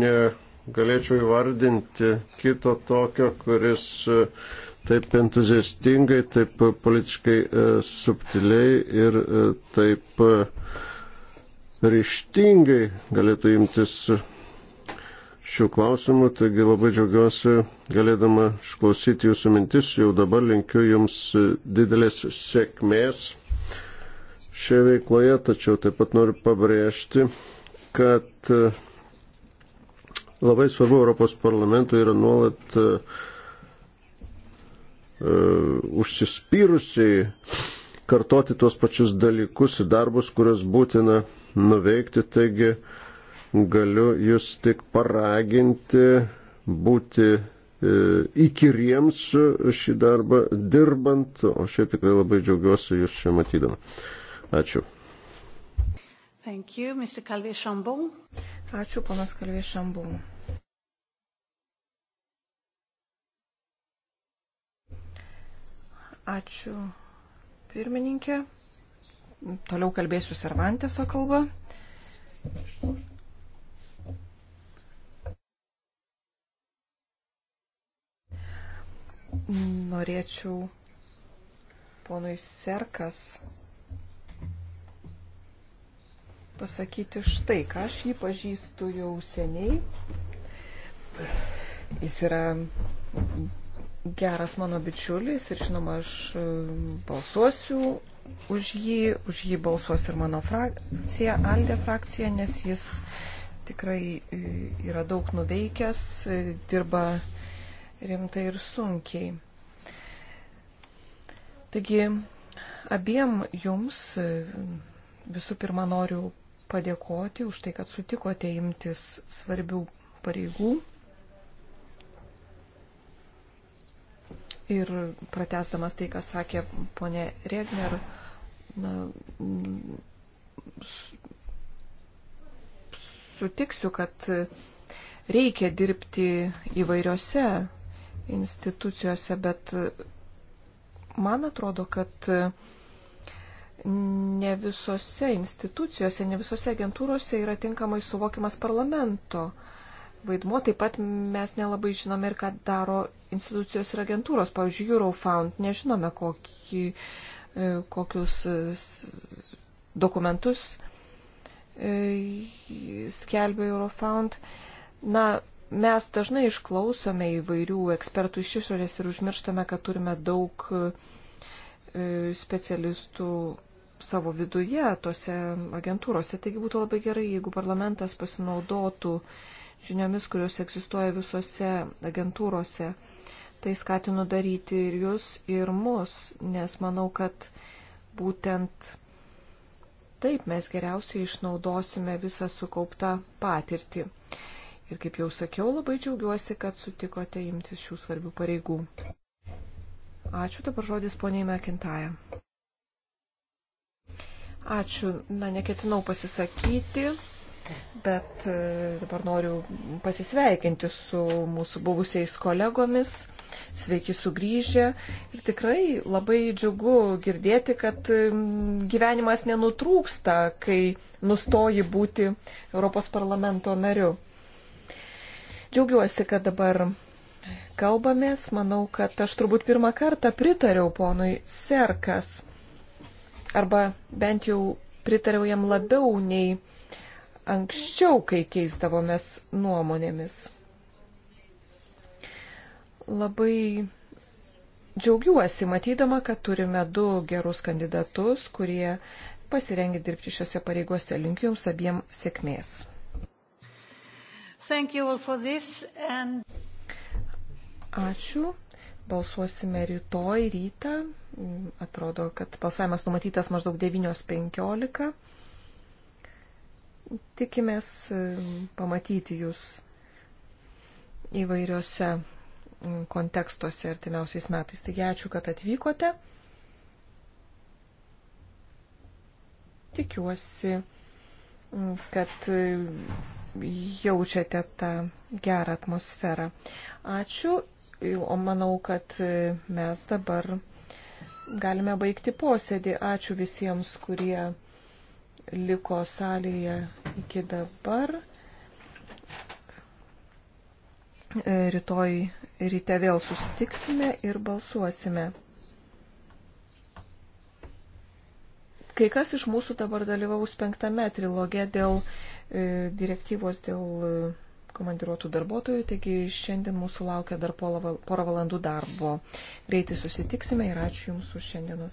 S3: negalėčiau įvardinti kito tokio, kuris e, taip entuziastingai, taip politiškai e, subtiliai ir taip ryštingai galėtų imtis šių klausimų, taigi labai džiaugiuosi galėdama išklausyti jūsų mintis, jau dabar linkiu jums didelės sėkmės šioje veikloje, tačiau taip pat noriu pabrėžti, kad e, labai svarbu Europos parlamentui yra nuolat uh, užsispyrusiai kartoti tuos pačius dalykus ir darbus, kuriuos būtina nuveikti. Taigi, uh, galiu jūs tik paraginti būti e, įkyriems šį darbą dirbant, o šiaip tikrai labai džiaugiuosi jūs čia matydama. Ačiū.
S1: Thank you, Mr. Calvé Chambon.
S2: Ačiū, ponas Calvé Chambon. Ačiū, pirmininkė. Toliau kalbėsiu Servanteso kalba. Thank you. Norėčiau ponui Serkas pasakyti štai, ką aš jį pažįstu jau seniai. Jis yra geras mano bičiulis ir žinoma, aš e, balsuosiu už jį, už jį balsuos ir mano frakcija, Aldė frakcija, nes jis tikrai e, yra daug nuveikęs, e, dirba rimtai ir sunkiai. Taigi abiem jums visų pirma noriu padėkoti už tai, kad sutikote imtis svarbių pareigų. Ir pratesdamas tai, ką sakė ponė Regner, na, sutiksiu, kad reikia dirbti įvairiose institucijose, bet man atrodo, kad ne visose institucijose, ne visose agentūrose yra tinkamai suvokimas parlamento vaidmo. Taip pat mes nelabai žinome ir ką daro institucijos ir agentūros. Pavyzdžiui, Eurofound nežinome, kokį, e, kokius dokumentus e, skelbia Eurofound. Na, Mes dažnai išklausome įvairių ekspertų iš išorės ir užmirštame, kad turime daug e, specialistų savo viduje, tose agentūrose. Taigi būtų labai gerai, jeigu parlamentas pasinaudotų žiniomis, kurios egzistuoja visose agentūrose. Tai skatinu daryti ir jūs, ir mus, nes manau, kad būtent taip mes geriausiai išnaudosime visą sukauptą patirtį. Ir kaip jau sakiau, labai džiaugiuosi, kad sutikote imtis šių svarbių pareigų. Ačiū dabar žodis poniai Mekintaja. Ačiū, na neketinau pasisakyti, bet e, dabar noriu pasisveikinti su mūsų buvusiais kolegomis. Sveiki sugrįžę. Ir tikrai labai džiugu girdėti, kad e, gyvenimas nenutrūksta, kai nustoji būti Europos parlamento nariu. Džiaugiuosi, kad dabar kalbamės. Manau, kad aš turbūt pirmą kartą pritariau ponui Serkas. Arba bent jau pritariau jam labiau nei anksčiau, kai keisdavomės nuomonėmis. Labai džiaugiuosi matydama, kad turime du gerus kandidatus, kurie pasirengė dirbti šiuose pareigose. Linkiu jums abiem sėkmės.
S1: And...
S2: Ačiū. Balsuosime rytoj rytą. Atrodo, kad balsavimas numatytas maždaug 9.15. Tikimės e, pamatyti jūs įvairiose kontekstuose artimiausiais metais. Taigi ačiū, kad atvykote. Tikiuosi, kad jaučiate tą gerą atmosferą. Ačiū, o manau, kad mes dabar galime baigti posėdį. Ačiū visiems, kurie liko salėje iki dabar. Rytoj ryte vėl susitiksime ir balsuosime. Kai kas iš mūsų dabar dalyvaus penktame trilogė dėl E, direktyvos dėl e, komandiruotų darbuotojų, taigi šiandien mūsų laukia dar porą valandų darbo. Greitai susitiksime ir ačiū Jums už šiandienos.